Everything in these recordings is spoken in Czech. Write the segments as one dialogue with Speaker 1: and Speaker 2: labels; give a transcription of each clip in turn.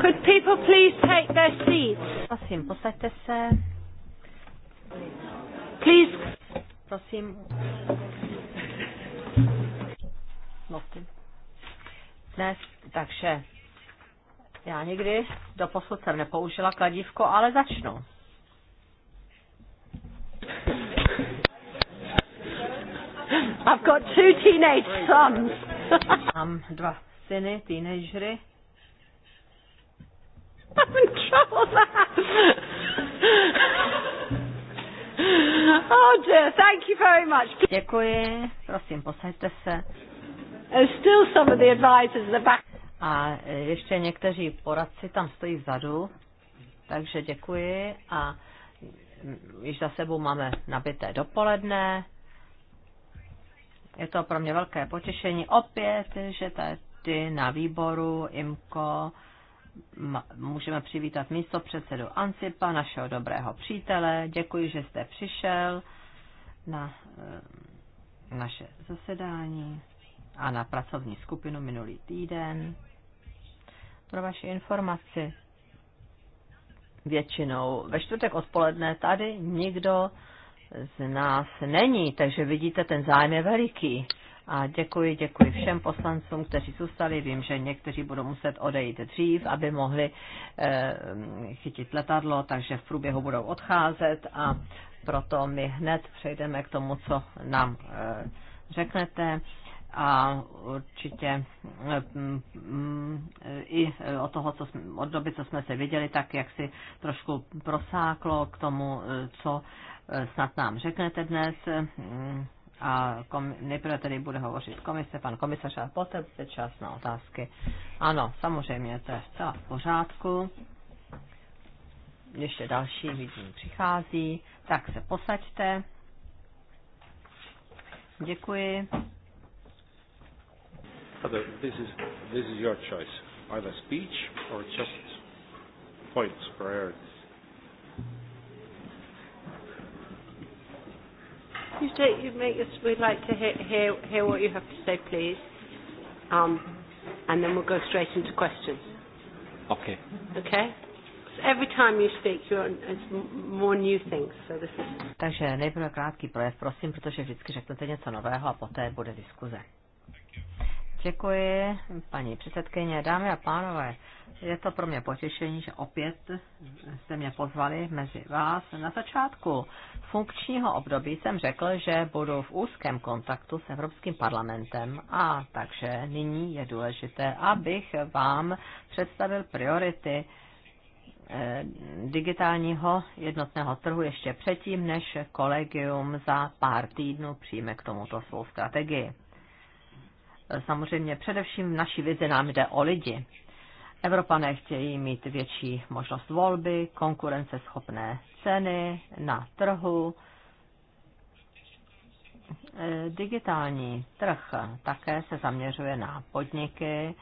Speaker 1: Could people please take their seats?
Speaker 2: Prosím, posaďte se. Please. Prosím. Mluvte. Dnes, takže já nikdy do posud jsem nepoužila kladívko, ale začnu.
Speaker 1: I've got two teenage sons.
Speaker 2: Mám dva syny, teenagery.
Speaker 1: I'm in trouble
Speaker 2: Oh dear, thank you very much. Děkuji, prosím, posaďte se. Uh, still some of the advisors in the back. A eh, ještě někteří poradci tam stojí vzadu, takže děkuji a mm, již za sebou máme nabité dopoledne. Je to pro mě velké potěšení opět, že tady na výboru IMKO můžeme přivítat místo předsedu Ancipa, našeho dobrého přítele. Děkuji, že jste přišel na eh, naše zasedání a na pracovní skupinu minulý týden. Pro vaši informaci, většinou ve čtvrtek odpoledne tady nikdo z nás není, takže vidíte, ten zájem je veliký. A děkuji, děkuji všem poslancům, kteří zůstali. Vím, že někteří budou muset odejít dřív, aby mohli eh, chytit letadlo, takže v průběhu budou odcházet a proto my hned přejdeme k tomu, co nám eh, řeknete a určitě eh, i od toho, co jsme, od doby, co jsme se viděli, tak jak si trošku prosáklo k tomu, eh, co eh, snad nám řeknete dnes a kom, nejprve tedy bude hovořit komise, pan komisař a poté bude čas na otázky. Ano, samozřejmě, to je zcela v pořádku. Ještě další vidím přichází, tak se posaďte. Děkuji.
Speaker 3: Father, This is, this is your choice. Either speech or just points, priorities. you, do, you
Speaker 4: make us, we'd like to hear, hear, hear what you have to say, please. Um, and then we'll go straight into questions. Okay. Okay? every time you speak, you're on, it's more new things. So this is...
Speaker 2: Takže nejprve krátký projev, prosím, protože vždycky řeknete něco nového a poté bude diskuze. Děkuji, paní předsedkyně, dámy a pánové. Je to pro mě potěšení, že opět jste mě pozvali mezi vás. Na začátku funkčního období jsem řekl, že budu v úzkém kontaktu s Evropským parlamentem a takže nyní je důležité, abych vám představil priority eh, digitálního jednotného trhu ještě předtím, než kolegium za pár týdnů přijme k tomuto svou strategii samozřejmě především v naší vizi nám jde o lidi. Evropané chtějí mít větší možnost volby, konkurenceschopné ceny na trhu, e, digitální trh také se zaměřuje na podniky,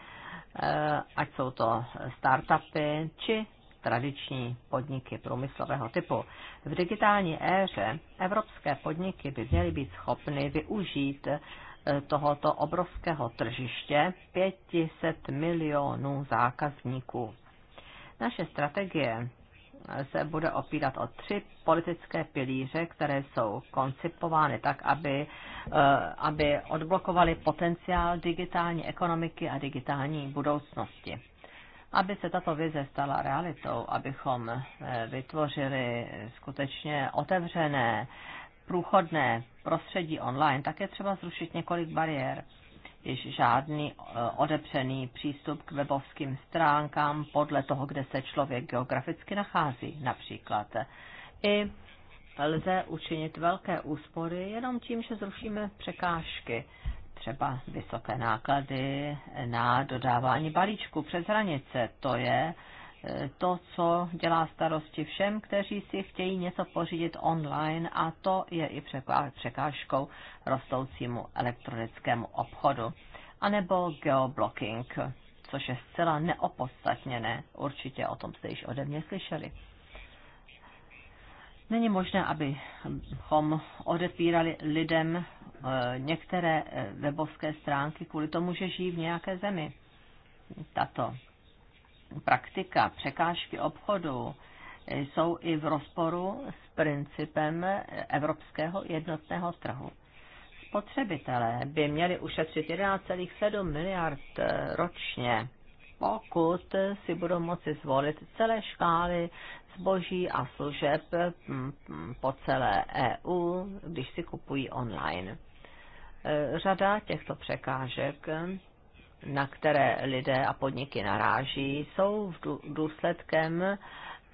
Speaker 2: e, ať jsou to startupy či tradiční podniky průmyslového typu. V digitální éře evropské podniky by měly být schopny využít tohoto obrovského tržiště 500 milionů zákazníků. Naše strategie se bude opírat o tři politické pilíře, které jsou koncipovány tak, aby, eh, aby odblokovaly potenciál digitální ekonomiky a digitální budoucnosti. Aby se tato vize stala realitou, abychom eh, vytvořili skutečně otevřené, průchodné prostředí online, tak je třeba zrušit několik bariér. Již žádný eh, odepřený přístup k webovským stránkám podle toho, kde se člověk geograficky nachází například. I lze učinit velké úspory jenom tím, že zrušíme překážky, třeba vysoké náklady na dodávání balíčku přes hranice. To je to, co dělá starosti všem, kteří si chtějí něco pořídit online a to je i překážkou rostoucímu elektronickému obchodu. A nebo geoblocking, což je zcela neopodstatněné, určitě o tom jste již ode mě slyšeli. Není možné, abychom odepírali lidem eh, některé eh, webovské stránky kvůli tomu, že žijí v nějaké zemi. Tato praktika překážky obchodu eh, jsou i v rozporu s principem evropského jednotného trhu. Spotřebitelé by měli ušetřit 11,7 miliard eh, ročně, pokud si budou moci zvolit celé škály zboží a služeb mm, mm, po celé EU, když si kupují online. Eh, řada těchto překážek na které lidé a podniky naráží, jsou v důsledkem eh,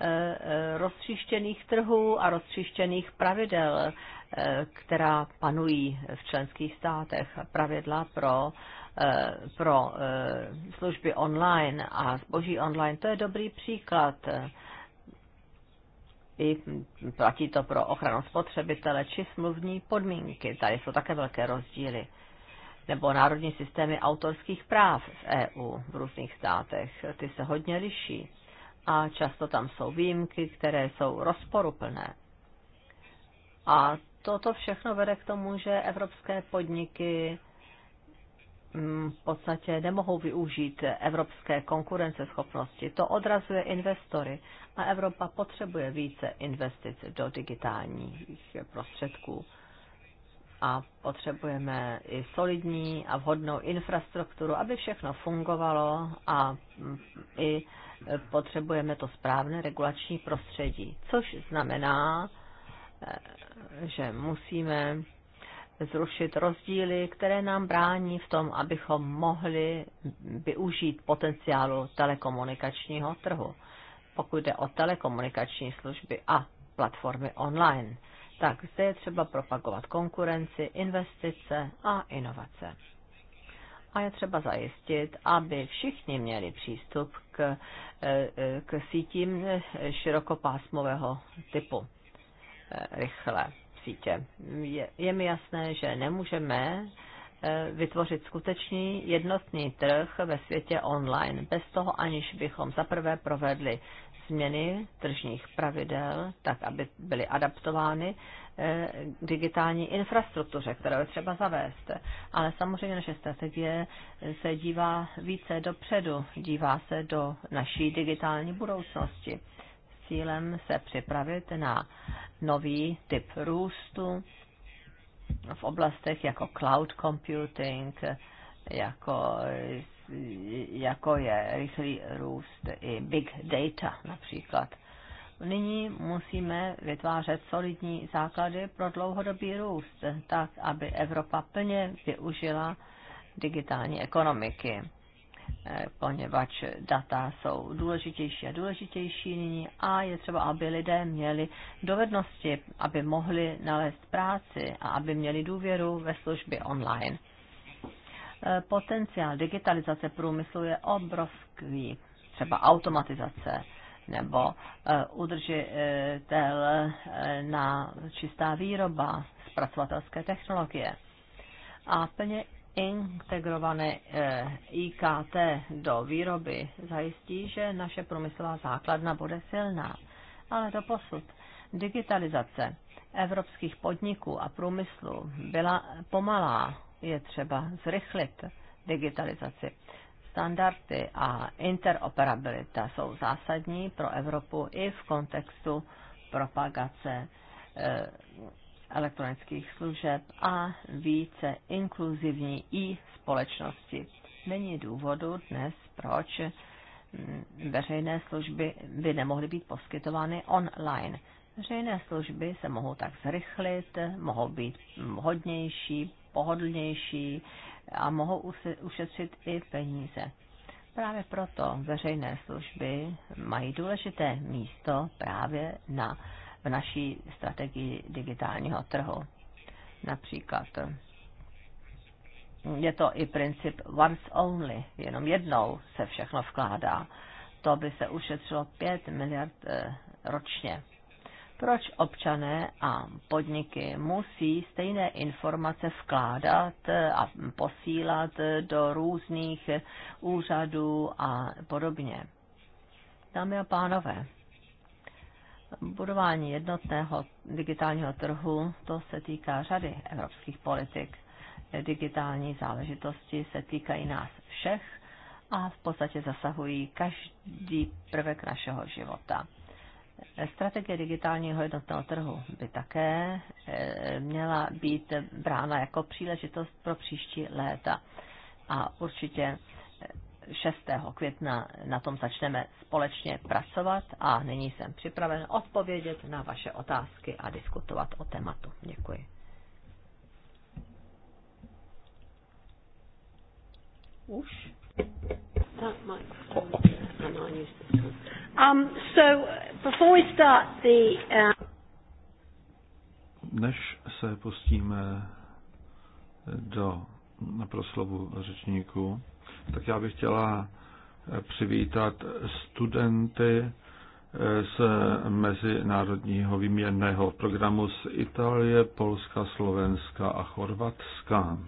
Speaker 2: eh, roztříštěných trhů a roztříštěných pravidel, eh, která panují v členských státech. Pravidla pro, pro služby online a zboží online, to je dobrý příklad. I platí to pro ochranu spotřebitele či smluvní podmínky. Tady jsou také velké rozdíly nebo národní systémy autorských práv v EU v různých státech. Ty se hodně liší a často tam jsou výjimky, které jsou rozporuplné. A toto všechno vede k tomu, že evropské podniky mm, v podstatě nemohou využít evropské konkurenceschopnosti. To odrazuje investory a Evropa potřebuje více investic do digitálních prostředků a potřebujeme i solidní a vhodnou infrastrukturu, aby všechno fungovalo a mm, i potřebujeme to správné regulační prostředí, což znamená, eh, že musíme zrušit rozdíly, které nám brání v tom, abychom mohli využít potenciálu telekomunikačního trhu, pokud jde o telekomunikační služby a platformy online tak zde je třeba propagovat konkurenci, investice a inovace. A je třeba zajistit, aby všichni měli přístup k, eh, k sítím širokopásmového typu eh, rychle sítě. Je, je mi jasné, že nemůžeme eh, vytvořit skutečný jednotný trh ve světě online, bez toho aniž bychom zaprvé provedli změny tržních pravidel, tak aby byly adaptovány eh, digitální infrastruktuře, kterou je třeba zavést. Ale samozřejmě naše strategie se dívá více dopředu, dívá se do naší digitální budoucnosti s cílem se připravit na nový typ růstu v oblastech jako cloud computing, jako jako je rychlý růst i big data například. Nyní musíme vytvářet solidní základy pro dlouhodobý růst, tak aby Evropa plně využila digitální ekonomiky, eh, poněvadž data jsou důležitější a důležitější nyní a je třeba, aby lidé měli dovednosti, aby mohli nalézt práci a aby měli důvěru ve služby online. E, potenciál digitalizace průmyslu je obrovský, třeba automatizace nebo e, udržitel e, na čistá výroba, zpracovatelské technologie. A plně integrované IKT do výroby zajistí, že naše průmyslová základna bude silná. Ale to posud digitalizace evropských podniků a průmyslu byla pomalá, je třeba zrychlit digitalizaci. Standardy a interoperabilita jsou zásadní pro Evropu i v kontextu propagace eh, elektronických služeb a více inkluzivní i společnosti. Není důvodu dnes, proč mm, veřejné služby by nemohly být poskytovány online. Veřejné služby se mohou tak zrychlit, mohou být hodnější, pohodlnější a mohou ušetřit i peníze. Právě proto veřejné služby mají důležité místo právě na, v naší strategii digitálního trhu. Například je to i princip once only, jenom jednou se všechno vkládá. To by se ušetřilo 5 miliard eh, ročně proč občané a podniky musí stejné informace vkládat a posílat do různých úřadů a podobně. Dámy a pánové, budování jednotného digitálního trhu, to se týká řady evropských politik. Digitální záležitosti se týkají nás všech a v podstatě zasahují každý prvek našeho života Strategie digitálního jednotného trhu by také eh, měla být brána jako příležitost pro příští léta. A určitě 6. Eh, května na tom začneme společně pracovat a nyní jsem připraven odpovědět na vaše otázky a diskutovat o tématu. Děkuji. Už?
Speaker 4: Tak,
Speaker 1: No, no, I
Speaker 3: used this one.
Speaker 4: Um, so, before we start the... Uh...
Speaker 3: Než se pustíme do na proslovu řečníků, tak já bych chtěla eh, přivítat studenty eh, z mezinárodního výměrného programu z Itálie, Polska, Slovenska a Chorvatska.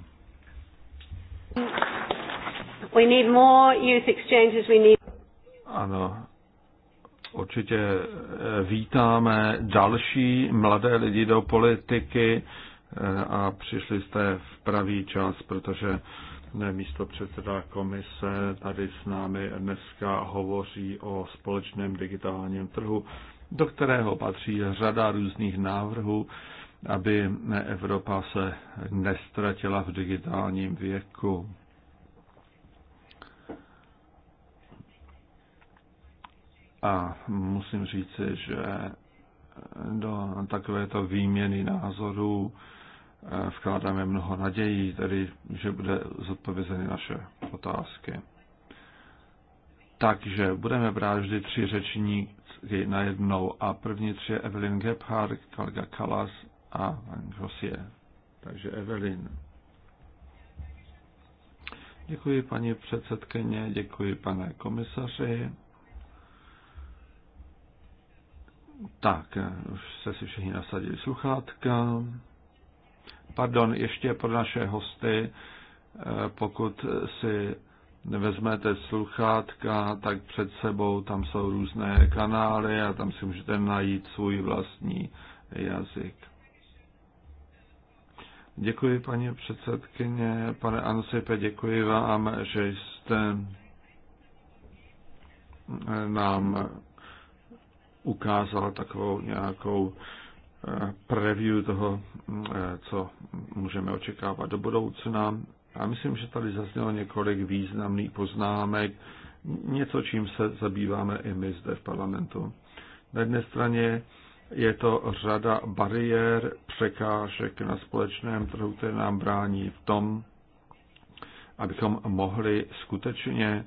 Speaker 4: We need more youth exchanges, we need
Speaker 3: ano, určitě eh, vítáme další mladé lidi do politiky eh, a přišli jste v pravý čas, protože eh, místo předseda komise tady s námi dneska hovoří o společném digitálním trhu, do kterého patří řada různých návrhů, aby Evropa se nestratila v digitálním věku. A musím říci, že do takovéto výměny názorů eh, vkládáme mnoho nadějí, tedy že bude zodpovězeny naše otázky. Takže budeme brát vždy tři řečníky na jednou a první tři je Evelyn Gebhardt, Kalga Kalas a Van Grossier. Takže Evelyn. Děkuji paní předsedkyně, děkuji pane komisaři. Tak, eh, už se si všichni nasadili sluchátka. Pardon, ještě pro naše hosty, eh, pokud si vezmete sluchátka, tak před sebou tam jsou různé kanály a tam si můžete najít svůj vlastní jazyk. Děkuji, paní předsedkyně. Pane Ansipe, děkuji vám, že jste eh, nám ukázal takovou nějakou eh, preview toho, mm, eh, co můžeme očekávat do budoucna. A myslím, že tady zaznělo několik významných poznámek, něco, čím se zabýváme i my zde v parlamentu. Na jedné straně je to řada bariér, překážek na společném trhu, které nám brání v tom, abychom mohli skutečně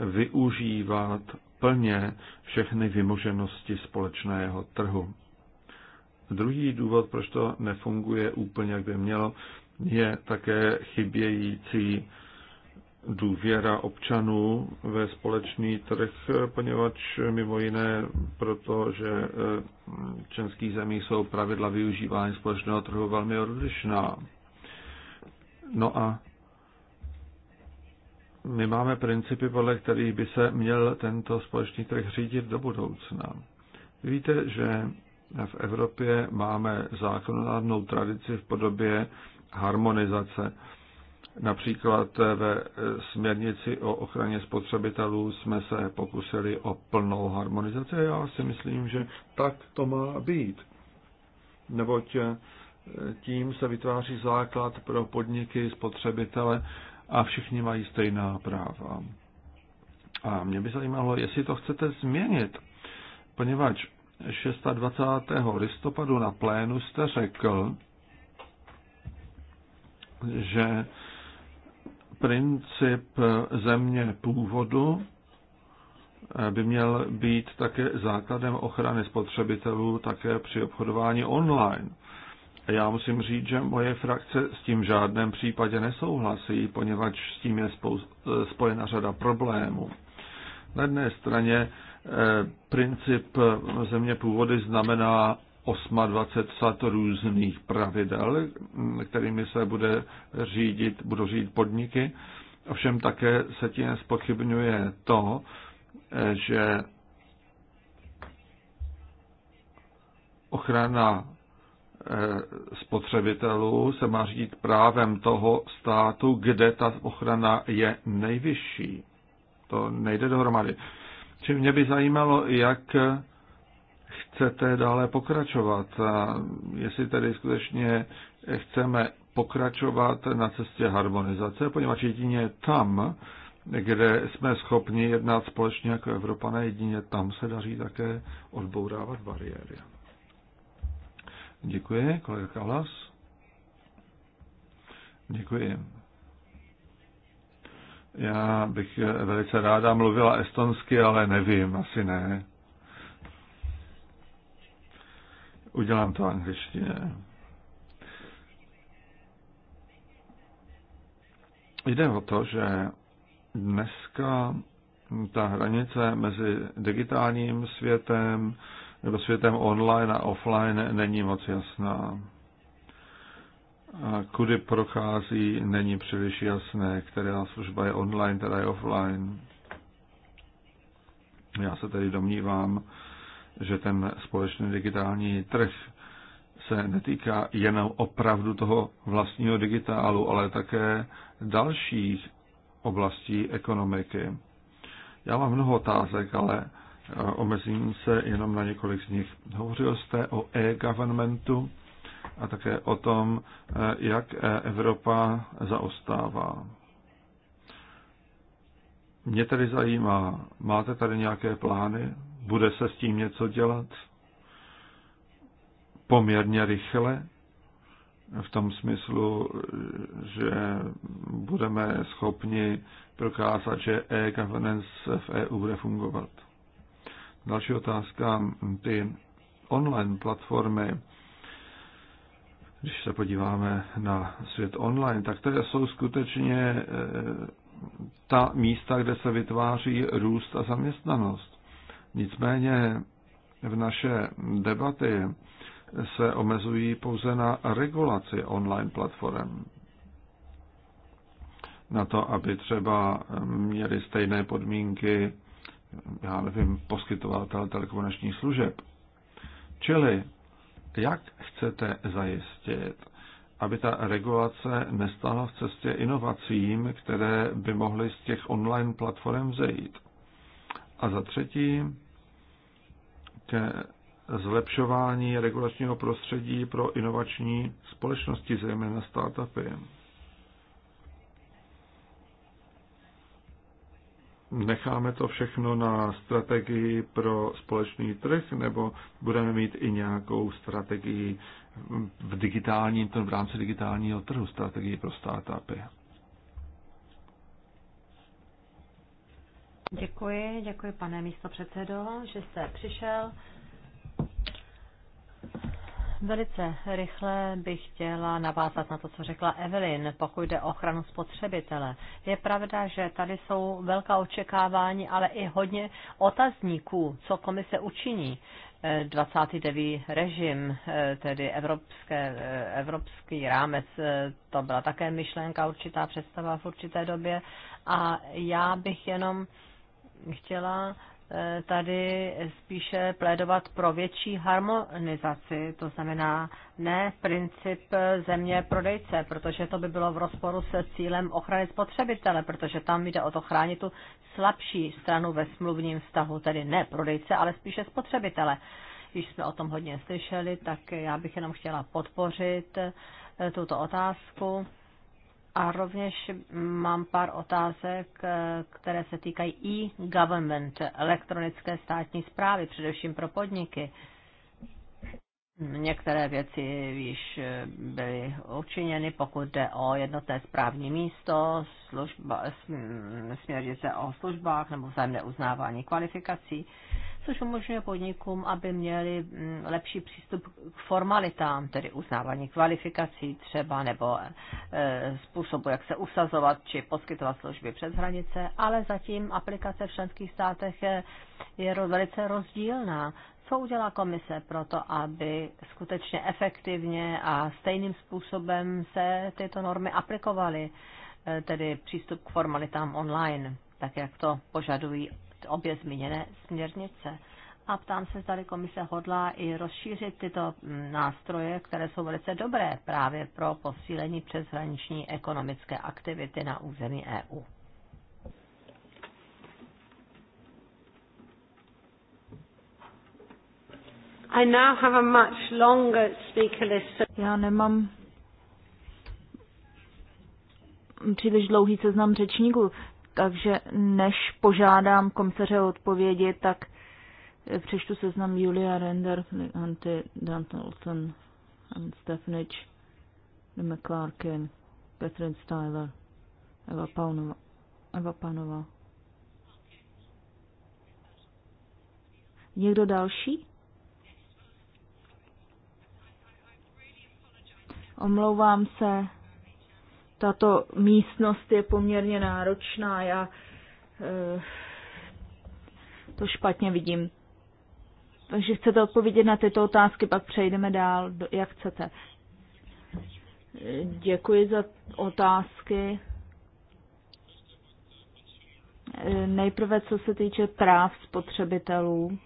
Speaker 3: využívat plně všechny vymoženosti společného trhu. Druhý důvod, proč to nefunguje úplně, jak by mělo, je také chybějící důvěra občanů ve společný trh, poněvadž mimo jiné proto, že eh, v českých zemích jsou pravidla využívání společného trhu velmi odlišná. No a my máme principy, podle kterých by se měl tento společný trh řídit do budoucna. Víte, že v Evropě máme zákonodárnou tradici v podobě harmonizace. Například ve směrnici o ochraně spotřebitelů jsme se pokusili o plnou harmonizaci. Já si myslím, že tak to má být. Neboť tím se vytváří základ pro podniky spotřebitele, a všichni mají stejná práva. A mě by zajímalo, jestli to chcete změnit, poněvadž 26. listopadu na plénu jste řekl, že princip země původu by měl být také základem ochrany spotřebitelů také při obchodování online. Já musím říct, že moje frakce s tím v žádném případě nesouhlasí, poněvadž s tím je eh, spojena řada problémů. Na jedné straně eh, princip eh, země původy znamená 28 různých pravidel, kterými se bude řídit, budou řídit podniky. Ovšem také se tím spochybňuje to, že ochrana Eh, spotřebitelů se má řídit právem toho státu, kde ta ochrana je nejvyšší. To nejde dohromady. Čím mě by zajímalo, jak chcete dále pokračovat. A jestli tedy skutečně chceme pokračovat na cestě harmonizace, poněvadž jedině tam, kde jsme schopni jednat společně jako Evropané, jedině tam se daří také odbourávat bariéry. Děkuji, kolega Kalas. Děkuji. Já bych velice ráda mluvila estonsky, ale nevím, asi ne. Udělám to angličtině. Jde o to, že dneska ta hranice mezi digitálním světem, nebo světem online a offline není moc jasná. A kudy prochází, není příliš jasné, která služba je online, která je offline. Já se tedy domnívám, že ten společný digitální trh se netýká jenom opravdu toho vlastního digitálu, ale také dalších oblastí ekonomiky. Já mám mnoho otázek, ale omezím se jenom na několik z nich. Hovořil jste o e-governmentu a také o tom, eh, jak eh, Evropa zaostává. Mě tedy zajímá, máte tady nějaké plány? Bude se s tím něco dělat? Poměrně rychle? V tom smyslu, že budeme schopni prokázat, že e-governance v EU bude fungovat. Další otázka, ty online platformy, když se podíváme na svět online, tak to jsou skutečně e, ta místa, kde se vytváří růst a zaměstnanost. Nicméně v naše debaty se omezují pouze na regulaci online platform. Na to, aby třeba měli stejné podmínky já nevím, poskytovatel telekomunikačních služeb. Čili, jak chcete zajistit, aby ta regulace nestala v cestě inovacím, které by mohly z těch online platform vzejít? A za třetí, ke zlepšování regulačního prostředí pro inovační společnosti, zejména startupy. necháme to všechno na strategii pro společný trh, nebo budeme mít i nějakou strategii v digitálním, v rámci digitálního trhu, strategii pro startupy?
Speaker 2: Děkuji, děkuji pane místo předsedo, že jste přišel. Velice rychle bych chtěla navázat na to, co řekla Evelyn, pokud jde o ochranu spotřebitele. Je pravda, že tady jsou velká očekávání, ale i hodně otazníků, co komise učiní. 29. Eh, režim, eh, tedy evropské, eh, evropský rámec, to byla také myšlenka, určitá představa v určité době. A já bych jenom chtěla Eh, tady spíše plédovat pro větší harmonizaci, to znamená ne princip eh, země prodejce, protože to by bylo v rozporu se cílem ochrany spotřebitele, protože tam jde o to chránit tu slabší stranu ve smluvním vztahu, tedy ne prodejce, ale spíše spotřebitele. Když jsme o tom hodně slyšeli, tak já bych jenom chtěla podpořit eh, tuto otázku a rovněž mám pár otázek, které se týkají e-government, elektronické státní zprávy, především pro podniky. Některé věci již byly učiněny, pokud jde o jednotné správní místo, služba, se o službách nebo vzájemné uznávání kvalifikací což umožňuje podnikům, aby měli mm, lepší přístup k formalitám, tedy uznávání kvalifikací třeba nebo e, způsobu, jak se usazovat či poskytovat služby přes hranice, ale zatím aplikace v členských státech e, je, je velice rozdílná. Co udělá komise pro to, aby skutečně efektivně a stejným způsobem se tyto normy aplikovaly, e, tedy přístup k formalitám online, tak jak to požadují obě zmíněné směrnice. A ptám se, zda komise hodlá i rozšířit tyto mm, nástroje, které jsou velice dobré právě pro posílení přeshraniční ekonomické aktivity na území EU.
Speaker 4: I now have a much longer speaker list. Já nemám
Speaker 5: příliš dlouhý seznam řečníků, takže než požádám komisaře o odpovědi, tak eh, přečtu seznam Julia Render, Anty Danton, Stefanič, McClarkin, Catherine Styler, Eva Paunova. Eva Panová. Někdo další? Omlouvám se. Tato místnost je poměrně náročná, já eh, to špatně vidím. Takže chcete odpovědět na tyto otázky, pak přejdeme dál, jak chcete. Děkuji za otázky. Eh, nejprve, co se týče práv spotřebitelů.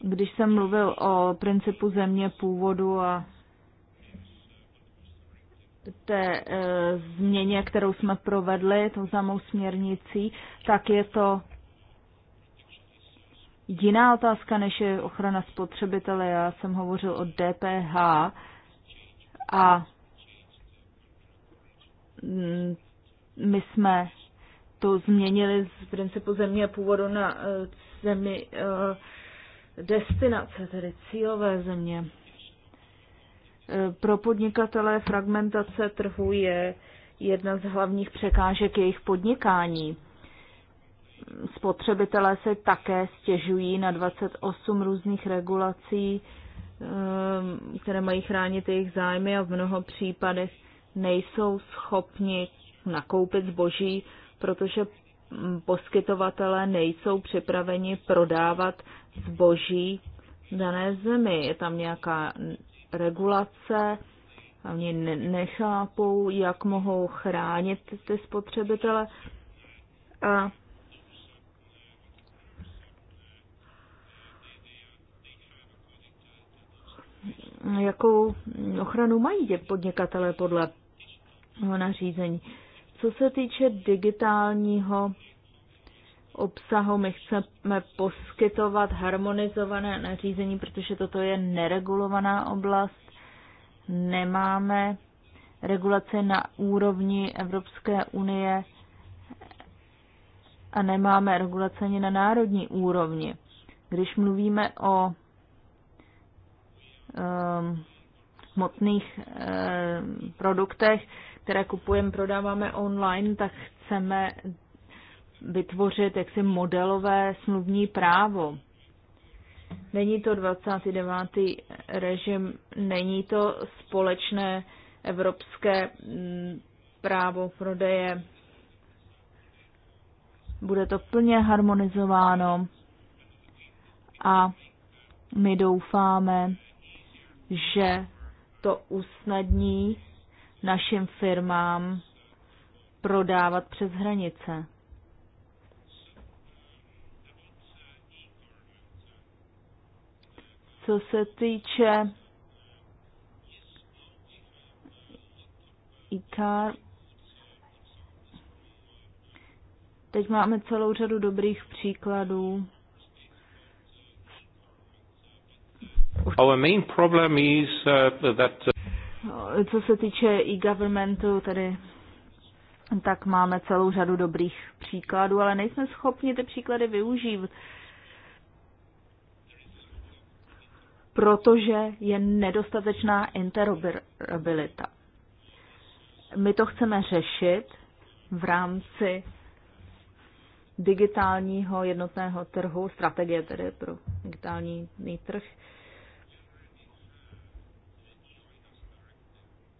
Speaker 5: Když jsem mluvil o principu země původu a té e, změně, kterou jsme provedli, tou samou směrnicí, tak je to jiná otázka, než je ochrana spotřebitele. Já jsem hovořil o DPH a mm, my jsme to změnili z principu země původu na e, zemi e, destinace, tedy cílové země. Pro podnikatele fragmentace trhu je jedna z hlavních překážek jejich podnikání. Spotřebitelé se také stěžují na 28 různých regulací, ehm, které mají chránit jejich zájmy a v mnoho případech nejsou schopni nakoupit zboží, protože poskytovatelé nejsou připraveni prodávat zboží v dané zemi. Je tam nějaká regulace. Oni nechápou, jak mohou chránit ty spotřebitele. A jakou ochranu mají tě podnikatele podle nařízení. Co se týče digitálního obsahu. My chceme poskytovat harmonizované nařízení, protože toto je neregulovaná oblast. Nemáme regulace na úrovni Evropské unie a nemáme regulace ani na národní úrovni. Když mluvíme o um, hmotných um, produktech, které kupujeme, prodáváme online, tak chceme vytvořit jaksi modelové smluvní právo. Není to 29. režim, není to společné evropské mm, právo prodeje. Bude to plně harmonizováno a my doufáme, že to usnadní našim firmám prodávat přes hranice. Co se týče IKAR, teď máme celou řadu dobrých příkladů.
Speaker 3: Our main problem is uh, that
Speaker 5: uh, co se týče e-governmentu, tedy tak máme celou řadu dobrých příkladů, ale nejsme schopni ty příklady využít protože je nedostatečná interoperabilita. My to chceme řešit v rámci digitálního jednotného trhu, strategie tedy pro digitální trh.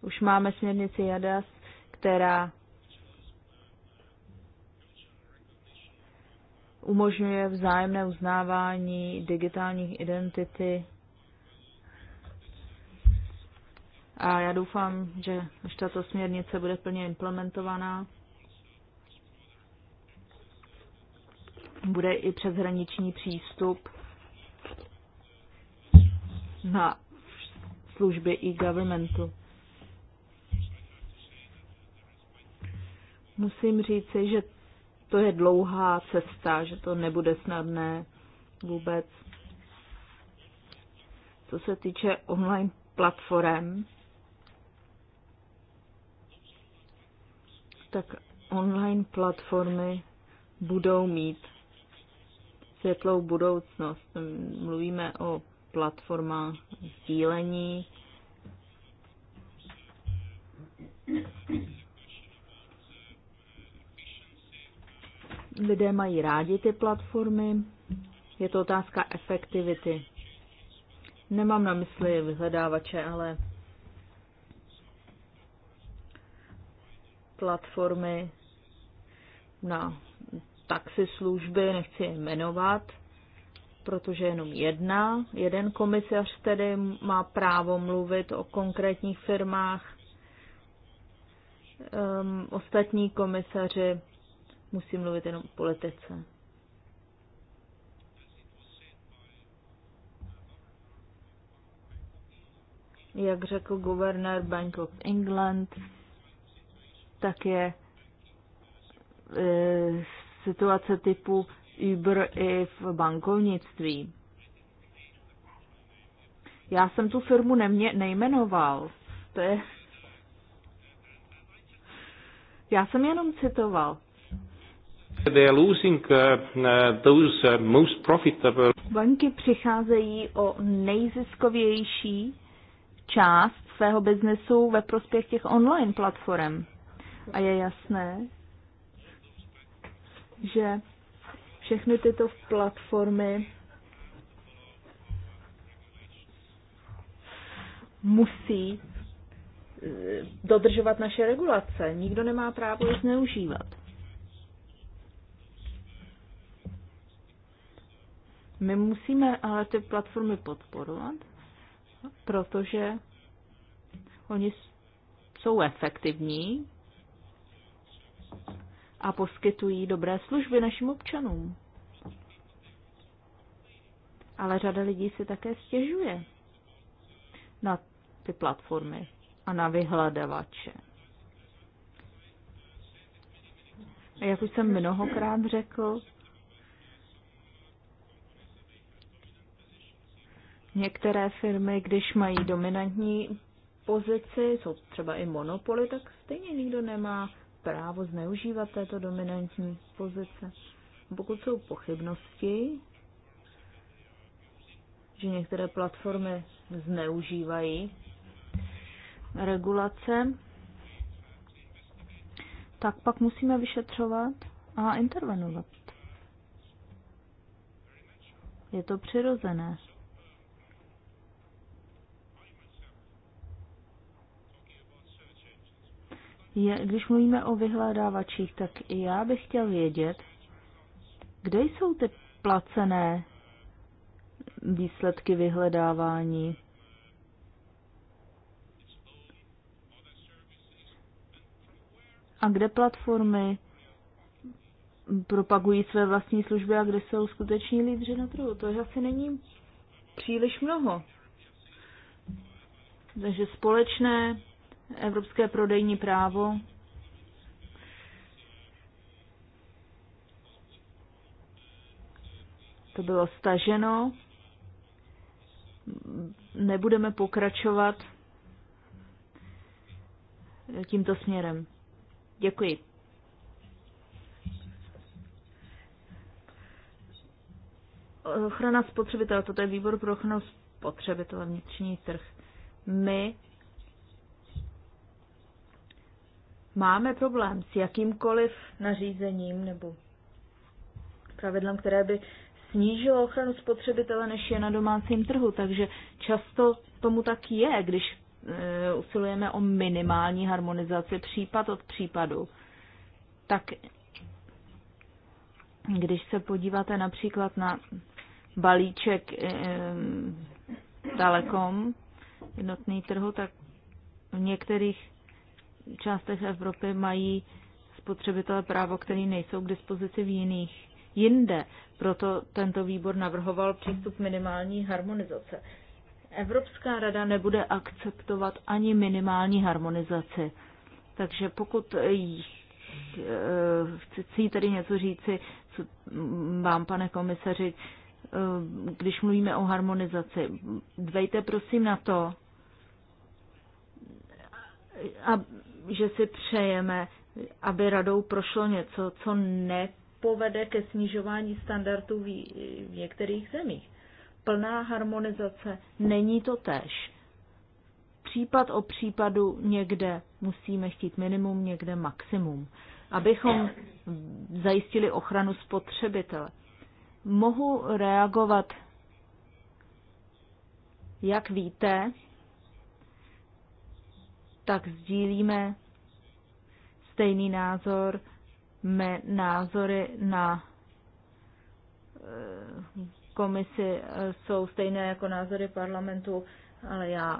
Speaker 5: Už máme směrnici JADAS, která umožňuje vzájemné uznávání digitálních identity A já doufám, že už tato směrnice bude plně implementovaná, bude i přeshraniční přístup na služby i governmentu. Musím říci, že to je dlouhá cesta, že to nebude snadné vůbec. Co se týče online platform, tak online platformy budou mít světlou budoucnost. Mluvíme o platformách sdílení. Lidé mají rádi ty platformy. Je to otázka efektivity. Nemám na mysli vyhledávače, ale platformy na služby nechci je jmenovat, protože jenom jedna, jeden komisař tedy má právo mluvit o konkrétních firmách. Um, ostatní komisaři musí mluvit jenom o politice. Jak řekl guvernér Bank of England, také e, situace typu Uber i v bankovnictví. Já jsem tu firmu nemě, nejmenoval. To je... Já jsem jenom citoval.
Speaker 3: They are losing, uh, uh those, uh, most profitable.
Speaker 5: Banky přicházejí o nejziskovější část svého biznesu ve prospěch těch online platform. A je jasné, že všechny tyto platformy musí
Speaker 1: eh,
Speaker 5: dodržovat naše regulace. Nikdo nemá právo je zneužívat. My musíme ale ty platformy podporovat, protože oni jsou efektivní, a poskytují dobré služby našim občanům. Ale řada lidí si také stěžuje na ty platformy a na vyhledavače. A jak už jsem mnohokrát řekl, některé firmy, když mají dominantní pozici, jsou třeba i monopoly, tak stejně nikdo nemá právo zneužívat této dominantní pozice. Pokud jsou pochybnosti, že některé platformy zneužívají regulace, tak pak musíme vyšetřovat a intervenovat. Je to přirozené. je, když mluvíme o vyhledávačích, tak já bych chtěl vědět, kde jsou ty placené výsledky vyhledávání. A kde platformy propagují své vlastní služby a kde jsou skuteční lídři na trhu. To je asi není příliš mnoho. Takže společné evropské prodejní právo to bylo staženo. Nebudeme pokračovat tímto směrem. Děkuji. Ochrana spotřebitele, toto je výbor pro ochranu spotřebitele, vnitřní trh. My máme problém s jakýmkoliv nařízením nebo pravidlem, které by snížilo ochranu spotřebitele, než je na domácím trhu. Takže často tomu tak je, když eh, usilujeme o minimální harmonizaci případ od případu. Tak když se podíváte například na balíček eh, Telekom, jednotný trhu, tak v některých částech Evropy mají spotřebitelé právo, které nejsou k dispozici v jiných jinde. Proto tento výbor navrhoval přístup minimální harmonizace. Evropská rada nebude akceptovat ani minimální harmonizaci. Takže pokud eh, chci tady něco říci, co vám, pane komisaři, eh, když mluvíme o harmonizaci, dvejte prosím na to, a že si přejeme, aby radou prošlo něco, co nepovede ke snižování standardů v některých zemích. Plná harmonizace není to tež. Případ o případu někde musíme chtít minimum, někde maximum, abychom zajistili ochranu spotřebitele. Mohu reagovat, jak víte, tak sdílíme stejný názor, mé názory na eh, komisi eh, jsou stejné jako názory parlamentu, ale já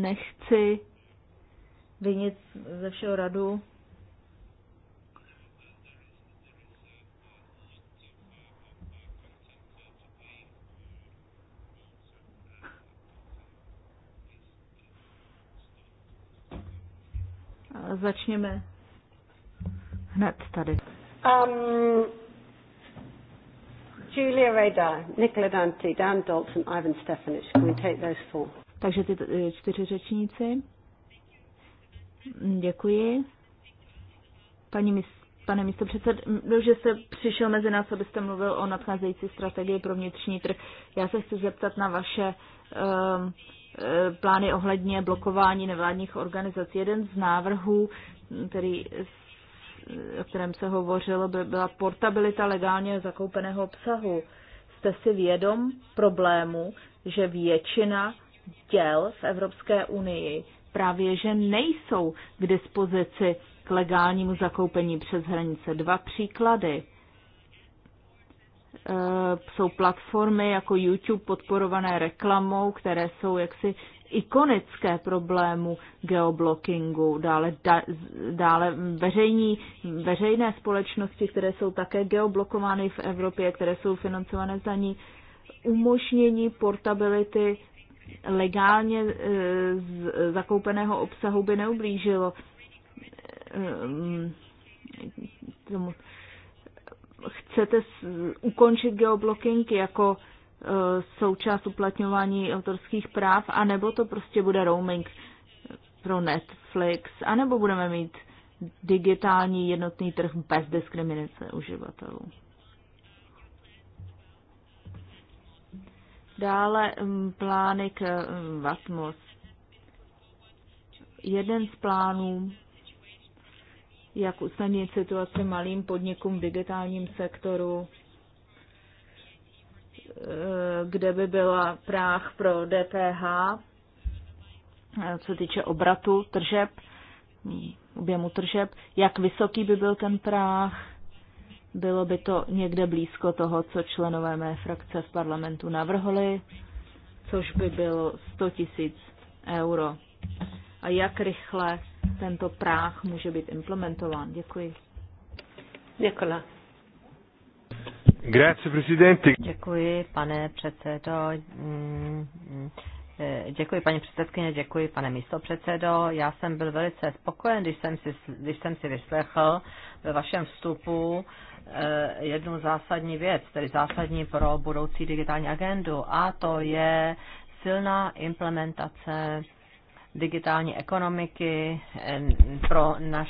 Speaker 5: nechci vinit ze všeho radu Začněme hned tady.
Speaker 1: Um,
Speaker 4: Julia Reda, Nicola Dante, Dan Dalton, Ivan Stefanich. Can we take those four? Takže ty eh, čtyři řečníci. Mm, děkuji.
Speaker 5: Paní mis, pane předsed, že jste přišel mezi nás, abyste mluvil o nadcházející strategii pro vnitřní trh. Já se chci zeptat na vaše um, Eh, plány ohledně blokování nevládních organizací. Jeden z návrhů, který, o kterém se hovořilo, by byla portabilita legálně zakoupeného obsahu. Jste si vědom problému, že většina děl v Evropské unii právě že nejsou k dispozici k legálnímu zakoupení přes hranice. Dva příklady. Eh, jsou platformy jako YouTube podporované reklamou, které jsou jaksi ikonické problému geoblockingu, dále, da, dále veřejní, veřejné společnosti, které jsou také geoblokovány v Evropě, které jsou financované za ní, umožnění portability legálně e, z, zakoupeného obsahu by neublížilo e, tomu chcete ukončit geoblocking jako e, součást uplatňování autorských práv, anebo to prostě bude roaming pro Netflix, anebo budeme mít digitální jednotný trh bez diskriminace uživatelů. Dále plány k Vatmos. Jeden z plánů jak usnadnit situaci malým podnikům v digitálním sektoru, eh, kde by byla práh pro DPH, eh, co týče obratu tržeb, objemu tržeb, jak vysoký by byl ten práh, bylo by to někde blízko toho, co členové mé frakce v parlamentu navrhli, což by bylo 100 tisíc euro a jak rychle tento práh může být implementován. Děkuji. Nikola.
Speaker 1: Grazie, presidente.
Speaker 2: Děkuji, pane předsedo. Mm, mm, děkuji, paní předsedkyně, děkuji, pane místopředsedo. Já jsem byl velice spokojen, když jsem si, když jsem si vyslechl ve vašem vstupu eh, jednu zásadní věc, tedy zásadní pro budoucí digitální agendu, a to je silná implementace digitální ekonomiky pro naš,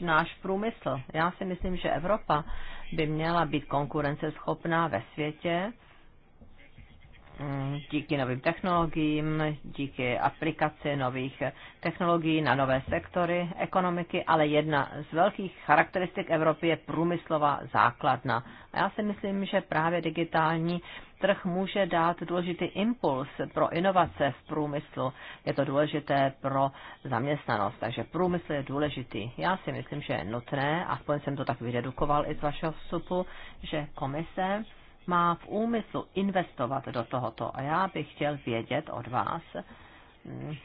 Speaker 2: náš průmysl. Já si myslím, že Evropa by měla být konkurenceschopná ve světě mm, díky novým technologiím, díky aplikaci nových technologií na nové sektory ekonomiky, ale jedna z velkých charakteristik Evropy je průmyslová základna. A já si myslím, že právě digitální trh může dát důležitý impuls pro inovace v průmyslu. Je to důležité pro zaměstnanost, takže průmysl je důležitý. Já si myslím, že je nutné, aspoň jsem to tak vydedukoval i z vašeho vstupu, že komise má v úmyslu investovat do tohoto. A já bych chtěl vědět od vás, Mhm.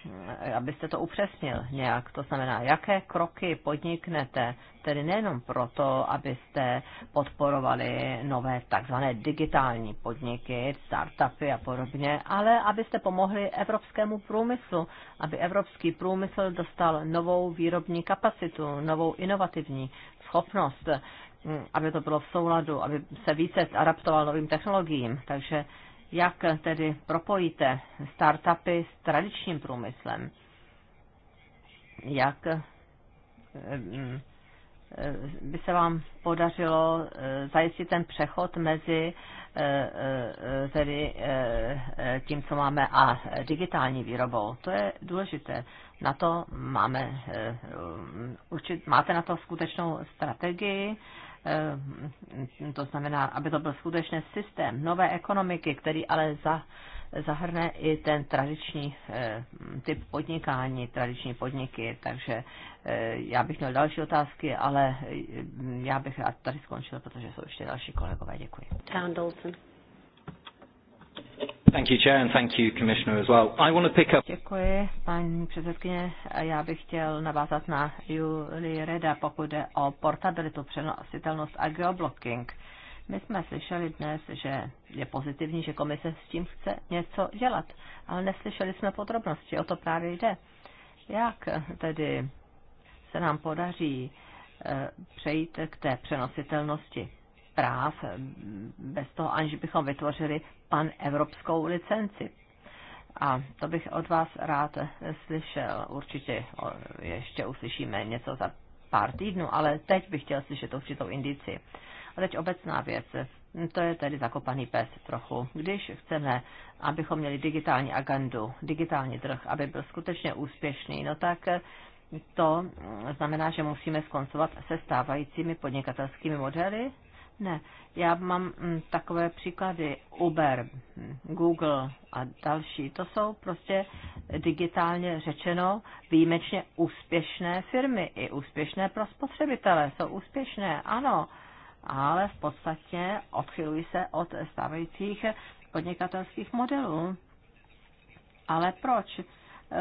Speaker 2: abyste to upřesnil nějak. To znamená, jaké kroky podniknete, tedy nejenom proto, abyste podporovali nové takzvané digitální podniky, startupy a podobně, ale abyste pomohli evropskému průmyslu, aby evropský průmysl dostal novou výrobní kapacitu, novou inovativní schopnost, mm, aby to bylo v souladu, aby se více adaptoval novým technologiím. Takže jak tedy propojíte startupy s tradičním průmyslem, jak eh, mm, eh, by se vám podařilo eh, zajistit ten přechod mezi tedy tím, co máme, a digitální výrobou. To je důležité. Na to máme, mm, určit, máte na to skutečnou strategii, Ehm, to znamená, aby to byl skutečně systém nové ekonomiky, který ale za, zahrne i ten tradiční ehm, typ podnikání, tradiční podniky. Takže eh, já bych měl další otázky, ale ehm, já bych rád tady skončil, protože jsou ještě další kolegové. Děkuji. Dalton. Děkuji, paní předsedkyně. Já bych chtěl navázat na Juli Reda, pokud jde o portabilitu, přenositelnost a geoblocking. My jsme slyšeli dnes, že je pozitivní, že komise s tím chce něco dělat, ale neslyšeli jsme podrobnosti, o to právě jde. Jak tedy se nám podaří eh, přejít k té přenositelnosti? práv bez toho, aniž bychom vytvořili pan evropskou licenci. A to bych od vás rád slyšel. Určitě ještě uslyšíme něco za pár týdnů, ale teď bych chtěl slyšet určitou indici. A teď obecná věc. To je tedy zakopaný pes trochu. Když chceme, abychom měli digitální agendu, digitální trh, aby byl skutečně úspěšný, no tak to znamená, že musíme skoncovat se stávajícími podnikatelskými modely, ne, já mám mm, takové příklady Uber, mm, Google a další. To jsou prostě digitálně řečeno výjimečně úspěšné firmy i úspěšné pro spotřebitele. Jsou úspěšné, ano, ale v podstatě odchylují se od stávajících podnikatelských modelů. Ale proč?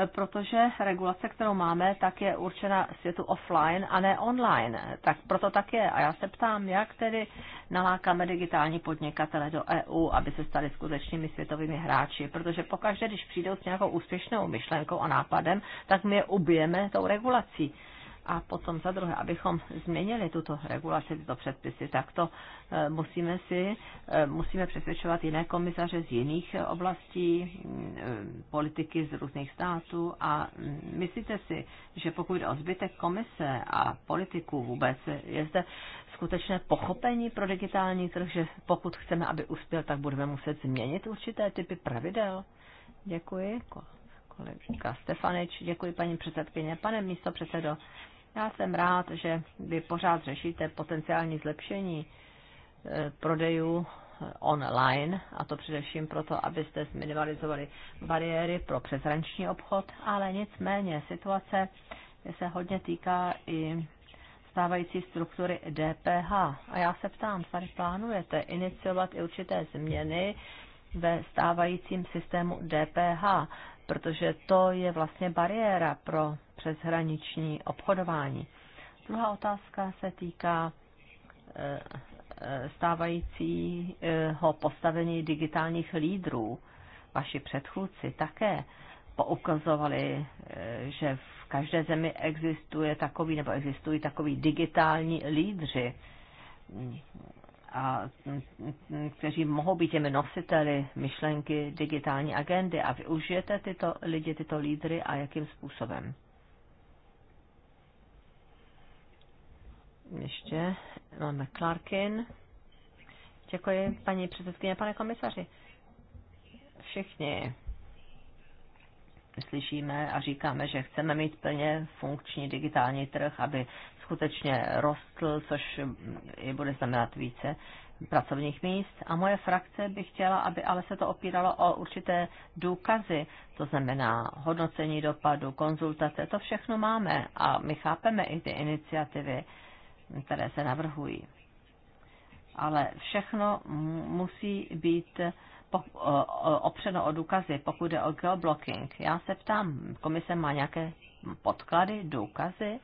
Speaker 2: protože regulace, kterou máme, tak je určena světu offline a ne online. Tak proto tak je. A já se ptám, jak tedy nalákáme digitální podnikatele do EU, aby se stali skutečnými světovými hráči, protože pokaždé, když přijdou s nějakou úspěšnou myšlenkou a nápadem, tak my je ubijeme tou regulací. A potom za druhé, abychom změnili tuto regulaci, tyto předpisy, tak to eh, musíme si, eh, musíme přesvědčovat jiné komisaře z jiných eh, oblastí, mm, politiky z různých států a mm, myslíte si, že pokud jde o zbytek komise a politiků vůbec, je zde skutečné pochopení pro digitální trh, že pokud chceme, aby uspěl, tak budeme muset změnit určité typy pravidel? Děkuji kolega Stefanič. Děkuji paní předsedkyně. Pane místo předsedo, já jsem rád, že vy pořád řešíte potenciální zlepšení eh, prodejů eh, online, a to především proto, abyste zminimalizovali bariéry pro přeshraniční obchod, ale nicméně situace se hodně týká i stávající struktury DPH. A já se ptám, tady plánujete iniciovat i určité změny ve stávajícím systému DPH, protože to je vlastně bariéra pro přeshraniční obchodování. Druhá otázka se týká eh, eh, stávajícího postavení digitálních lídrů. Vaši předchůdci také poukazovali, eh, že v každé zemi existuje takový nebo existují takový digitální lídři a kteří mohou být těmi nositeli myšlenky digitální agendy a využijete tyto lidi, tyto lídry a jakým způsobem? Ještě máme Clarkin. Děkuji, paní předsedkyně, pane komisaři. Všichni slyšíme a říkáme, že chceme mít plně funkční digitální trh, aby skutečně rostl, což i bude znamenat více pracovních míst. A moje frakce by chtěla, aby ale se to opíralo o určité důkazy, to znamená hodnocení dopadu, konzultace, to všechno máme a my chápeme i ty iniciativy, které se navrhují. Ale všechno musí být opřeno o důkazy, pokud je o geoblocking. Já se ptám, komise má nějaké podklady, důkazy,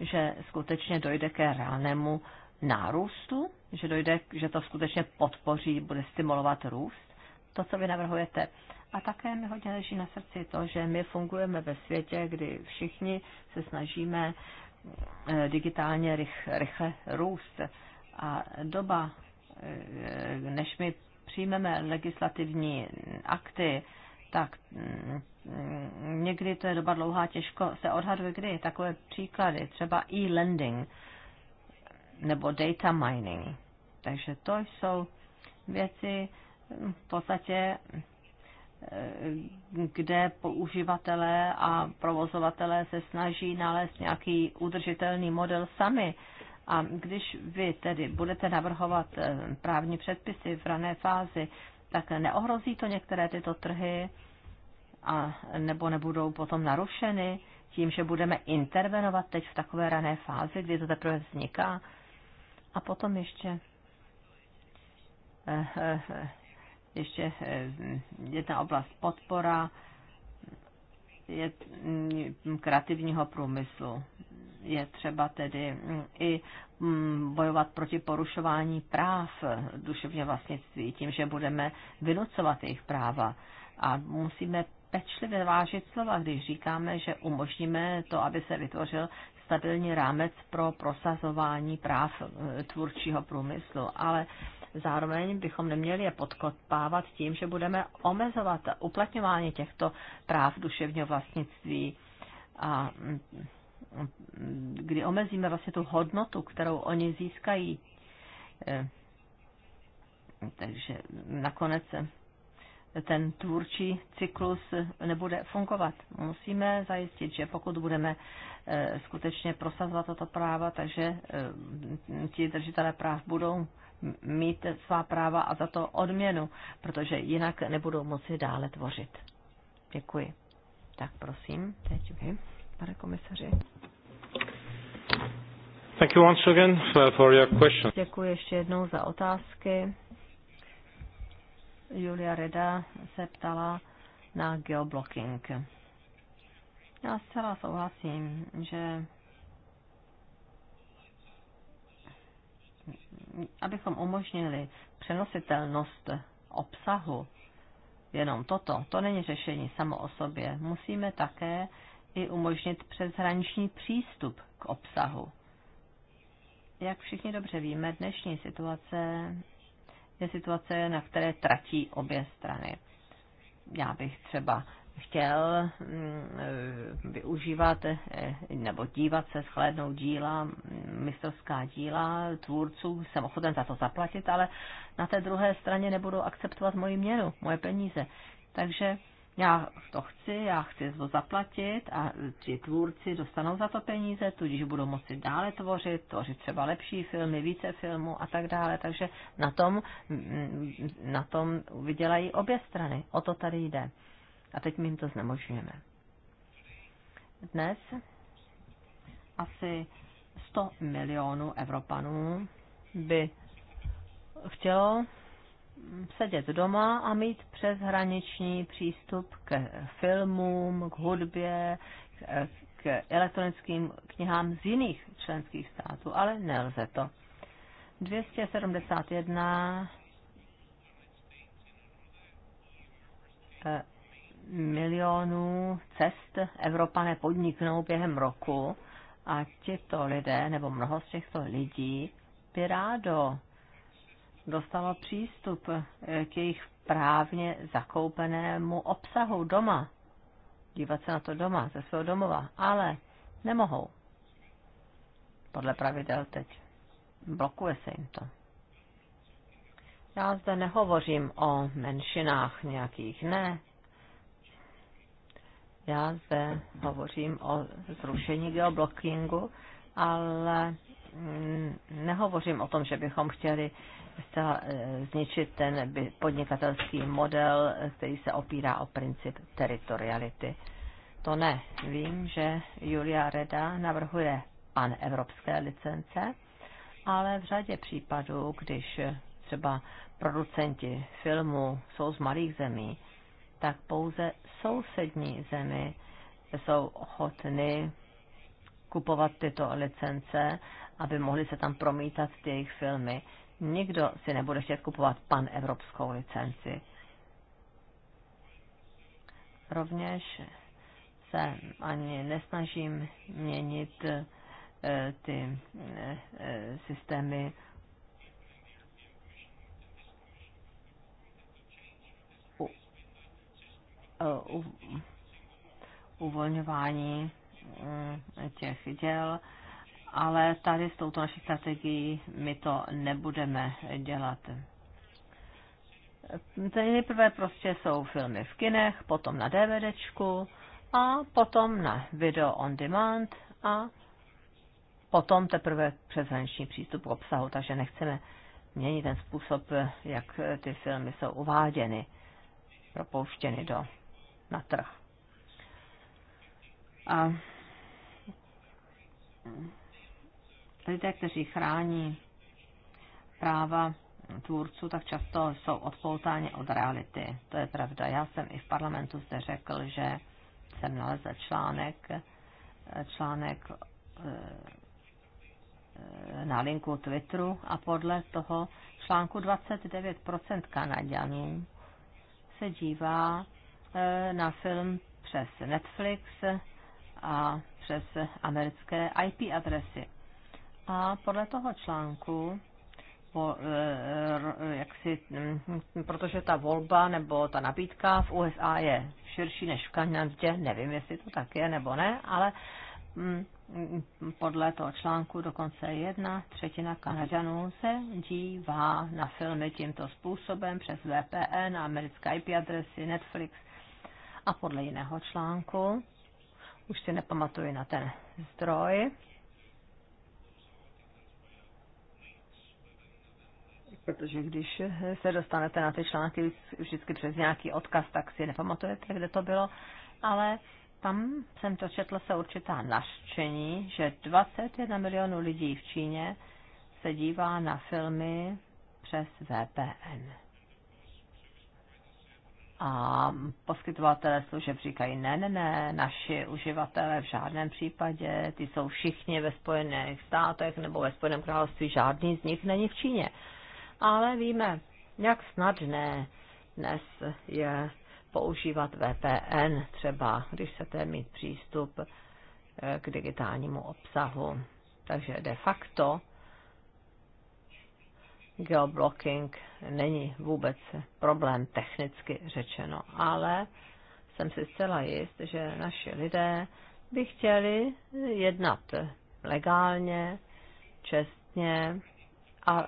Speaker 2: že skutečně dojde ke reálnému nárůstu, že dojde, že to skutečně podpoří, bude stimulovat růst, to, co vy navrhujete. A také mi hodně leží na srdci to, že my fungujeme ve světě, kdy všichni se snažíme eh, digitálně rych, rychle růst. A doba, eh, než my přijmeme legislativní akty, tak mm, Eh, někdy to je doba dlouhá, těžko se odhaduje, kdy. Takové příklady, třeba e-lending nebo data mining. Takže to jsou věci hm, v podstatě, eh, kde použivatelé a provozovatelé se snaží nalézt nějaký udržitelný model sami. A když vy tedy budete navrhovat eh, právní předpisy v rané fázi, tak neohrozí to některé tyto trhy, a nebo nebudou potom narušeny tím, že budeme intervenovat teď v takové rané fázi, kdy to teprve vzniká. A potom ještě eh, eh, ještě eh, jedna oblast podpora je, mm, kreativního průmyslu. Je třeba tedy mm, i mm, bojovat proti porušování práv duševně vlastnictví tím, že budeme vynucovat jejich práva. A musíme pečlivě vážit slova, když říkáme, že umožníme to, aby se vytvořil stabilní rámec pro prosazování práv e, tvůrčího průmyslu, ale zároveň bychom neměli je podkopávat tím, že budeme omezovat uplatňování těchto práv duševního vlastnictví a mm, kdy omezíme vlastně tu hodnotu, kterou oni získají. E, takže nakonec ten tvůrčí cyklus nebude fungovat. Musíme zajistit, že pokud budeme e, skutečně prosazovat toto práva, takže e, ti držitelé práv budou mít svá práva a za to odměnu, protože jinak nebudou moci dále tvořit. Děkuji. Tak prosím, teď vy, pane komisaři.
Speaker 3: Thank you once again for your question.
Speaker 2: Děkuji ještě jednou za otázky. Julia Reda se ptala na geoblocking. Já zcela souhlasím, že abychom umožnili přenositelnost obsahu, jenom toto, to není řešení samo o sobě. Musíme také i umožnit přeshraniční přístup k obsahu. Jak všichni dobře víme, dnešní situace je situace, na které tratí obě strany. Já bych třeba chtěl mm, využívat eh, nebo dívat se, shlédnout díla, mistrovská díla tvůrců, jsem ochoten za to zaplatit, ale na té druhé straně nebudou akceptovat moji měnu, moje peníze. Takže já to chci, já chci to zaplatit a ti tvůrci dostanou za to peníze, tudíž budou moci dále tvořit, tvořit třeba lepší filmy, více filmů a tak dále. Takže na tom, mm, na tom vydělají obě strany. O to tady jde. A teď my jim to znemožňujeme. Dnes asi 100 milionů Evropanů by chtělo sedět doma a mít přeshraniční přístup k filmům, k hudbě, k elektronickým knihám z jiných členských států, ale nelze to. 271 eh, milionů cest Evropané podniknou během roku a tito lidé, nebo mnoho z těchto lidí, by rádo dostalo přístup k jejich právně zakoupenému obsahu doma, dívat se na to doma, ze svého domova, ale nemohou. Podle pravidel teď. Blokuje se jim to. Já zde nehovořím o menšinách nějakých, ne. Já zde hovořím o zrušení geoblockingu, ale nehovořím o tom, že bychom chtěli zcela eh, zničit ten podnikatelský model, eh, který se opírá o princip teritoriality. To ne. Vím, že Julia Reda navrhuje pan evropské licence, ale v řadě případů, když třeba producenti filmu jsou z malých zemí, tak pouze sousední zemi jsou ochotny kupovat tyto licence, aby mohly se tam promítat ty jejich filmy nikdo si nebude chtět kupovat pan evropskou licenci. Rovněž se ani nesnažím měnit eh, ty eh, eh, systémy u, u, uvolňování mm, těch děl ale tady s touto naší strategií my to nebudeme dělat. Nejprve prostě jsou filmy v kinech, potom na DVDčku a potom na video on demand a potom teprve přeshraniční přístup k obsahu, takže nechceme měnit ten způsob, jak ty filmy jsou uváděny, propouštěny do, na trh. A lidé, kteří chrání práva tvůrců, tak často jsou odpoutáni od reality. To je pravda. Já jsem i v parlamentu zde řekl, že jsem nalezl článek, článek eh, eh, na linku Twitteru a podle toho článku 29% Kanaděnů se dívá eh, na film přes Netflix a přes americké IP adresy. A podle toho článku eh, eh, jak si, hm, protože ta volba nebo ta nabídka v USA je širší než v Kanadě, nevím, jestli to tak je nebo ne, ale hm, hm, podle toho článku dokonce jedna třetina Kanaďanů se dívá na filmy tímto způsobem přes VPN, americké IP adresy, Netflix a podle jiného článku, už si nepamatuji na ten zdroj, protože když se dostanete na ty články vždycky přes nějaký odkaz, tak si nepamatujete, kde to bylo, ale tam jsem to četla se určitá naštění, že 21 milionů lidí v Číně se dívá na filmy přes VPN. A poskytovatelé služeb říkají, ne, ne, ne, naši uživatelé v žádném případě, ty jsou všichni ve Spojených státech nebo ve Spojeném království, žádný z nich není v Číně ale víme, jak snadné dnes je používat VPN třeba, když chcete mít přístup eh, k digitálnímu obsahu. Takže de facto geoblocking není vůbec problém technicky řečeno, ale jsem si zcela jist, že naši lidé by chtěli jednat legálně, čestně, a e,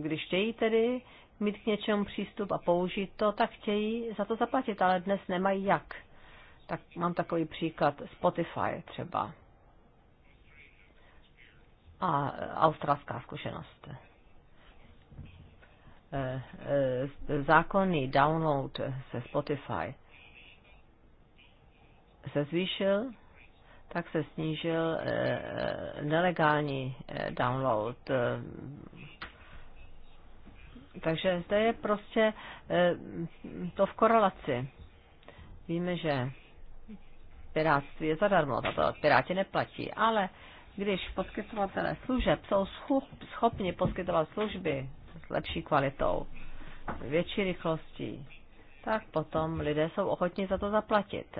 Speaker 2: když chtějí tedy mít k něčemu přístup a použít to, tak chtějí za to zaplatit, ale dnes nemají jak. Tak mám takový příklad Spotify třeba. A australská zkušenost. E, e, Zákonný download se Spotify se zvýšil tak se snížil eh, eh, nelegální eh, download. Takže zde je prostě to v korelaci. Víme, že piráctví je zadarmo, to piráti neplatí, ale když poskytovatelé služeb jsou schopni poskytovat služby s lepší kvalitou, větší rychlostí, tak potom lidé jsou ochotní za to zaplatit.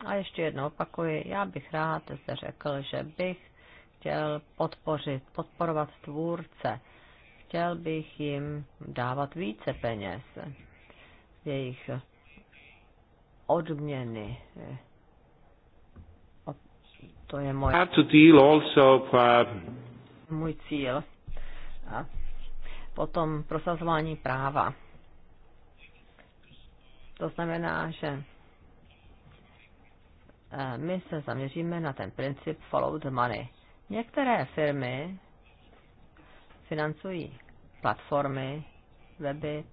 Speaker 2: A ještě jednou opakuji, já bych rád zde řekl, že bych chtěl podpořit, podporovat tvůrce. Chtěl bych jim dávat více peněz. Jejich odměny. Eh, to je moje...
Speaker 3: Uh,
Speaker 2: Můj cíl. A potom prosazování práva. To znamená, že my se zaměříme na ten princip follow the money. Některé firmy financují platformy, weby,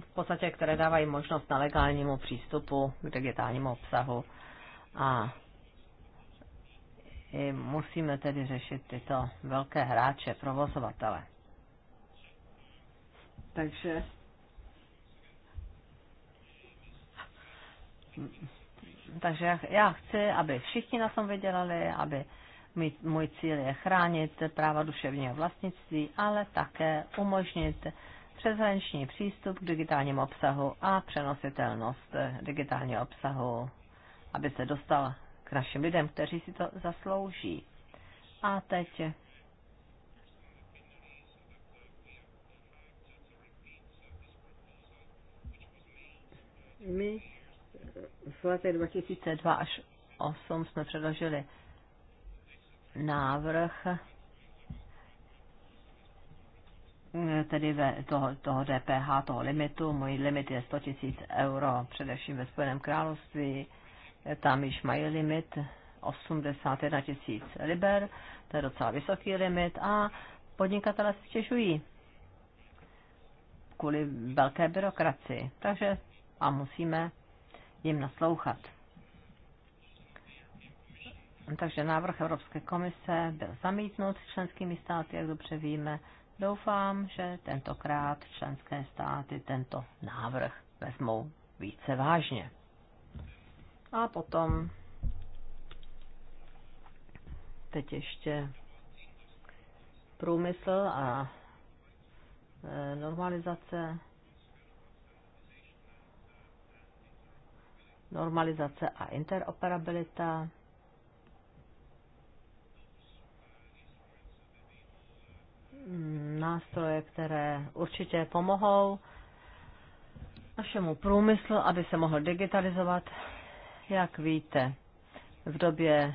Speaker 2: v podstatě, které dávají možnost na legálnímu přístupu k digitálnímu obsahu. A musíme tedy řešit tyto velké hráče, provozovatele. Takže takže já chci, aby všichni na tom vydělali, aby mý, můj cíl je chránit práva duševního vlastnictví, ale také umožnit přeshraniční přístup k digitálnímu obsahu a přenositelnost digitálního obsahu, aby se dostal k našim lidem, kteří si to zaslouží. A teď my v letech 2002 až 2008 jsme předložili návrh eh, tedy ve toho, toho DPH, toho limitu. Můj limit je 100 000 euro, především ve Spojeném království. Eh, tam již mají limit 81 tisíc liber, to je docela vysoký limit a podnikatele si stěžují kvůli velké byrokracii. Takže a musíme jim naslouchat. Takže návrh Evropské komise byl zamítnut členskými státy, jak dobře víme. Doufám, že tentokrát členské státy tento návrh vezmou více vážně. A potom teď ještě průmysl a e, normalizace normalizace a interoperabilita. Nástroje, které určitě pomohou našemu průmyslu, aby se mohl digitalizovat. Jak víte, v době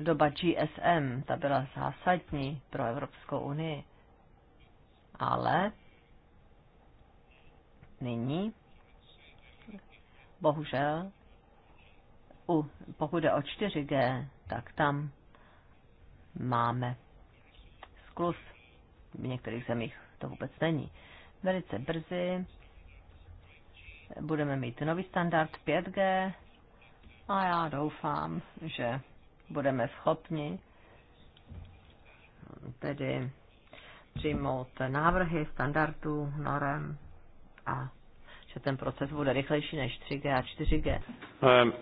Speaker 2: doba GSM, ta byla zásadní pro Evropskou unii. Ale nyní bohužel, u, pokud jde o 4G, tak tam máme sklus. V některých zemích to vůbec není. Velice brzy budeme mít nový standard 5G a já doufám, že budeme schopni tedy přijmout návrhy standardů, norem a se ten proces bude rychlejší než 3G a 4G.
Speaker 3: Um,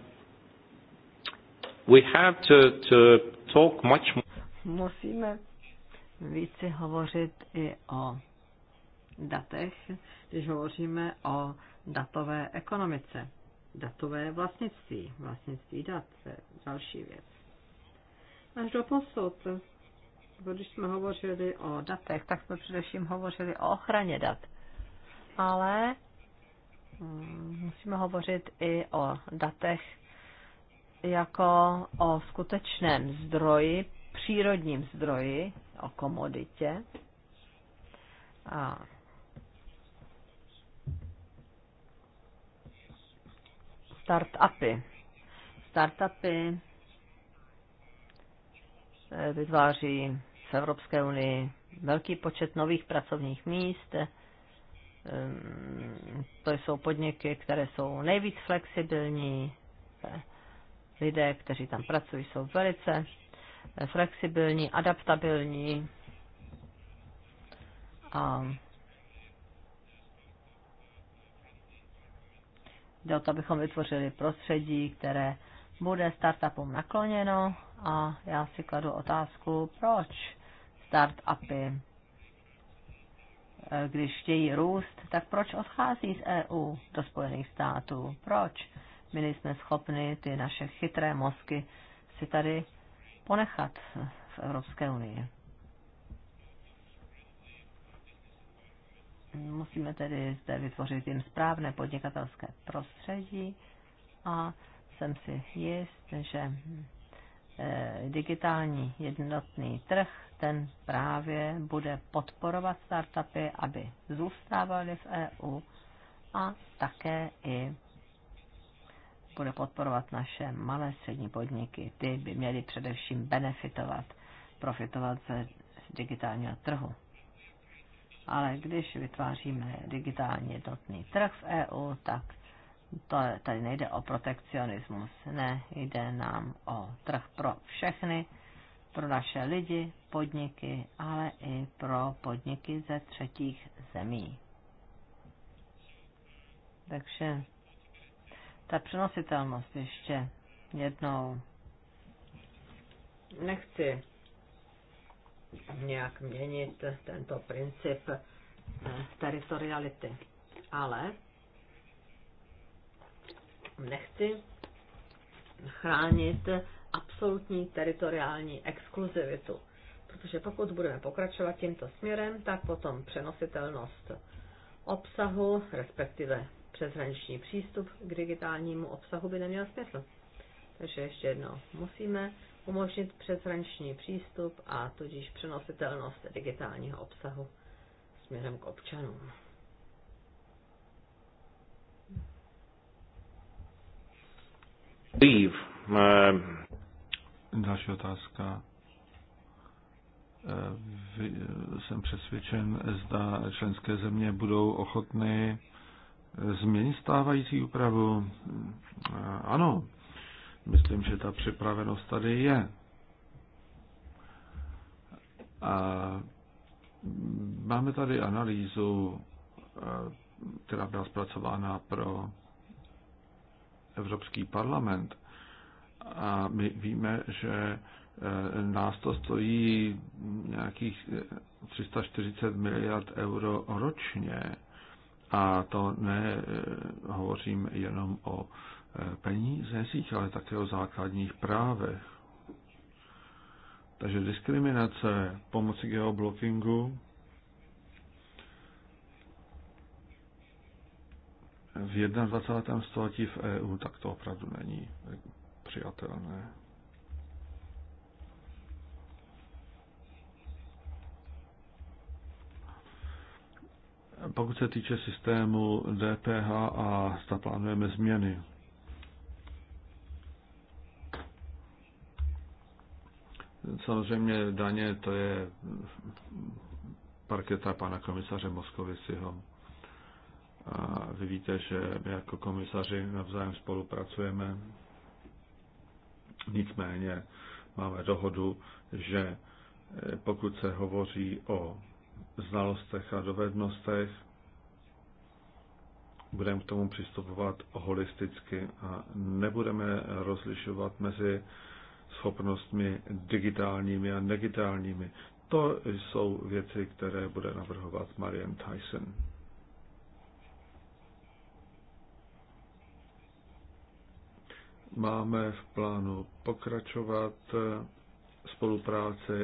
Speaker 3: we have to, to talk much more.
Speaker 2: Musíme více hovořit i o datech, když hovoříme o datové ekonomice, datové vlastnictví, vlastnictví dat, to je další věc. Až do posud, když jsme hovořili o datech, tak jsme především hovořili o ochraně dat. Ale Mm, musíme hovořit i o datech jako o skutečném zdroji, přírodním zdroji, o komoditě. A startupy. Startupy eh, vytváří v Evropské unii velký počet nových pracovních míst, Ehm, to jsou podniky, které jsou nejvíc flexibilní, lidé, kteří tam pracují, jsou velice eh, flexibilní, adaptabilní a jde o to, abychom vytvořili prostředí, které bude startupům nakloněno a já si kladu otázku, proč startupy Eh, když chtějí růst, tak proč odchází z EU do Spojených států? Proč? My nejsme schopni ty naše chytré mozky si tady ponechat v Evropské unii. Musíme tedy zde vytvořit jim správné podnikatelské prostředí a jsem si jist, že eh, digitální jednotný trh ten právě bude podporovat startupy, aby zůstávaly v EU a také i bude podporovat naše malé střední podniky. Ty by měly především benefitovat, profitovat ze digitálního trhu. Ale když vytváříme digitálně jednotný trh v EU, tak to, tady nejde o protekcionismus. Ne, jde nám o trh pro všechny, pro naše lidi, podniky, ale i pro podniky ze třetích zemí. Takže ta přenositelnost ještě jednou nechci nějak měnit tento princip eh, teritoriality, ale nechci chránit absolutní teritoriální exkluzivitu protože pokud budeme pokračovat tímto směrem, tak potom přenositelnost obsahu, respektive přeshraniční přístup k digitálnímu obsahu by neměl smysl. Takže ještě jedno, musíme umožnit přeshraniční přístup a tudíž přenositelnost digitálního obsahu směrem k občanům.
Speaker 3: Um. Další otázka Eh, jsem přesvědčen, zda členské země budou ochotny eh, změnit stávající úpravu. Eh, ano, myslím, že ta připravenost tady je. A máme tady analýzu, která byla zpracována pro Evropský parlament. A my víme, že Eh, nás to stojí nějakých 340 eh, miliard euro ročně. A to ne eh, hovořím jenom o penízech, ale také o základních právech. Takže diskriminace pomocí geoblockingu v 21. století v EU tak to opravdu není přijatelné. Pokud se týče systému DPH a zda plánujeme změny. Samozřejmě daně to je parketa pana komisaře Moskovisiho. A vy víte, že my jako komisaři navzájem spolupracujeme. Nicméně máme dohodu, že pokud se hovoří o znalostech a dovednostech. Budeme k tomu přistupovat holisticky a nebudeme rozlišovat mezi schopnostmi digitálními a negitálními. To jsou věci, které bude navrhovat Marian Tyson. Máme v plánu pokračovat spolupráci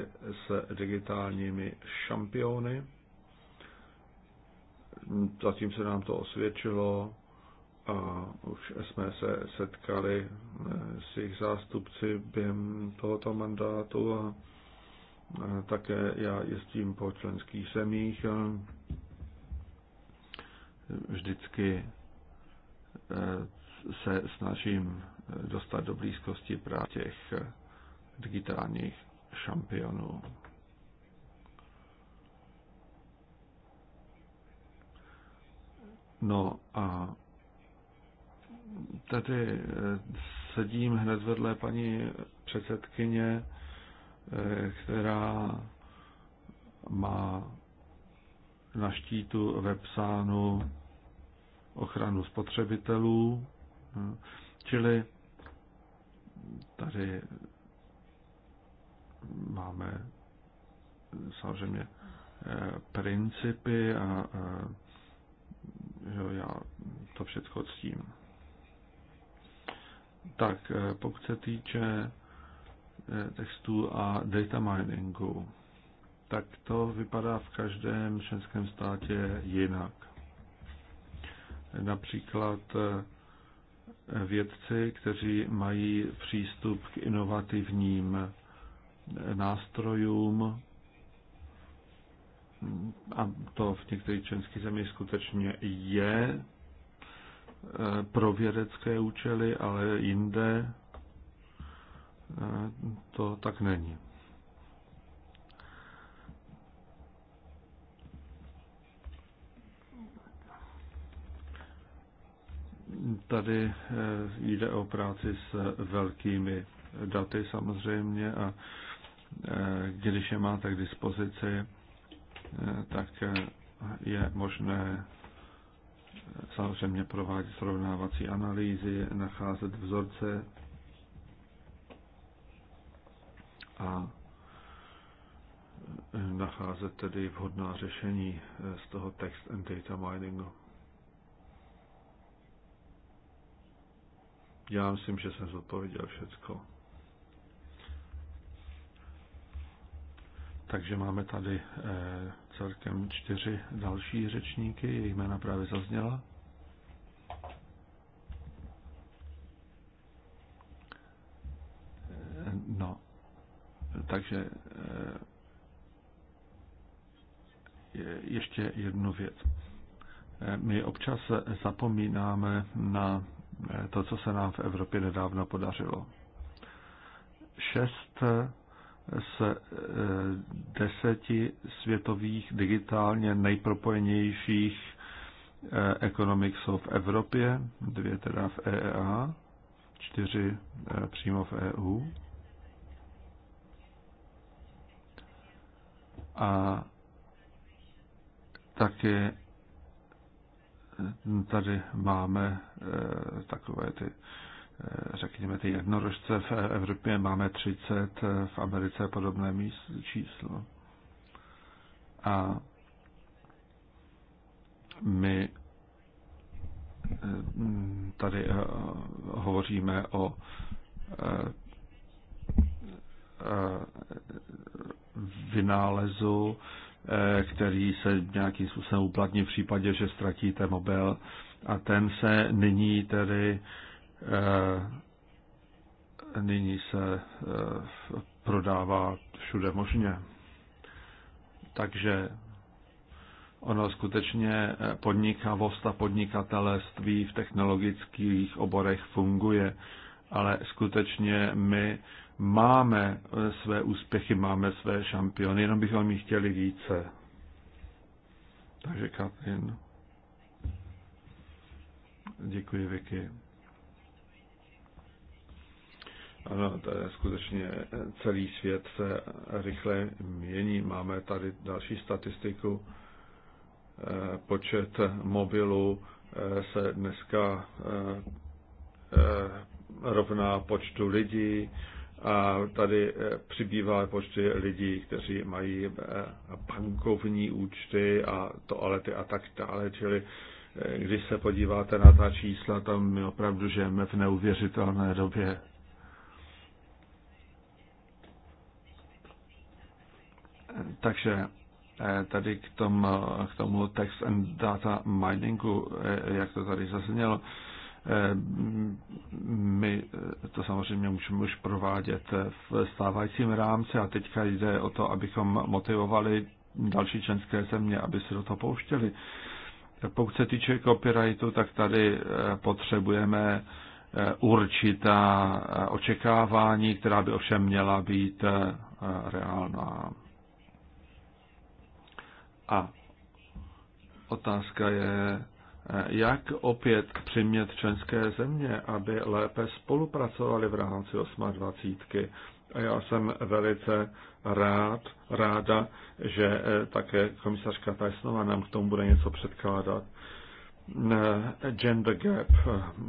Speaker 3: s digitálními šampiony. Zatím se nám to osvědčilo a už jsme se setkali s jejich zástupci během tohoto mandátu a také já jezdím po členských zemích a vždycky e, se snažím dostat do blízkosti právě těch digitálních šampionů. No a tady eh, sedím hned vedle paní předsedkyně, eh, která má na štítu vepsánu ochranu spotřebitelů, hm. čili tady máme eh, samozřejmě eh, principy a eh, já to všechno ctím. Tak, pokud se týče textu a data miningu, tak to vypadá v každém členském státě jinak. Například vědci, kteří mají přístup k inovativním nástrojům a to v některých členských zemích skutečně je e, pro vědecké účely, ale jinde e, to tak není. Tady e, jde o práci s velkými daty samozřejmě a když je máte k dispozici, tak je možné samozřejmě provádět srovnávací analýzy, nacházet vzorce a nacházet tedy vhodná řešení z toho text and data miningu. Já myslím, že jsem zodpověděl všecko. Takže máme tady eh, celkem čtyři další řečníky, jejich jména právě zazněla. Eh, no, takže eh, ještě jednu věc. My občas zapomínáme na to, co se nám v Evropě nedávno podařilo. Šest z eh, deseti světových digitálně nejpropojenějších ekonomik eh, jsou v Evropě, dvě teda v EEA, čtyři eh, přímo v EU. A taky tady máme takové ty Eh, řekněme, ty jednorožce v Evropě máme 30, eh, v Americe podobné číslo. A my eh, tady hovoříme o vynálezu, který se nějakým způsobem uplatní v případě, že ztratíte mobil. A ten se nyní tedy Eh, nyní se eh, prodává všude možně. Takže ono skutečně eh, podnikavost a podnikatelství v technologických oborech funguje, ale skutečně my máme své úspěchy, máme své šampiony, jenom bychom jich chtěli více. Takže Katrin. Děkuji, Vicky. Ano, to je skutečně eh, celý svět se rychle mění. Máme tady další statistiku. Eh, počet mobilů eh, se dneska rovná počtu lidí a tady přibývá počty lidí, kteří mají bankovní účty a toalety a tak dále, čili když se podíváte na ta čísla, tam my opravdu žijeme v neuvěřitelné době. Takže eh, tady k tomu, eh, k tomu text and data miningu, eh, jak to tady zaznělo, my to samozřejmě můžeme už provádět v stávajícím rámci a teďka jde o to, abychom motivovali další členské země, aby se do toho pouštěli. Pokud se týče copyrightu, tak tady potřebujeme určitá očekávání, která by ovšem měla být reálná. A otázka je, jak opět přimět členské země, aby lépe spolupracovali v rámci 28. A já jsem velice rád, ráda, že také komisařka Tajsnova nám k tomu bude něco předkládat. Gender gap,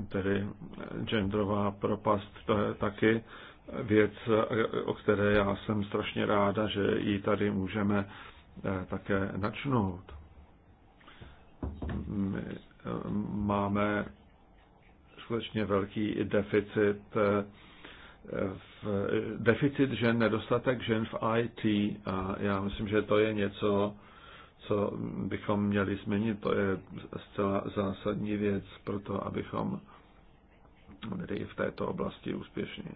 Speaker 3: tedy genderová propast, to je taky věc, o které já jsem strašně ráda, že ji tady můžeme Eh, také načnout. My eh, máme skutečně velký deficit eh, v deficit žen, nedostatek žen v IT a já myslím, že to je něco, co bychom měli změnit. To je zcela zásadní věc pro to, abychom byli v této oblasti úspěšní.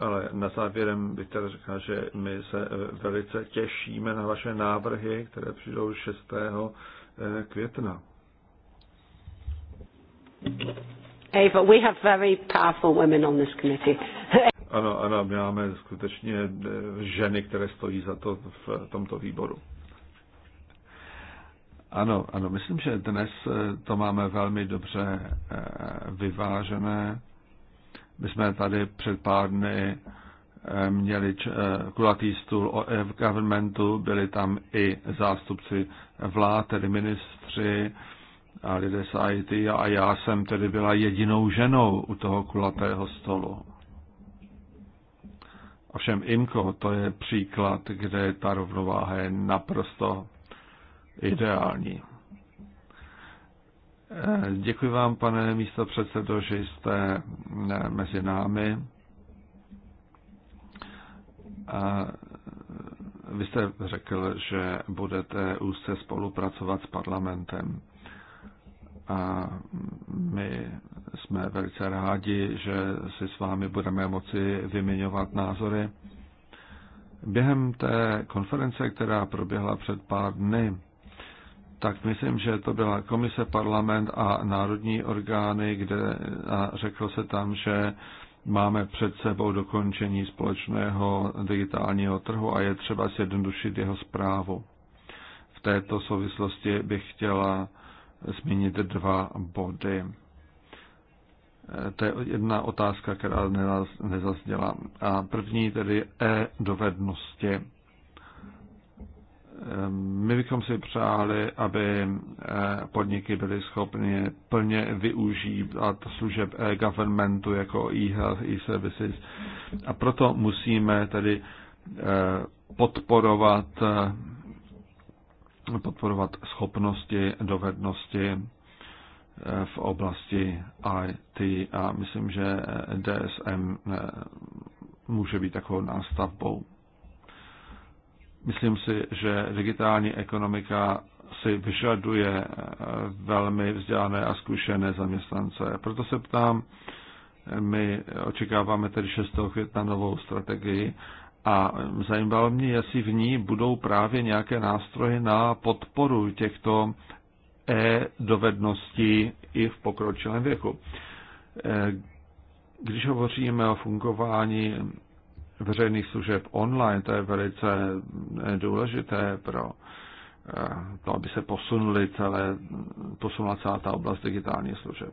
Speaker 3: Ale na závěrem bych teda řekl, že my se eh, velice těšíme na vaše návrhy, které přijdou 6. Eh, května. Ava, we have very powerful
Speaker 4: women on this committee.
Speaker 3: ano, ano, my máme skutečně eh, ženy, které stojí za to v tomto výboru. Ano, ano, myslím, že dnes to máme velmi dobře vyvážené my jsme tady před pár dny eh, měli eh, kulatý stůl o governmentu byli tam i zástupci vlád, tedy ministři a lidé z IT a já jsem tedy byla jedinou ženou u toho kulatého stolu. Ovšem IMCO to je příklad, kde ta rovnováha je naprosto ideální. Děkuji vám, pane místo předsedo, že jste eh, mezi námi. A eh, vy jste řekl, že budete úzce spolupracovat s parlamentem. A my jsme velice rádi, že si s vámi budeme moci vyměňovat názory. Během té konference, která proběhla před pár dny, tak myslím, že to byla komise, parlament a národní orgány, kde a řeklo se tam, že máme před sebou dokončení společného digitálního trhu a je třeba zjednodušit jeho zprávu. V této souvislosti bych chtěla zmínit dva body. To je jedna otázka, která nezazněla. A první tedy e-dovednosti my bychom si přáli, aby eh, podniky byly schopny plně využívat služeb e-governmentu jako e-health, e-services a proto musíme tedy eh, podporovat, eh, podporovat schopnosti, dovednosti v oblasti IT a myslím, že DSM může být takovou nástavbou. Myslím si, že digitální ekonomika si vyžaduje eh, velmi vzdělané a zkušené zaměstnance. Proto se ptám, my očekáváme tedy 6. května novou strategii a zajímalo mě, jestli v ní budou právě nějaké nástroje na podporu těchto e-dovedností i v pokročilém věku. Eh, když hovoříme o fungování veřejných služeb online, to je velice důležité pro eh, to, aby se posunuli celé, posunula celá ta oblast digitálních služeb.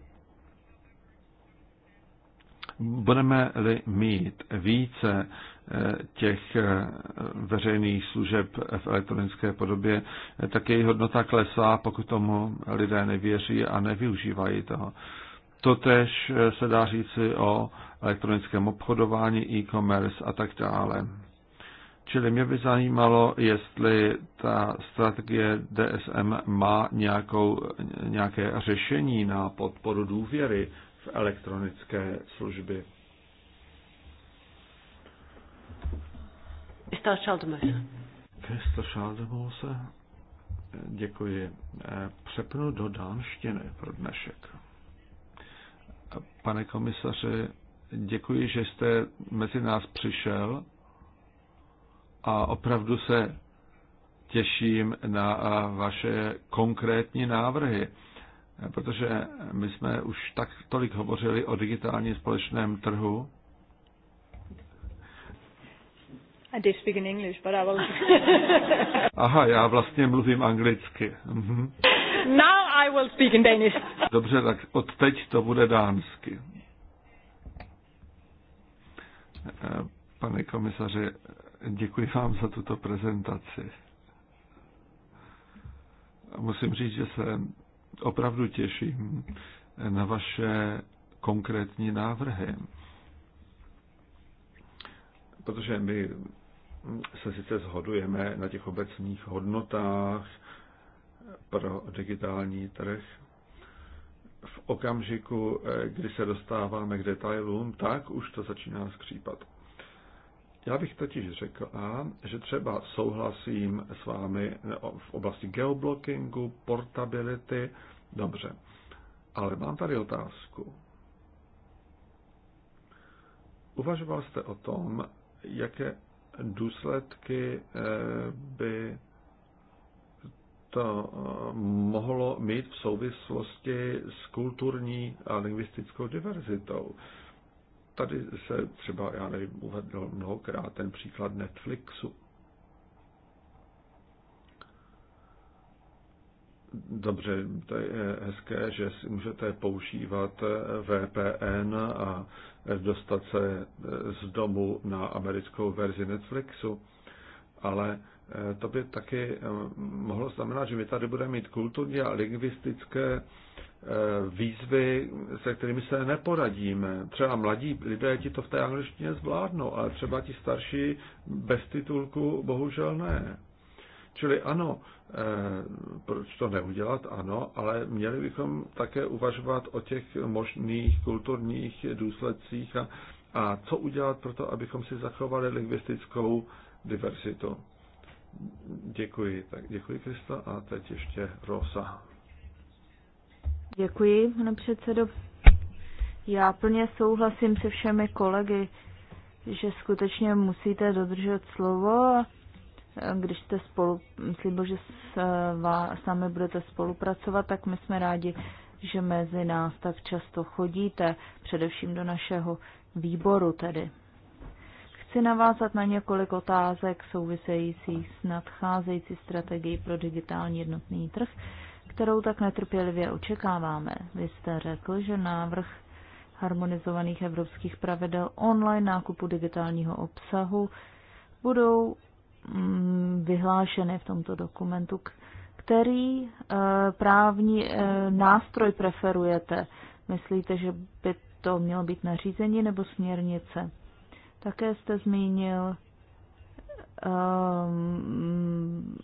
Speaker 3: Budeme-li mít více eh, těch eh, veřejných služeb v elektronické podobě, tak její hodnota klesá, pokud tomu lidé nevěří a nevyužívají toho. Totež eh, se dá říci o elektronickém obchodování, e-commerce a tak dále. Čili mě by zajímalo, jestli ta strategie DSM má nějakou, nějaké řešení na podporu důvěry v elektronické služby. Mr. Schaldemose, děkuji. Eh, přepnu do dánštiny pro dnešek. Pane komisaři, děkuji, že jste mezi nás přišel a opravdu se těším na vaše konkrétní návrhy, protože my jsme už tak tolik hovořili o digitálním společném trhu.
Speaker 5: I did speak in English, but I will...
Speaker 3: Aha, já vlastně mluvím anglicky. Mhm.
Speaker 2: Now i
Speaker 1: will speak in Danish.
Speaker 3: Dobře, tak od teď to bude dánsky. Eh, pane komisaři, děkuji vám za tuto prezentaci. Musím říct, že se opravdu těším na vaše konkrétní návrhy. Protože my se sice shodujeme na těch obecných hodnotách, pro digitální trh. V okamžiku, eh, kdy se dostáváme k detailům, tak už to začíná skřípat. Já bych totiž řekl, a, že třeba souhlasím s vámi eh, v oblasti geoblockingu, portability, dobře. Ale mám tady otázku. Uvažoval jste o tom, jaké důsledky eh, by to eh, mohlo mít v souvislosti s kulturní a lingvistickou diverzitou. Tady se třeba, já nevím, uvedl mnohokrát ten příklad Netflixu. Dobře, to je hezké, že si můžete používat eh, VPN a dostat se eh, z domu na americkou verzi Netflixu, ale Eh, to by taky eh, mohlo znamenat, že my tady budeme mít kulturní a lingvistické eh, výzvy, se kterými se neporadíme. Třeba mladí lidé ti to v té angličtině zvládnou, ale třeba ti starší bez titulku bohužel ne. Čili ano, proč to neudělat, ano, ale měli bychom také uvažovat o těch možných kulturních důsledcích a, a co udělat pro to, abychom si zachovali lingvistickou diversitu. Děkuji, tak děkuji Krista a teď ještě Rosa.
Speaker 5: Děkuji, pane předsedo. Já plně souhlasím se všemi kolegy, že skutečně musíte dodržet slovo, když jste spolu, myslím, že s, eh, vá, s námi budete spolupracovat, tak my jsme rádi, že mezi nás tak často chodíte, především do našeho výboru tedy. Chci navázat na několik otázek souvisejících s nadcházející strategií pro digitální jednotný trh, kterou tak netrpělivě očekáváme. Vy jste řekl, že návrh harmonizovaných evropských pravidel online nákupu digitálního obsahu budou mm, vyhlášeny v tomto dokumentu. Který eh, právní eh, nástroj preferujete? Myslíte, že by to mělo být nařízení nebo směrnice? Také jste zmínil um,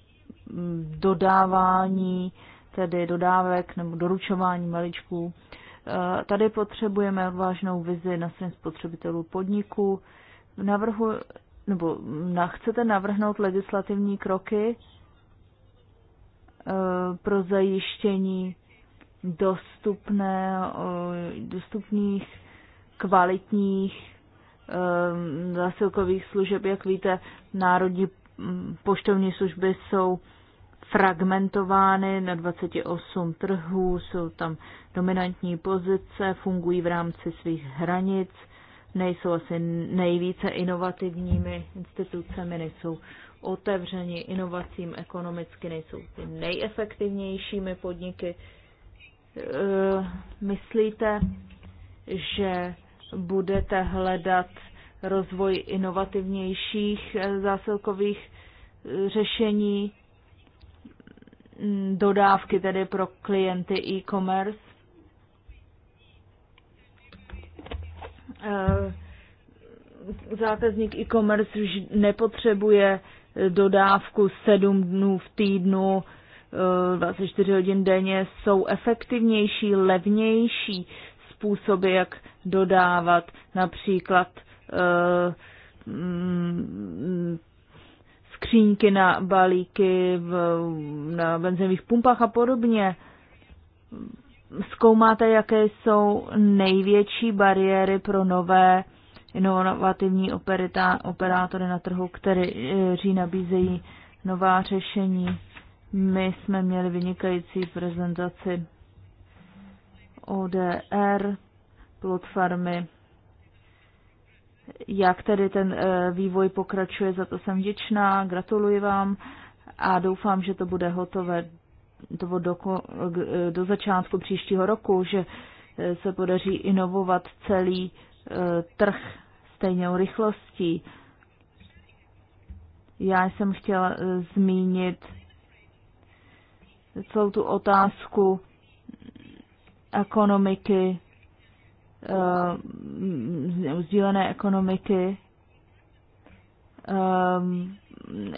Speaker 5: dodávání, tedy dodávek nebo doručování maličků. Eh, tady potřebujeme vážnou vizi na straně spotřebitelů podniků. Navrhu, nebo mm, na, chcete navrhnout legislativní kroky eh, pro zajištění dostupné, eh, dostupných, kvalitních Ehm, zásilkových služeb. Jak víte, národní mm, poštovní služby jsou fragmentovány na 28 trhů, jsou tam dominantní pozice, fungují v rámci svých hranic, nejsou asi nejvíce inovativními institucemi, nejsou otevřeni inovacím ekonomicky, nejsou ty nejefektivnějšími podniky. E, myslíte, že budete hledat rozvoj inovativnějších eh, zásilkových eh, řešení, mm, dodávky tedy pro klienty e-commerce. Eh, zákazník e-commerce už nepotřebuje dodávku 7 dnů v týdnu, 24 hodin denně, jsou efektivnější, levnější, způsoby, jak dodávat, například eh, mm, skřínky na balíky, v, na benzinových pumpách a podobně. Zkoumáte, jaké jsou největší bariéry pro nové inovativní operita, operátory na trhu, kteří eh, nabízejí nová řešení. My jsme měli vynikající prezentaci ODR, farmy. jak tedy ten e, vývoj pokračuje, za to jsem vděčná, gratuluji vám a doufám, že to bude hotové do, do, e, do začátku příštího roku, že e, se podaří inovovat celý trh stejnou rychlostí. Já jsem chtěla zmínit celou tu otázku ekonomiky, eh, sdílené ekonomiky. Eh,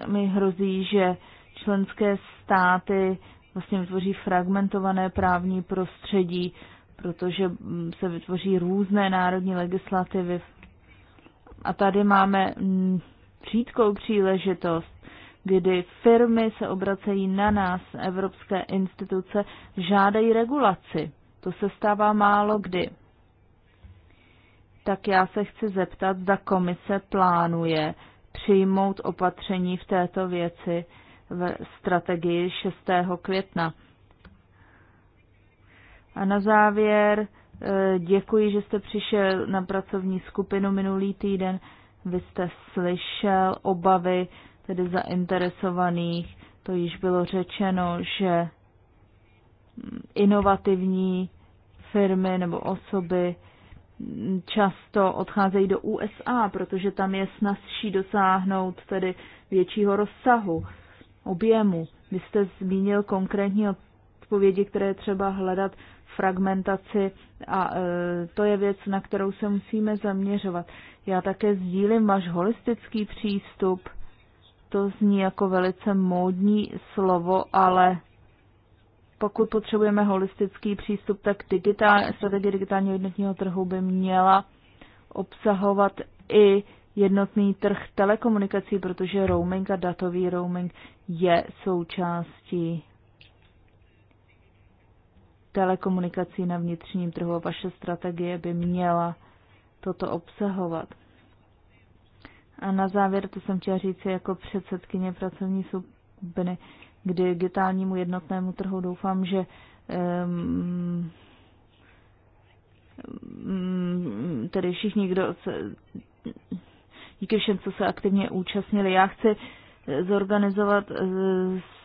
Speaker 5: mi hrozí, že členské státy vlastně vytvoří fragmentované právní prostředí, protože se vytvoří různé národní legislativy. A tady máme přítkou příležitost, kdy firmy se obracejí na nás, evropské instituce, žádají regulaci. To se stává málo kdy. Tak já se chci zeptat, zda komise plánuje přijmout opatření v této věci v strategii 6. května. A na závěr eh, děkuji, že jste přišel na pracovní skupinu minulý týden. Vy jste slyšel obavy tedy zainteresovaných. To již bylo řečeno, že inovativní firmy nebo osoby často odcházejí do USA, protože tam je snazší dosáhnout tedy většího rozsahu, objemu. Vy jste zmínil konkrétní odpovědi, které třeba hledat fragmentaci a e, to je věc, na kterou se musíme zaměřovat. Já také sdílím váš holistický přístup. To zní jako velice módní slovo, ale pokud potřebujeme holistický přístup, tak digitál, strategie digitálního jednotního trhu by měla obsahovat i jednotný trh telekomunikací, protože roaming a datový roaming je součástí telekomunikací na vnitřním trhu a vaše strategie by měla toto obsahovat. A na závěr, to jsem chtěla říct jako předsedkyně pracovní skupiny, k digitálnímu jednotnému trhu. Doufám, že um, tedy všichni, kdo se, díky všem, co se aktivně účastnili. Já chci zorganizovat eh,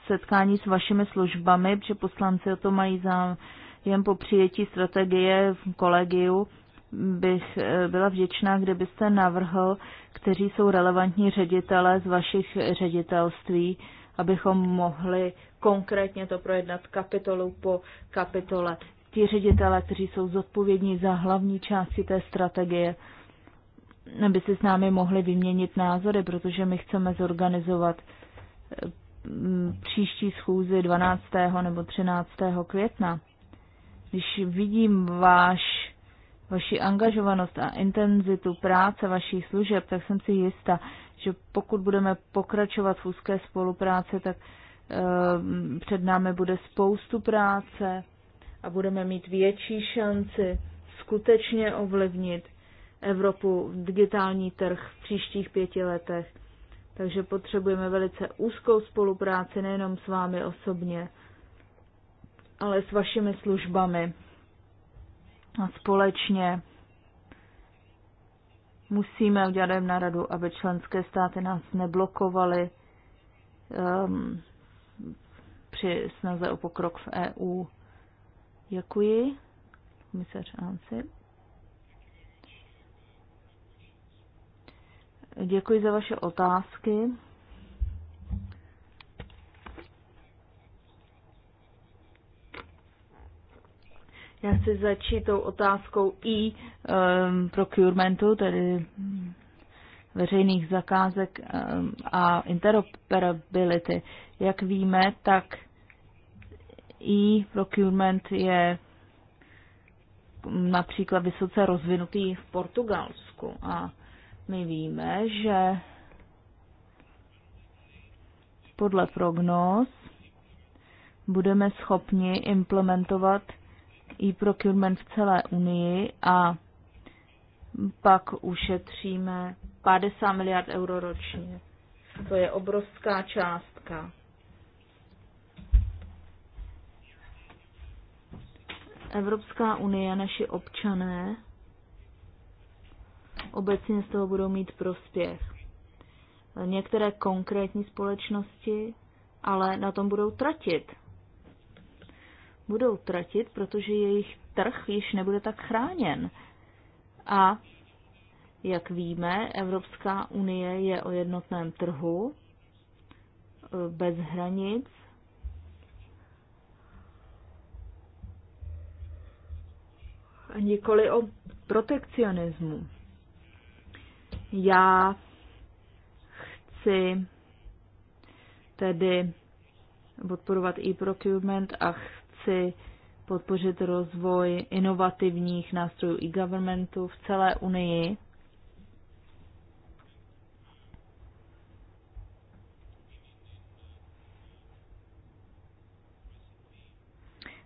Speaker 5: setkání s vašimi službami, protože poslanci o to mají zájem jen po přijetí strategie v kolegiu bych eh, byla vděčná, kdybyste navrhl, kteří jsou relevantní ředitelé z vašich ředitelství, abychom mohli konkrétně to projednat kapitolu po kapitole. Ti ředitele, kteří jsou zodpovědní za hlavní části té strategie, aby si s námi mohli vyměnit názory, protože my chceme zorganizovat mm, příští schůzi 12. nebo 13. května. Když vidím váš, vaši angažovanost a intenzitu práce vašich služeb, tak jsem si jista, že pokud budeme pokračovat v úzké spolupráci, tak eh, před námi bude spoustu práce a budeme mít větší šanci skutečně ovlivnit Evropu digitální trh v příštích pěti letech. Takže potřebujeme velice úzkou spolupráci nejenom s vámi osobně, ale s vašimi službami a společně Musíme udělat na radu, aby členské státy nás neblokovaly um, při snaze o pokrok v EU. Děkuji, komisař Ansip. Děkuji za vaše otázky. Já chci začít tou otázkou i um, procurementu, tedy veřejných zakázek um, a interoperability. Jak víme, tak i procurement je například vysoce rozvinutý v Portugalsku a my víme, že podle prognóz budeme schopni implementovat e-procurement v celé Unii a pak ušetříme 50 miliard euro ročně. To je obrovská částka. Evropská unie, naši občané, obecně z toho budou mít prospěch. Některé konkrétní společnosti, ale na tom budou tratit budou tratit, protože jejich trh již nebude tak chráněn. A jak víme, Evropská unie je o jednotném trhu bez hranic. A nikoli o protekcionismu. Já chci tedy podporovat e-procurement a pomoci podpořit rozvoj inovativních nástrojů e-governmentu v celé Unii.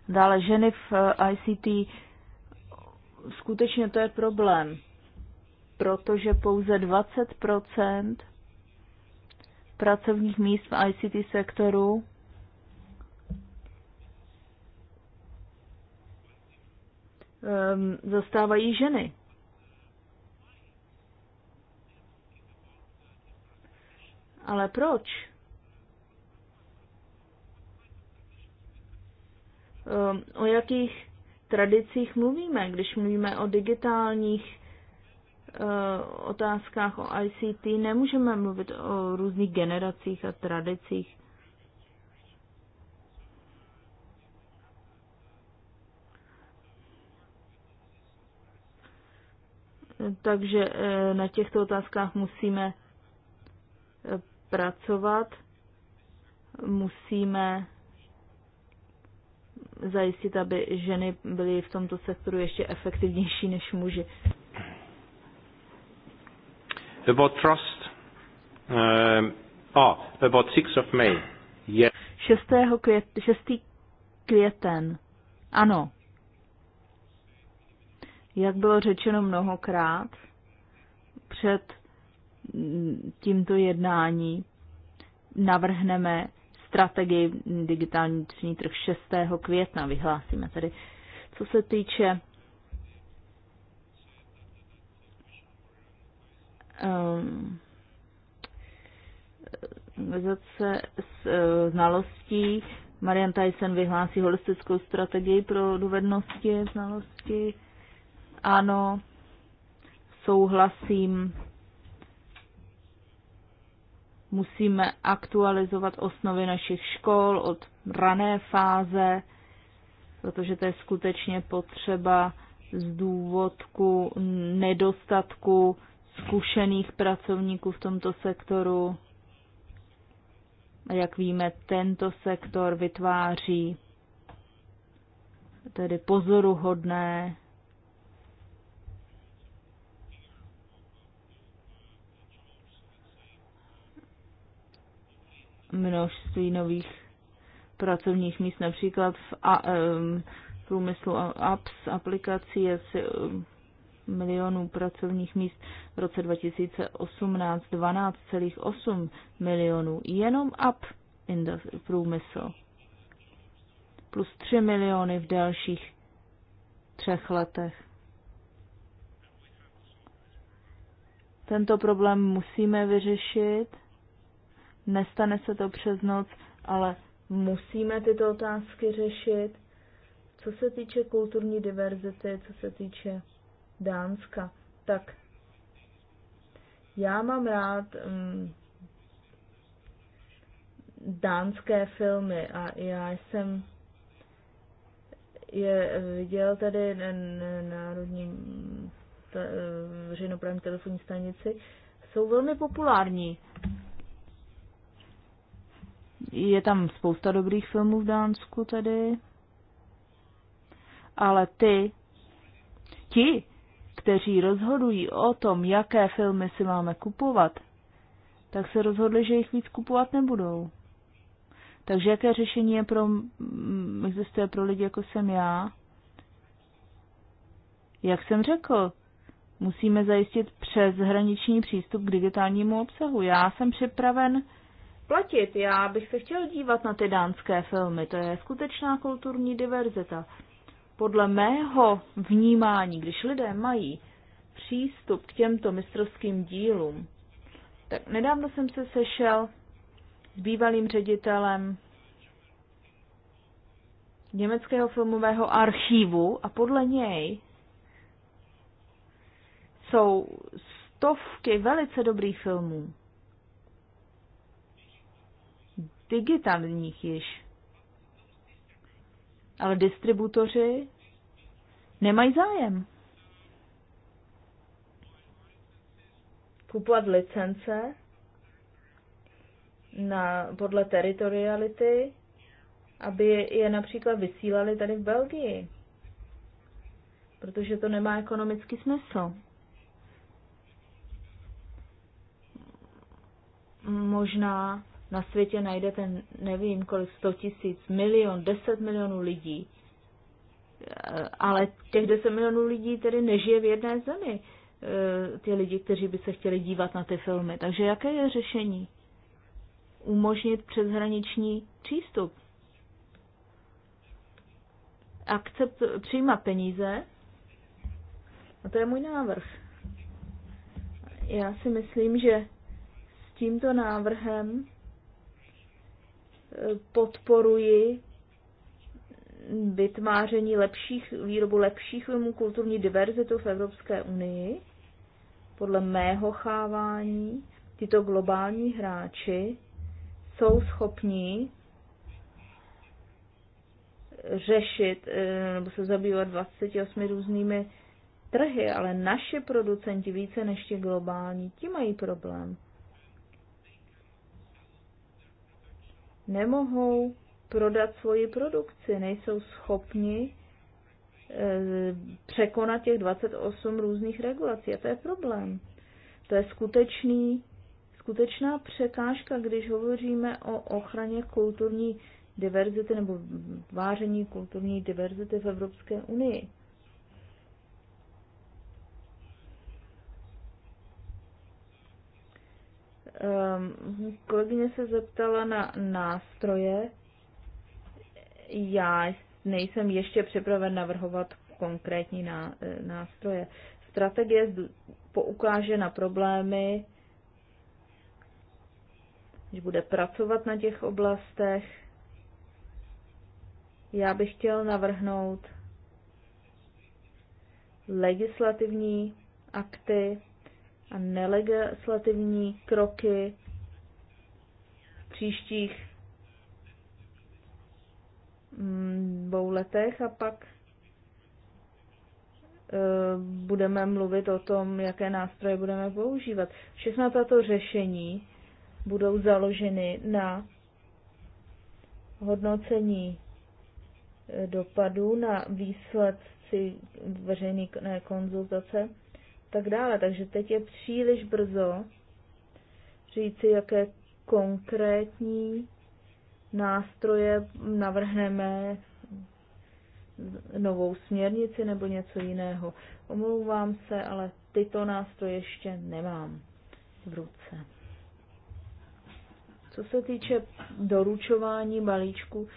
Speaker 5: Dále ženy v eh, ICT, skutečně to je problém, protože pouze 20 pracovních míst v ICT sektoru Ehm, zastávají ženy. Ale proč? Ehm, o jakých tradicích mluvíme, když mluvíme o digitálních eh, otázkách o ICT, nemůžeme mluvit o různých generacích a tradicích. Takže eh, na těchto otázkách musíme eh, pracovat, musíme zajistit, aby ženy byly v tomto sektoru ještě efektivnější než muži.
Speaker 3: About trust. Um, oh, about 6 of May. Yeah.
Speaker 5: 6. Květ, 6. květen. Ano, jak bylo řečeno mnohokrát před tímto jednání, navrhneme strategii digitální vnitřní trh 6. května, vyhlásíme tedy. Co se týče um, s uh, znalostí. Marian Tyson vyhlásí holistickou strategii pro dovednosti, znalosti. Ano, souhlasím. Musíme aktualizovat osnovy našich škol od rané fáze, protože to je skutečně potřeba z důvodku nedostatku zkušených pracovníků v tomto sektoru. A jak víme, tento sektor vytváří tedy pozoruhodné množství nových pracovních míst, například v a, um, průmyslu apps, aplikací asi um, milionů pracovních míst v roce 2018 12,8 milionů jenom app industry, průmysl. Plus 3 miliony v dalších třech letech. Tento problém musíme vyřešit nestane se to přes noc, ale musíme tyto otázky řešit. Co se týče kulturní diverzity, co se týče Dánska, tak já mám rád um, dánské filmy a já jsem je viděl tady na národní eh, veřejnoprávní telefonní stanici, jsou velmi populární. Je tam spousta dobrých filmů v Dánsku tedy, ale ty, ti, kteří rozhodují o tom, jaké filmy si máme kupovat, tak se rozhodli, že jich víc kupovat nebudou. Takže jaké řešení je pro, mm, existuje pro lidi, jako jsem já? Jak jsem řekl, musíme zajistit přeshraniční přístup k digitálnímu obsahu. Já jsem připraven platit. Já bych se chtěl dívat na ty dánské filmy, to je skutečná kulturní diverzita. Podle mého vnímání, když lidé mají přístup k těmto mistrovským dílům, tak nedávno jsem se sešel s bývalým ředitelem německého filmového archívu a podle něj jsou stovky velice dobrých filmů digitálních již. Ale distributoři nemají zájem. Kupovat licence na, podle teritoriality, aby je například vysílali tady v Belgii. Protože to nemá ekonomický smysl. Možná na světě najdete, nevím kolik, 100 tisíc, milion, 10 milionů lidí, ale těch 10 milionů lidí tedy nežije v jedné zemi, eh, ty lidi, kteří by se chtěli dívat na ty filmy. Takže jaké je řešení? Umožnit přeshraniční přístup. Akcept, přijímat peníze, a to je můj návrh. Já si myslím, že s tímto návrhem podporuji vytváření lepších, výrobu lepších filmů kulturní diverzitu v Evropské unii. Podle mého chávání tyto globální hráči jsou schopni řešit eh, nebo se zabývat 28 různými trhy, ale naše producenti více než ti globální, ti mají problém. nemohou prodat svoji produkci, nejsou schopni e, překonat těch 28 různých regulací. A to je problém. To je skutečný, skutečná překážka, když hovoříme o ochraně kulturní diverzity nebo váření kulturní diverzity v Evropské unii. Um, kolegyně se zeptala na nástroje. Já nejsem ještě připraven navrhovat konkrétní ná, e, nástroje. Strategie poukáže na problémy, když bude pracovat na těch oblastech. Já bych chtěl navrhnout legislativní akty, a nelegislativní kroky v příštích mm, dvou letech a pak e, budeme mluvit o tom, jaké nástroje budeme používat. Všechna tato řešení budou založeny na hodnocení e, dopadů, na výsledci veřejné konzultace tak dále. Takže teď je příliš brzo říci, jaké konkrétní nástroje navrhneme novou směrnici nebo něco jiného. Omlouvám se, ale tyto nástroje ještě nemám v ruce. Co se týče doručování balíčku,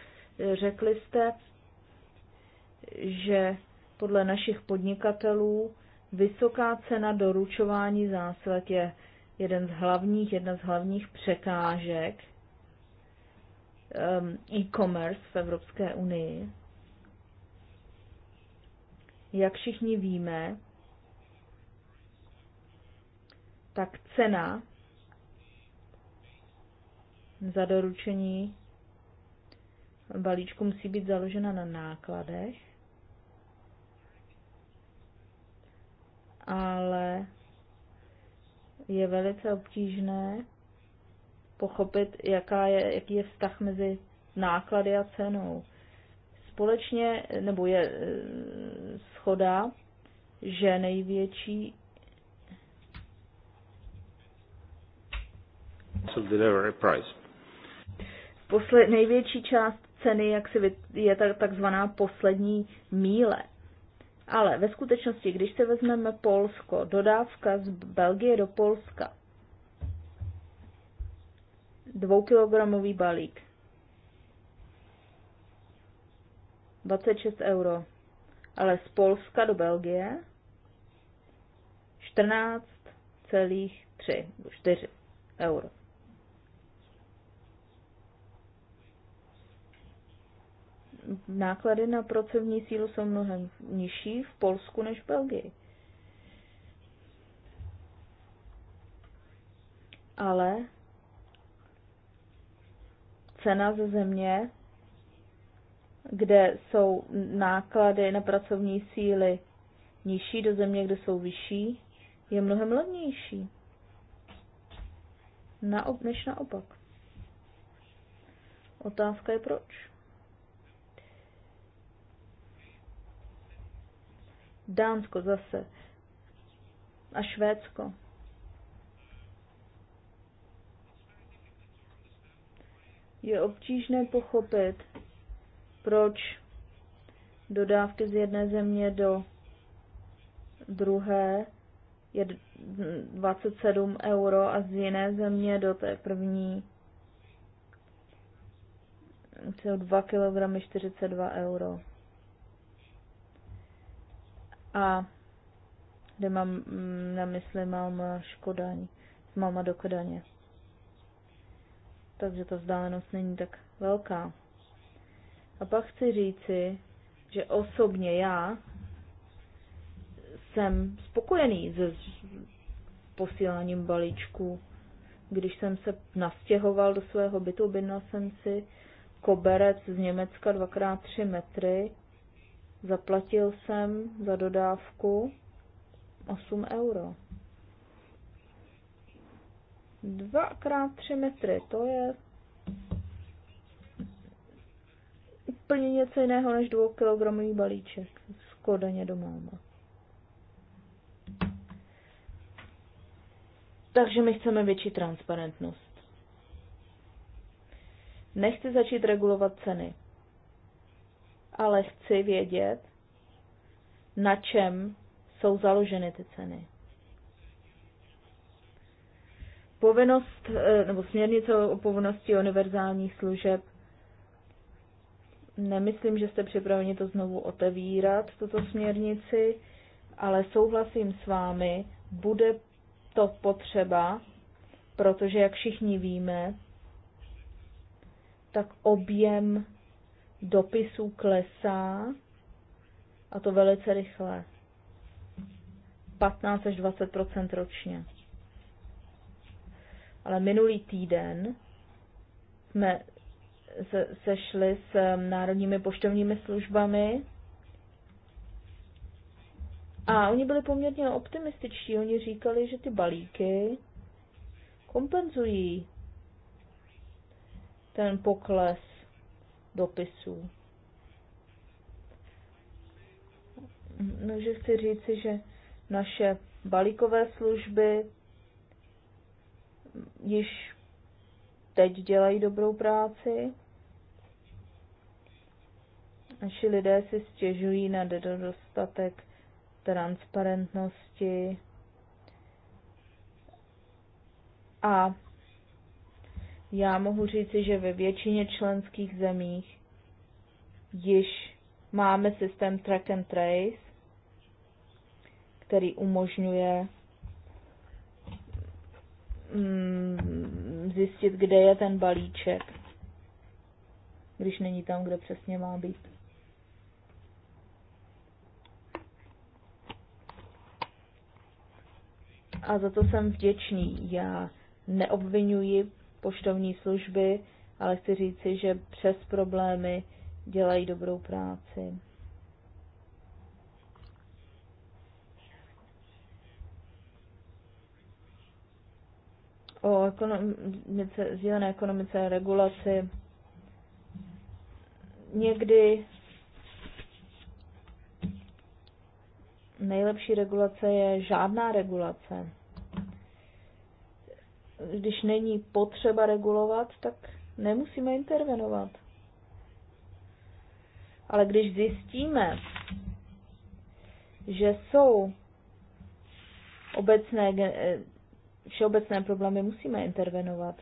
Speaker 5: řekli jste, že podle našich podnikatelů Vysoká cena doručování zásilek je jeden z hlavních, jedna z hlavních překážek um, e-commerce v Evropské unii. Jak všichni víme, tak cena za doručení balíčku musí být založena na nákladech ale je velice obtížné pochopit, jaká je, jaký je vztah mezi náklady a cenou. Společně, nebo je eh, schoda, že největší
Speaker 3: delivery price.
Speaker 5: Posled, největší část ceny jak si je takzvaná poslední míle. Ale ve skutečnosti, když se vezmeme Polsko, dodávka z Belgie do Polska, dvoukilogramový balík, 26 euro, ale z Polska do Belgie 14,3 4 euro. náklady na pracovní sílu jsou mnohem nižší v Polsku než v Belgii. Ale cena ze země, kde jsou náklady na pracovní síly nižší do země, kde jsou vyšší, je mnohem levnější. Naopak, než naopak. Otázka je proč. Dánsko zase a Švédsko. Je obtížné pochopit, proč dodávky z jedné země do druhé je 27 euro a z jiné země do té první jsou 2 kg 42 euro a kde mám mm, na mysli mám Škodaň, s máma do Kodaně. Takže ta vzdálenost není tak velká. A pak chci říci, že osobně já jsem spokojený se posíláním balíčků. Když jsem se nastěhoval do svého bytu, objednal jsem si koberec z Německa dvakrát tři metry Zaplatil jsem za dodávku 8 euro. Dvakrát tři metry, to je úplně něco jiného než kg balíček Skodaně doma. do máma. Takže my chceme větší transparentnost. Nechci začít regulovat ceny ale chci vědět, na čem jsou založeny ty ceny. Povinnost, eh, nebo směrnice o povinnosti univerzálních služeb, nemyslím, že jste připraveni to znovu otevírat, tuto směrnici, ale souhlasím s vámi, bude to potřeba, protože, jak všichni víme, tak objem dopisů klesá a to velice rychle. 15 až 20 ročně. Ale minulý týden jsme sešli s um, národními poštovními službami a oni byli poměrně optimističtí. Oni říkali, že ty balíky kompenzují ten pokles dopisů. Takže chci říci, že naše balíkové služby již teď dělají dobrou práci. Naši lidé si stěžují na nedostatek transparentnosti a já mohu říci, že ve většině členských zemích již máme systém track and trace, který umožňuje mm, zjistit, kde je ten balíček, když není tam, kde přesně má být. A za to jsem vděčný. Já neobvinuji poštovní služby, ale chci říci, že přes problémy dělají dobrou práci. O ekonomice, sdílené ekonomice a regulaci někdy nejlepší regulace je žádná regulace když není potřeba regulovat, tak nemusíme intervenovat. Ale když zjistíme, že jsou obecné, eh, všeobecné problémy, musíme intervenovat.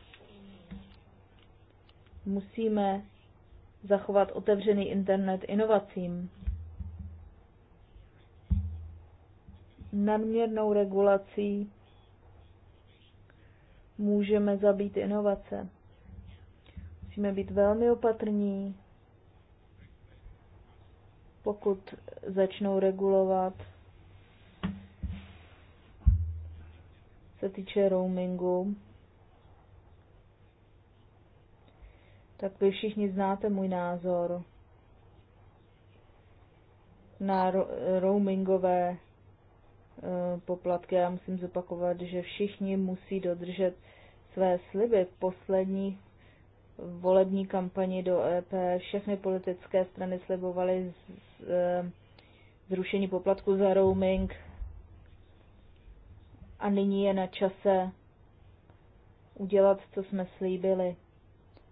Speaker 5: Musíme zachovat otevřený internet inovacím. Nadměrnou regulací můžeme zabít inovace. Musíme být velmi opatrní, pokud začnou regulovat. Se týče roamingu, tak vy všichni znáte můj názor na roamingové Eh, poplatky. Já musím zopakovat, že všichni musí dodržet své sliby. poslední volební kampani do EP všechny politické strany slibovaly eh, zrušení poplatku za roaming a nyní je na čase udělat, co jsme slíbili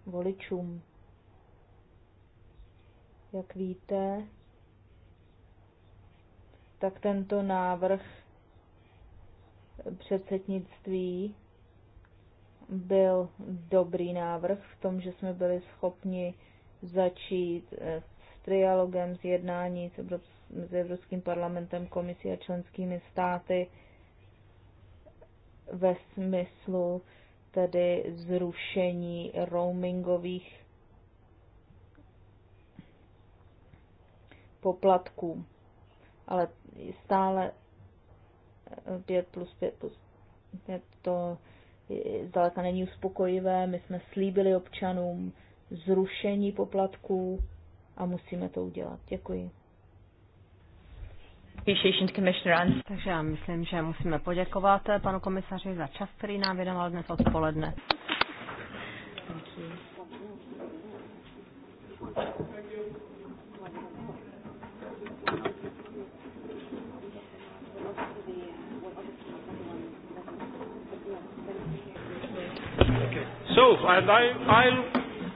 Speaker 5: voličům. Jak víte, tak tento návrh předsednictví byl dobrý návrh v tom, že jsme byli schopni začít eh, s trialogem, s jednání s Evropským parlamentem, komisí a členskými státy ve smyslu tedy zrušení roamingových poplatků ale stále 5 eh, plus 5 plus 5 to zdaleka není uspokojivé. My jsme slíbili občanům zrušení poplatků a musíme to udělat. Děkuji.
Speaker 2: Takže já myslím, že musíme poděkovat panu komisaři za čas, který nám věnoval dnes odpoledne.
Speaker 1: Thank you. So, I,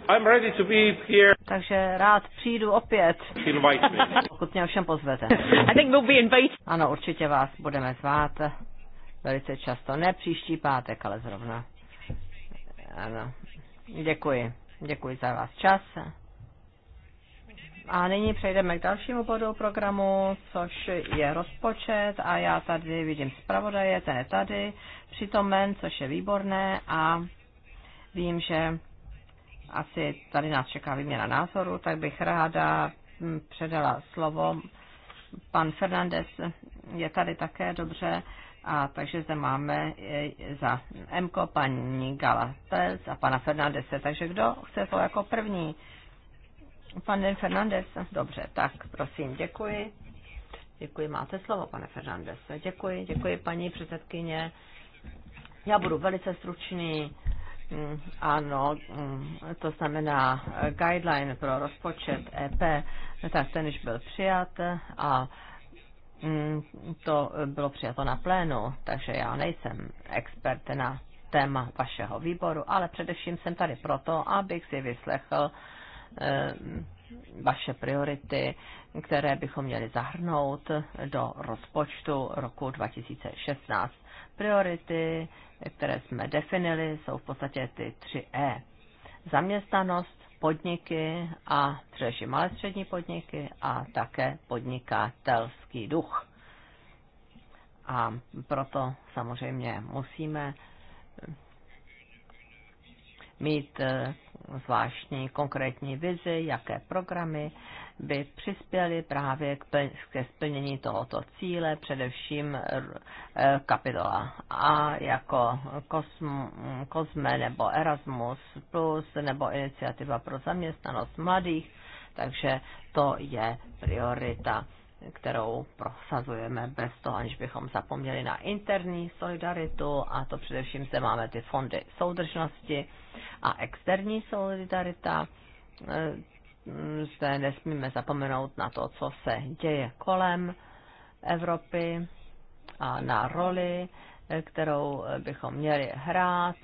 Speaker 1: I'm ready
Speaker 2: to be here. Takže rád přijdu opět. Invite me. Pokud mě všem pozvete. I think we'll be invited. Ano, určitě vás budeme zvát velice často. Ne příští pátek, ale zrovna. Ano. Děkuji. Děkuji za vás čas. A nyní přejdeme k dalšímu bodu programu, což je rozpočet a já tady vidím zpravodaje, ten je tady přitomen, což je výborné a Vím, že asi tady nás čeká výměna názoru, tak bych ráda mm, předala slovo. Pan Fernandez je tady také dobře, a takže zde máme eh, za Mko paní Gala Pels a pana Fernandese. Takže kdo chce to jako první? Pan Fernandez? Dobře, tak prosím, děkuji. Děkuji, máte slovo, pane Fernandez. Děkuji, děkuji, paní předsedkyně. Já budu velice stručný. Mm, ano, mm, to znamená eh, guideline pro rozpočet EP, tak ten již byl přijat a mm, to bylo přijato na plénu, takže já nejsem expert na téma vašeho výboru, ale především jsem tady proto, abych si vyslechl eh, vaše priority, které bychom měli zahrnout do rozpočtu roku 2016. Priority, které jsme definili, jsou v podstatě ty tři E. Zaměstnanost, podniky a především malé střední podniky a také podnikatelský duch. A proto samozřejmě musíme mít eh, zvláštní konkrétní vizi, jaké programy by přispěly právě k ke splnění tohoto cíle, především eh, kapitola A jako Kosme nebo Erasmus+, plus, nebo iniciativa pro zaměstnanost mladých, takže to je priorita kterou prosazujeme bez toho, aniž bychom zapomněli na interní solidaritu a to především se máme ty fondy soudržnosti a externí solidarita. E, zde nesmíme zapomenout na to, co se děje kolem Evropy a na roli kterou bychom měli hrát,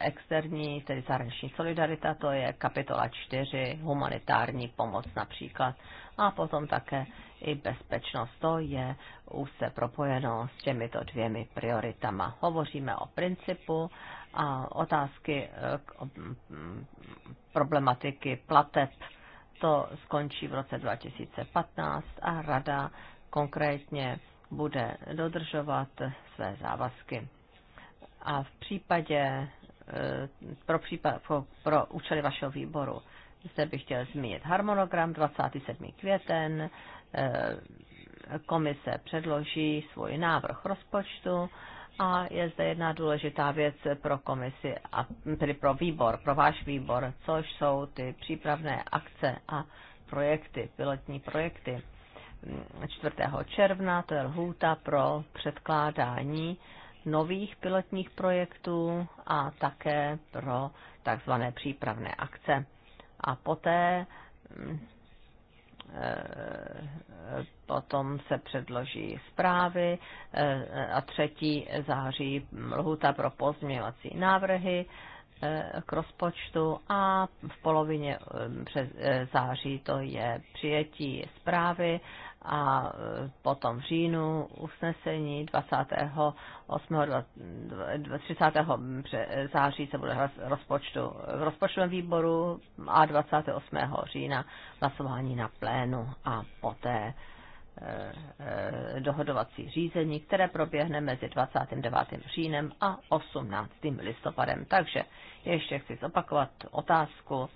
Speaker 2: externí, tedy zahraniční solidarita, to je kapitola 4, humanitární pomoc například, a potom také i bezpečnost, to je úzce propojeno s těmito dvěmi prioritama. Hovoříme o principu a otázky eh, k mm, problematiky plateb, to skončí v roce 2015 a rada konkrétně bude dodržovat své závazky. A v případě, eh, pro, případ, pro, pro účely vašeho výboru, zde bych chtěl zmínit harmonogram 27. květen, eh, komise předloží svůj návrh rozpočtu a je zde jedna důležitá věc pro komisi, a, tedy pro výbor, pro váš výbor, což jsou ty přípravné akce a projekty, pilotní projekty. 4. června, to je lhůta pro předkládání nových pilotních projektů a také pro takzvané přípravné akce. A poté mm, eh, potom se předloží zprávy eh, a 3. září lhuta pro pozměňovací návrhy eh, k rozpočtu a v polovině září to je přijetí zprávy a e, potom v říjnu usnesení 28. 30. září se bude rozpočtu v rozpočtovém výboru a 28. října hlasování na plénu a poté e, e, dohodovací řízení, které proběhne mezi 29. říjnem a 18. listopadem. Takže ještě chci zopakovat otázku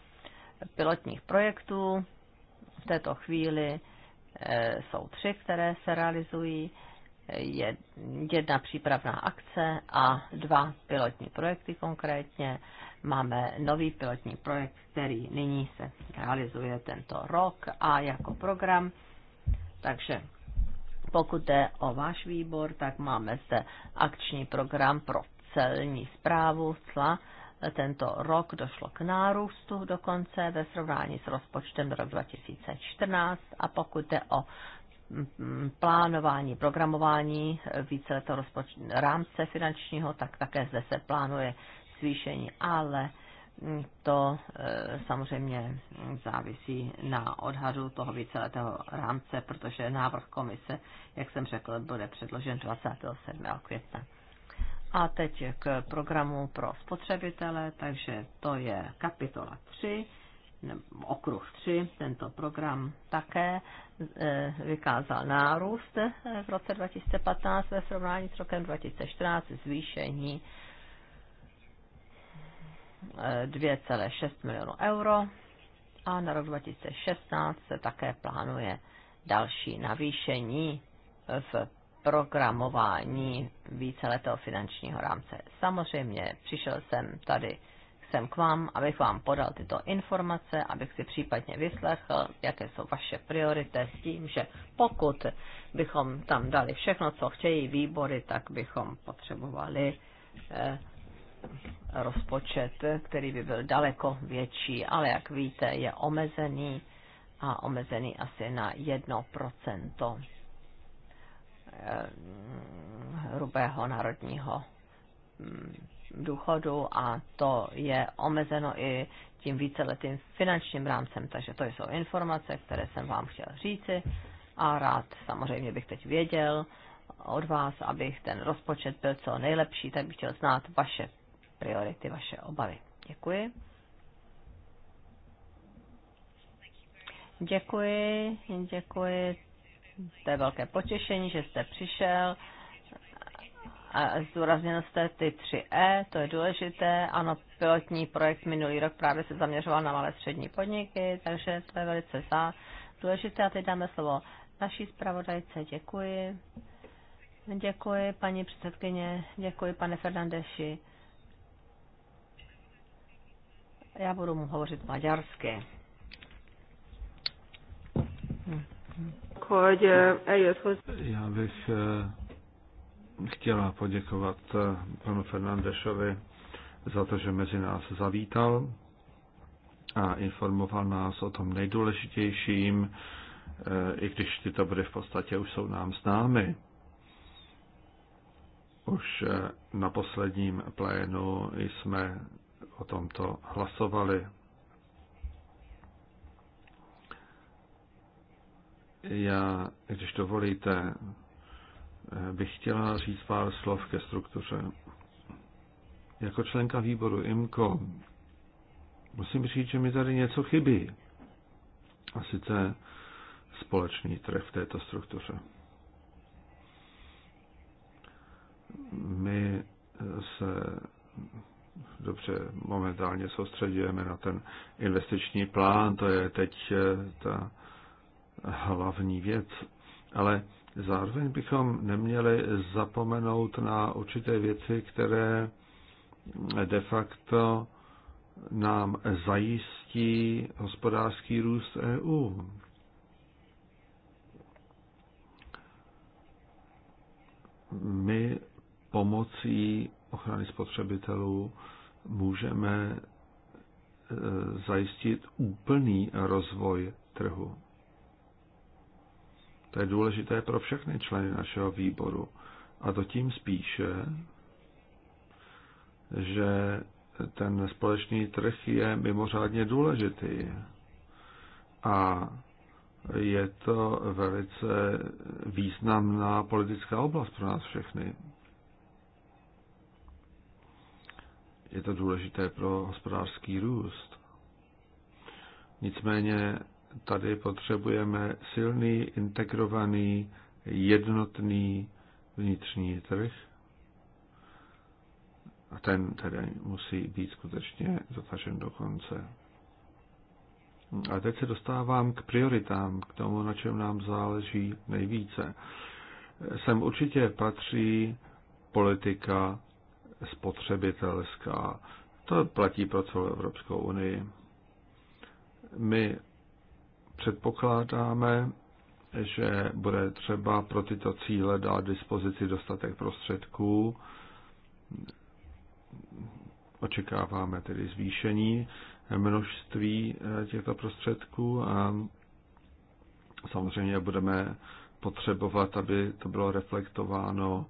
Speaker 2: pilotních projektů v této chvíli E, jsou tři, které se realizují. Jedna přípravná akce a dva pilotní projekty konkrétně. Máme nový pilotní projekt, který nyní se realizuje tento rok a jako program. Takže pokud jde o váš výbor, tak máme zde akční program pro celní zprávu cla tento rok došlo k nárůstu dokonce ve srovnání s rozpočtem do roku 2014 a pokud jde o mm, mm, plánování, programování e, víceletého rozpoč... rámce finančního, tak také zde se plánuje zvýšení, ale mm, to e, samozřejmě závisí na odhadu toho víceletého rámce, protože návrh komise, jak jsem řekl, bude předložen 27. května. A teď k programu pro spotřebitele, takže to je kapitola 3, okruh 3, tento program také e, vykázal nárůst e, v roce 2015 ve srovnání s rokem 2014 zvýšení 2,6 e, milionů euro a na rok 2016 se také plánuje další navýšení v programování víceletého finančního rámce. Samozřejmě přišel jsem tady sem k vám, abych vám podal tyto informace, abych si případně vyslechl, jaké jsou vaše priority s tím, že pokud bychom tam dali všechno, co chtějí výbory, tak bychom potřebovali eh, rozpočet, který by byl daleko větší, ale jak víte, je omezený a omezený asi na 1%. Eh, hrubého národního mm, důchodu a to je omezeno i tím víceletým finančním rámcem. Takže to jsou informace, které jsem vám chtěl říci a rád samozřejmě bych teď věděl od vás, abych ten rozpočet byl co nejlepší, tak bych chtěl znát vaše priority, vaše obavy. Děkuji. Děkuji, děkuji to je velké potěšení, že jste přišel. A zdůraznil jste ty tři E, to je důležité. Ano, pilotní projekt minulý rok právě se zaměřoval na malé střední podniky, takže to je velice zá. důležité. A teď dáme slovo naší zpravodajce. Děkuji. Děkuji, paní předsedkyně. Děkuji, pane Fernandeši. Já budu mu hovořit maďarsky. Hm, hm hogy eljött
Speaker 5: hozzá.
Speaker 3: Já bych chtěla poděkovat panu Fernandešovi za to, že mezi nás zavítal a informoval nás o tom nejdůležitějším, i když tyto body v podstatě už jsou nám známy. Už na posledním plénu jsme o tomto hlasovali. Já, když dovolíte, bych chtěla říct pár slov ke struktuře. Jako členka výboru IMCO musím říct, že mi tady něco chybí. A sice společný trh v této struktuře. My se dobře momentálně soustředujeme na ten investiční plán, to je teď eh, ta hlavní věc, ale zároveň bychom neměli zapomenout na určité věci, které de facto nám zajistí hospodářský růst EU. My pomocí ochrany spotřebitelů můžeme e, zajistit úplný rozvoj trhu. To je důležité pro všechny členy našeho výboru. A to tím spíše, že ten společný trh je mimořádně důležitý. A je to velice významná politická oblast pro nás všechny. Je to důležité pro hospodářský růst. Nicméně tady potřebujeme silný, integrovaný, jednotný vnitřní trh. A ten tedy musí být skutečně dotažen do konce. A teď se dostávám k prioritám, k tomu, na čem nám záleží nejvíce. Sem určitě patří politika spotřebitelská. To platí pro celou Evropskou unii. My Předpokládáme, že bude třeba pro tyto cíle dát dispozici dostatek prostředků. Očekáváme tedy zvýšení množství eh, těchto prostředků a samozřejmě budeme potřebovat, aby to bylo reflektováno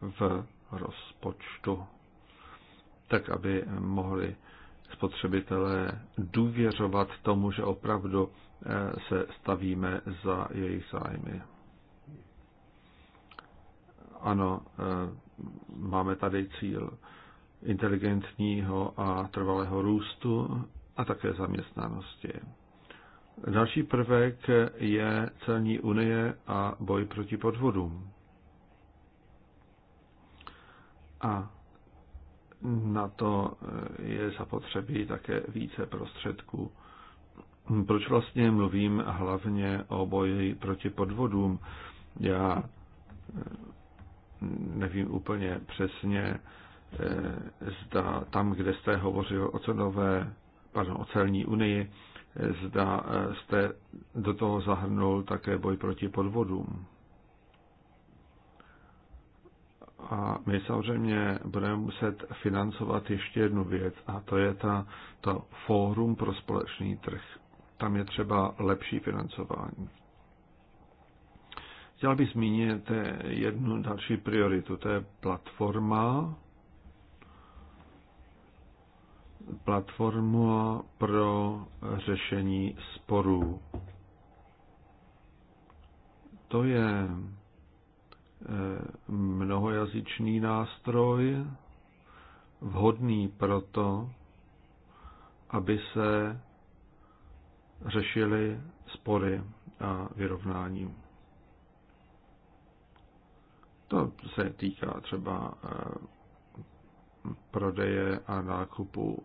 Speaker 3: v rozpočtu, tak aby mohli spotřebitelé důvěřovat tomu, že opravdu Eh, se stavíme za jejich zájmy. Ano, eh, máme tady cíl inteligentního a trvalého růstu a také zaměstnanosti. Další prvek je celní unie a boj proti podvodům. A na to eh, je zapotřebí také více prostředků. Hm, proč vlastně mluvím hlavně o boji proti podvodům. Já eh, nevím úplně přesně, eh, zda tam, kde jste hovořil o cenové, pardon, o celní unii, eh, zda jste do toho zahrnul také boj proti podvodům. A my samozřejmě budeme muset financovat ještě jednu věc, a to je ta, to fórum pro společný trh tam je třeba lepší financování. Chtěl bych zmínit jednu další prioritu, to je platforma, platforma pro řešení sporů. To je eh, mnohojazyčný nástroj, vhodný proto, aby se řešili spory a vyrovnání. To se týká třeba eh, prodeje a nákupu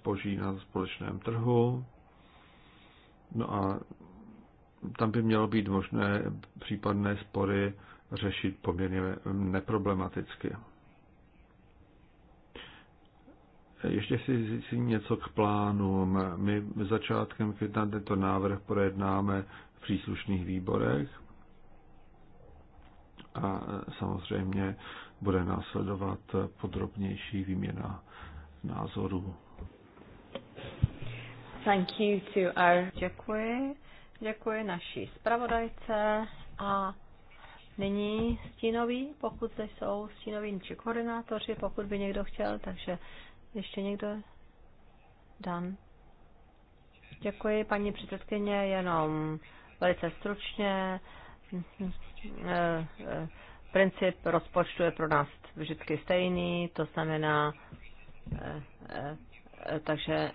Speaker 3: zboží na společném trhu. No a tam by mělo být možné případné spory řešit poměrně neproblematicky. Ještě si zjistím něco k plánům. My začátkem května tento návrh projednáme v příslušných výborech a samozřejmě bude následovat podrobnější výměna názorů.
Speaker 2: Thank you to our... Děkuji. Děkuji naší zpravodajce a nyní stínoví, pokud jsou stínoví či koordinátoři, pokud by někdo chtěl, takže ještě někdo? Dan. Děkuji, paní předsedkyně, jenom velice stručně. Eh, eh, princip rozpočtu je pro nás vždycky stejný, to znamená, eh, takže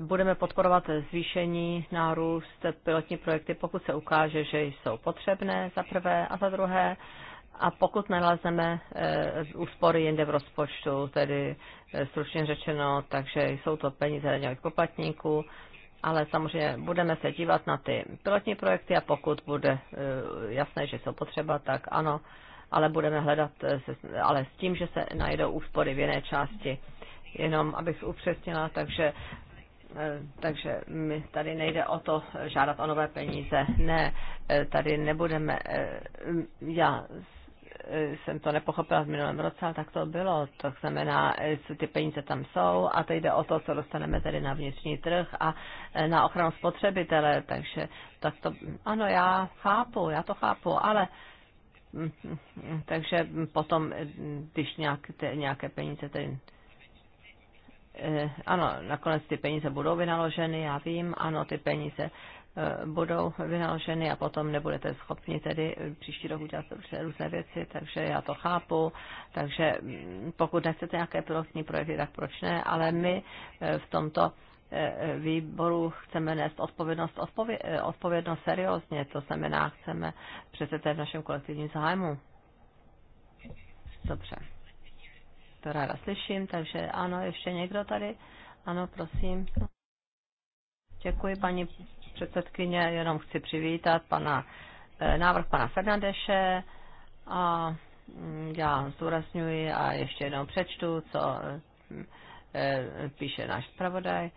Speaker 2: budeme podporovat zvýšení nárůst pilotní projekty, pokud se ukáže, že jsou potřebné za prvé a za druhé a pokud nalezeme eh, úspory jinde v rozpočtu, tedy eh, stručně řečeno, takže jsou to peníze daňových poplatníků, ale samozřejmě budeme se dívat na ty pilotní projekty a pokud bude eh, jasné, že jsou potřeba, tak ano, ale budeme hledat, ale s tím, že se najdou úspory v jiné části. Jenom abych upřesnila, takže takže my tady nejde o to žádat o nové peníze. Ne, tady nebudeme, já jsem to nepochopila v minulém roce, ale tak to bylo. To znamená, ty peníze tam jsou a teď jde o to, co dostaneme tedy na vnitřní trh a eh, na ochranu spotřebitele. Takže tak to, ano, já chápu, já to chápu, ale mm, mm, takže potom, eh, když nějak, te, nějaké peníze tedy eh, ano, nakonec ty peníze budou vynaloženy, já vím, ano, ty peníze Eh, budou vynaloženy a potom nebudete schopni tedy eh, příští rok udělat různé věci, takže já to chápu. Takže mm, pokud nechcete nějaké pilotní projekty, tak proč ne, ale my eh, v tomto výboru chceme nést odpovědnost, odpověd, odpovědnost seriózně, to znamená, chceme přece to v našem kolektivním zájmu. Dobře. To ráda slyším, takže ano, ještě někdo tady? Ano, prosím. Děkuji, paní předsedkyně, jenom chci přivítat pana, eh, návrh pana Fernandeše a mm, já zdůrazňuji a ještě jednou přečtu, co eh, eh, píše náš zpravodaj.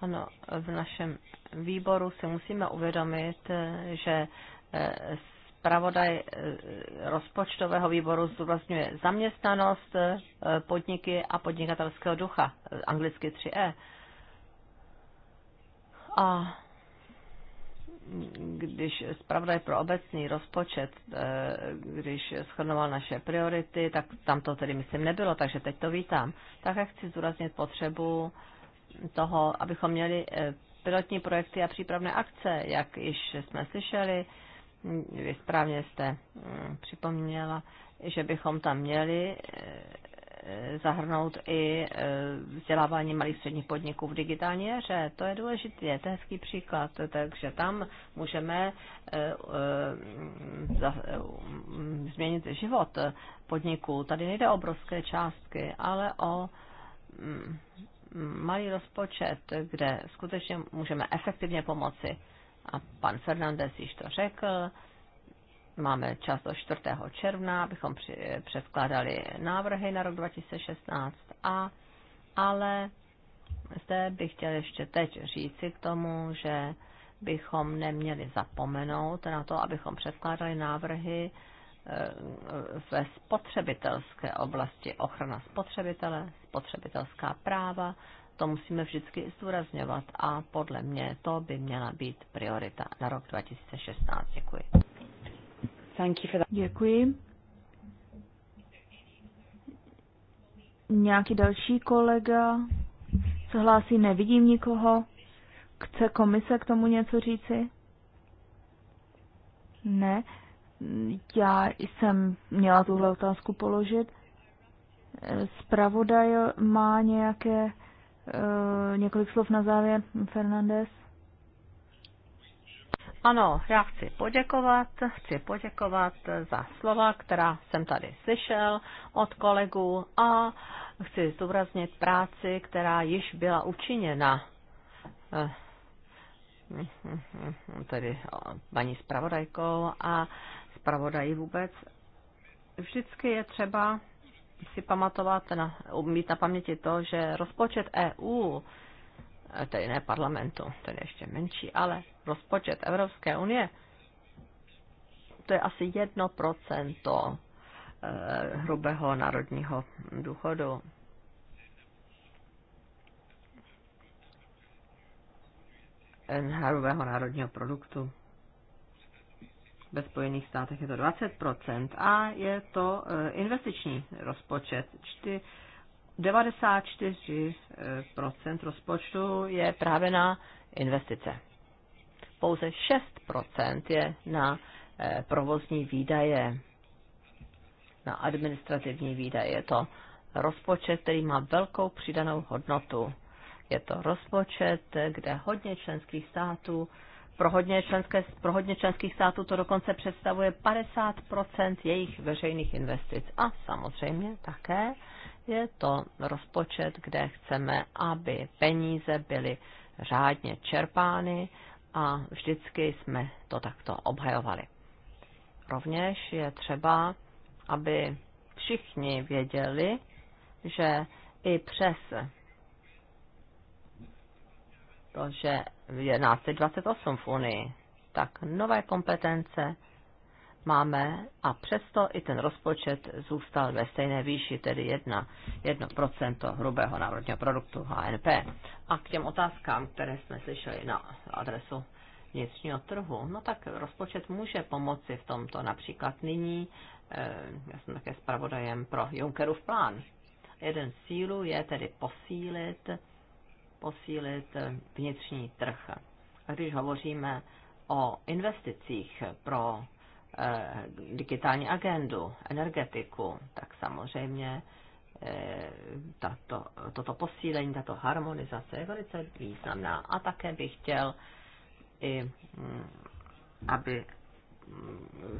Speaker 2: Ano, v našem výboru si musíme uvědomit, že zpravodaj eh, rozpočtového výboru zdůrazňuje zaměstnanost, eh, podniky a podnikatelského ducha, eh, anglicky 3E. A když zpravodaj pro obecný rozpočet, když shrnoval naše priority, tak tam to tedy myslím nebylo, takže teď to vítám. já chci zdůraznit potřebu toho, abychom měli pilotní projekty a přípravné akce, jak již jsme slyšeli, vy správně jste mm, připomněla, že bychom tam měli e, zahrnout i e, vzdělávání malých středních podniků v digitální éře. To je důležité, to hezký příklad, takže tam můžeme e, změnit život podniků. Tady nejde o obrovské částky, ale o malý rozpočet, kde skutečně můžeme efektivně pomoci a pan Fernandez již to řekl, máme čas do 4. června, abychom při, předkládali návrhy na rok 2016 a ale zde bych chtěl ještě teď říci k tomu, že bychom neměli zapomenout na to, abychom předkládali návrhy e, ve spotřebitelské oblasti ochrana spotřebitele, spotřebitelská práva, to musíme vždycky zdůrazňovat a podle mě to by měla být priorita na rok 2016. Děkuji.
Speaker 5: Thank you for that. Děkuji. Nějaký další kolega se hlásí? Nevidím nikoho. Chce komise k tomu něco říci? Ne. Já jsem měla tuhle otázku položit. Spravodaj má nějaké Eh, několik slov na závěr, Fernandez.
Speaker 2: Ano, já chci poděkovat, chci poděkovat za slova, která jsem tady slyšel od kolegů a chci zdůraznit práci, která již byla učiněna eh, tedy eh, paní zpravodajkou a zpravodají vůbec. Vždycky je třeba si pamatovat, na, mít na paměti to, že rozpočet EU, eh, tedy ne parlamentu, je ještě menší, ale rozpočet Evropské unie, to je asi 1% eh, hrubého národního důchodu. Eh, hrubého národního produktu ve Spojených státech je to 20% a je to e, investiční rozpočet. 94% rozpočtu je právě na investice. Pouze 6% je na e, provozní výdaje, na administrativní výdaje. Je to rozpočet, který má velkou přidanou hodnotu. Je to rozpočet, kde hodně členských států pro hodně, členské, pro hodně členských států to dokonce představuje 50 jejich veřejných investic. A samozřejmě také je to rozpočet, kde chceme, aby peníze byly řádně čerpány a vždycky jsme to takto obhajovali. Rovněž je třeba, aby všichni věděli, že i přes že je nás 28 v Unii, tak nové kompetence máme a přesto i ten rozpočet zůstal ve stejné výši, tedy 1, 1% hrubého národního produktu HNP. A k těm otázkám, které jsme slyšeli na adresu vnitřního trhu, no tak rozpočet může pomoci v tomto. Například nyní, eh, já jsem také zpravodajem pro Junckerův plán. Jeden z cílů je tedy posílit posílit vnitřní trh. A když hovoříme o investicích pro eh, digitální agendu, energetiku, tak samozřejmě eh, tato, toto posílení, tato harmonizace je velice významná. A také bych chtěl i, mm, aby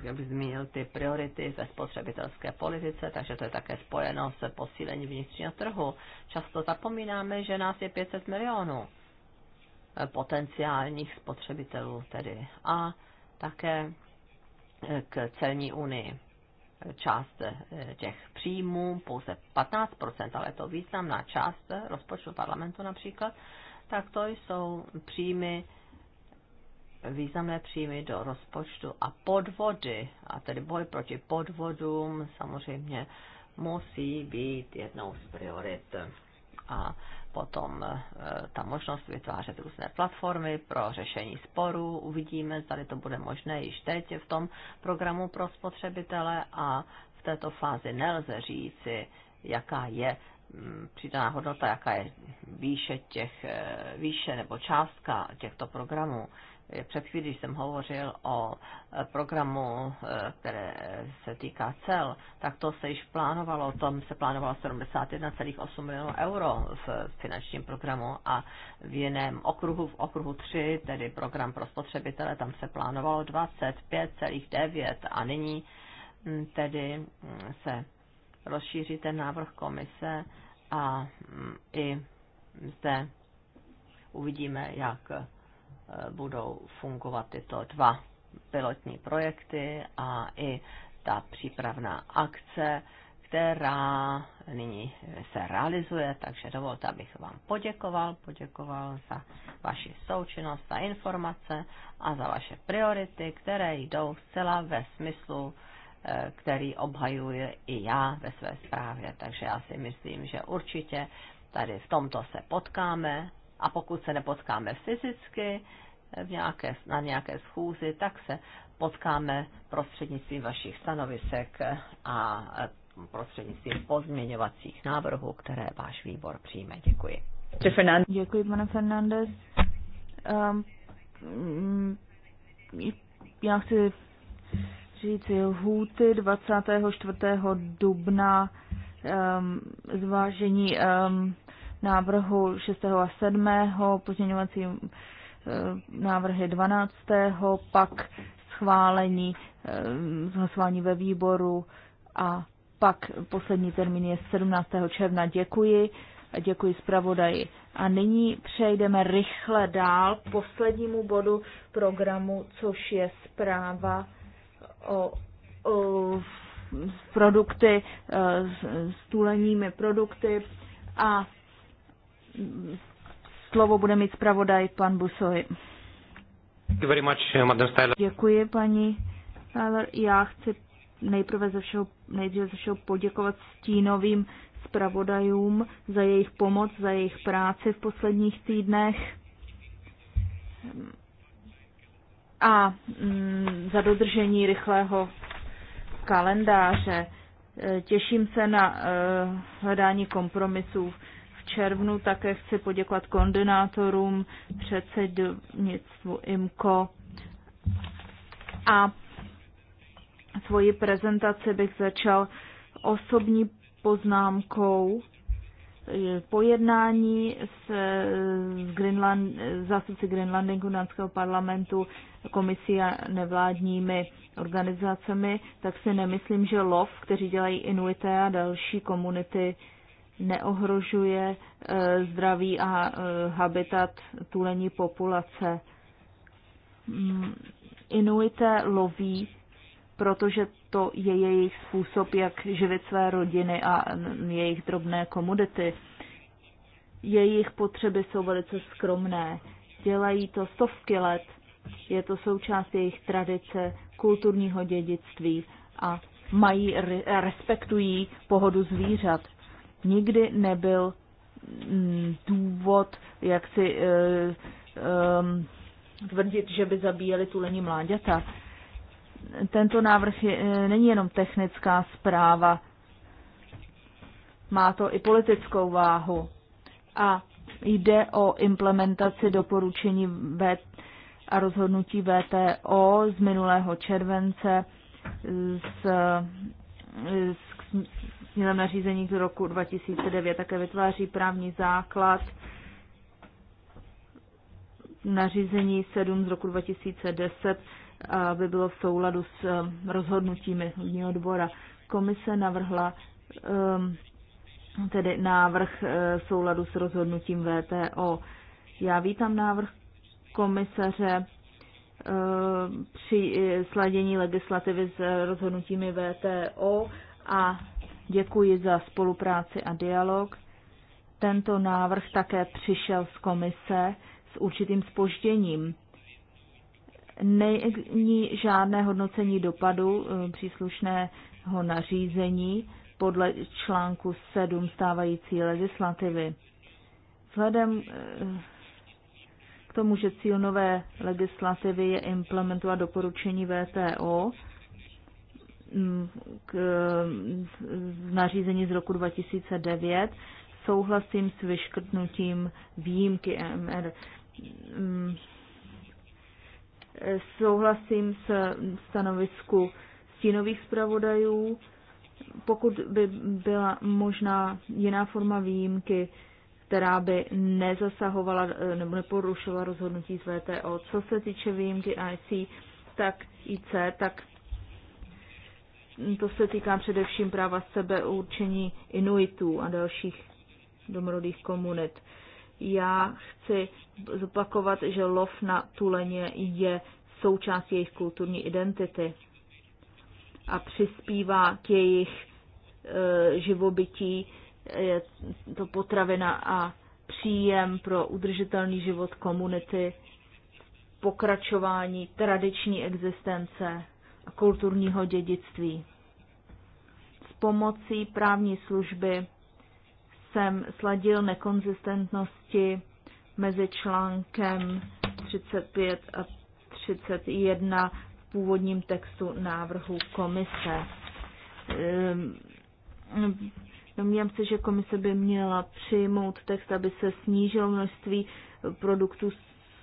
Speaker 2: jak bych zmínil, ty priority ve spotřebitelské politice, takže to je také spojeno se posílení vnitřního trhu. Často zapomínáme, že nás je 500 milionů potenciálních spotřebitelů tedy a také eh, k celní unii. Část eh, těch příjmů, pouze 15%, ale je to významná část eh, rozpočtu parlamentu například, tak to jsou příjmy významné příjmy do rozpočtu a podvody, a tedy boj proti podvodům samozřejmě musí být jednou z priorit. A potom eh, ta možnost vytvářet různé platformy pro řešení sporů. Uvidíme, zda to bude možné již teď v tom programu pro spotřebitele a v této fázi nelze říci, jaká je mm, přidaná hodnota, jaká je výše, těch, eh, výše nebo částka těchto programů. Před chvíli jsem hovořil o eh, programu, eh, které se týká cel, tak to se již plánovalo, tom se plánovalo 71,8 milionů euro v finančním programu a v jiném okruhu, v okruhu 3, tedy program pro spotřebitele, tam se plánovalo 25,9 a nyní hm, tedy hm, se rozšíří ten návrh komise a hm, i zde uvidíme, jak Eh, budou fungovat tyto dva pilotní projekty a i ta přípravná akce, která nyní se realizuje, takže dovolte, abych vám poděkoval, poděkoval za vaši součinnost, za informace a za vaše priority, které jdou zcela ve smyslu, eh, který obhajuje i já ve své zprávě. Takže já si myslím, že určitě tady v tomto se potkáme a pokud se nepotkáme fyzicky eh, v nějaké, na nějaké schůzi, tak se potkáme prostřednictvím vašich stanovisek eh, a eh, prostřednictvím pozměňovacích návrhů, které váš výbor přijme. Děkuji.
Speaker 5: Děkuji, pane Fernandez. Um, já chci říct lhůty 24. dubna um, zvážení um, návrhu 6. a 7. pozměňovací eh, návrhy 12. pak schválení zhlasování eh, ve výboru a pak poslední termín je 17. června. Děkuji. Děkuji zpravodaji. A nyní přejdeme rychle dál k poslednímu bodu programu, což je zpráva o, o produkty, eh, s, s produkty a slovo bude mít zpravodaj pan Busoj.
Speaker 1: Uh,
Speaker 5: Děkuji, paní Tyler. Já chci nejprve ze všeho, nejdříve ze všeho poděkovat stínovým zpravodajům za jejich pomoc, za jejich práci v posledních týdnech a mm, za dodržení rychlého kalendáře. Těším se na eh, hledání kompromisů červnu. Také chci poděkovat koordinátorům, předsednictvu IMCO a svoji prezentaci bych začal osobní poznámkou pojednání s, s Greenland, zástupci Greenlandingu dánského parlamentu, komisí a nevládními organizacemi, tak si nemyslím, že LOV, kteří dělají Inuité a další komunity, neohrožuje eh, zdraví a eh, habitat tulení populace. Mm, Inuité loví, protože to je jejich způsob, jak živit své rodiny a jejich drobné komodity. Jejich potřeby jsou velice skromné. Dělají to stovky let. Je to součást jejich tradice, kulturního dědictví a mají, respektují pohodu zvířat nikdy nebyl mm, důvod, jak si eh, ehm, tvrdit, že by zabíjeli tulení mláďata. Tento návrh je, eh, není jenom technická zpráva, má to i politickou váhu a jde o implementaci doporučení v, a rozhodnutí VTO z minulého července z, z, z měla nařízení z roku 2009 také vytváří právní základ nařízení 7 z roku 2010 aby bylo v souladu s eh, rozhodnutími hudního dvora. Komise navrhla ehm, tedy návrh eh, v souladu s rozhodnutím VTO. Já vítám návrh komisaře ehm, při eh, sladění legislativy s rozhodnutími VTO a Děkuji za spolupráci a dialog. Tento návrh také přišel z komise s určitým spožděním. Není žádné hodnocení dopadu eh, příslušného nařízení podle článku 7 stávající legislativy. Vzhledem eh, k tomu, že cíl nové legislativy je implementovat doporučení VTO, Mm, k mm, nařízení z roku 2009. Souhlasím s vyškrtnutím výjimky MR. Mm, souhlasím s stanovisku stínových zpravodajů. Pokud by byla možná jiná forma výjimky, která by nezasahovala e, nebo neporušovala rozhodnutí z VTO. Co se týče výjimky IC, tak IC, tak to se týká především práva sebeurčení Inuitů a dalších domorodých komunit. Já chci zopakovat, že lov na tuleně je součást jejich kulturní identity a přispívá k jejich e, živobytí, je to potravina a příjem pro udržitelný život komunity, pokračování tradiční existence kulturního dědictví. S pomocí právní služby jsem sladil nekonzistentnosti mezi článkem 35 a 31 v původním textu návrhu komise.
Speaker 1: Ehm,
Speaker 5: domnívám se, že komise by měla přijmout text, aby se snížilo množství produktů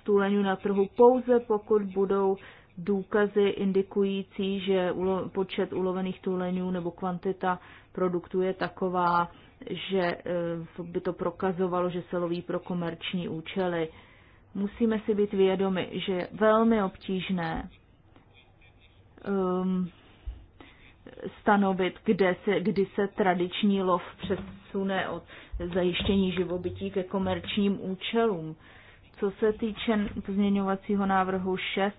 Speaker 5: stůleňů na trhu pouze pokud budou důkazy indikující, že počet ulovených tuleňů nebo kvantita produktů je taková, že e, by to prokazovalo, že se loví pro komerční účely. Musíme si být vědomi, že je velmi obtížné um, stanovit, kde se, kdy se tradiční lov přesune od zajištění živobytí ke komerčním účelům. Co se týče pozměňovacího návrhu 6,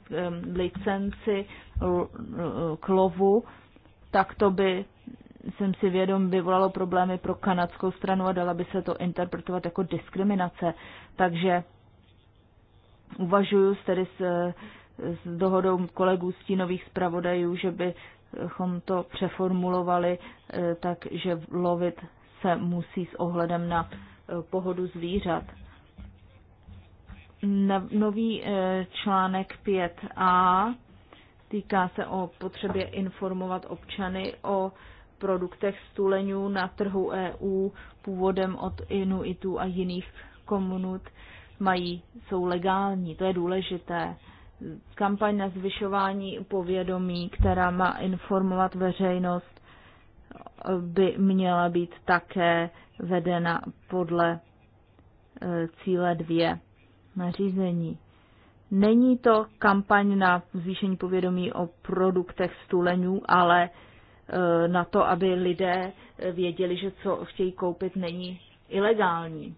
Speaker 5: licenci klovu, tak to by, jsem si vědom, vyvolalo problémy pro kanadskou stranu a dala by se to interpretovat jako diskriminace. Takže uvažuju tedy s, s dohodou kolegů stínových zpravodajů, že bychom to přeformulovali eh, tak, že lovit se musí s ohledem na eh, pohodu zvířat nový eh, článek 5a týká se o potřebě informovat občany o produktech z na trhu EU původem od Inuitů a jiných komunit mají, jsou legální, to je důležité. Kampaň na zvyšování povědomí, která má informovat veřejnost, by měla být také vedena podle eh, cíle 2 nařízení. Není to kampaň na zvýšení povědomí o produktech stuleňů, ale e, na to, aby lidé věděli, že co chtějí koupit, není ilegální.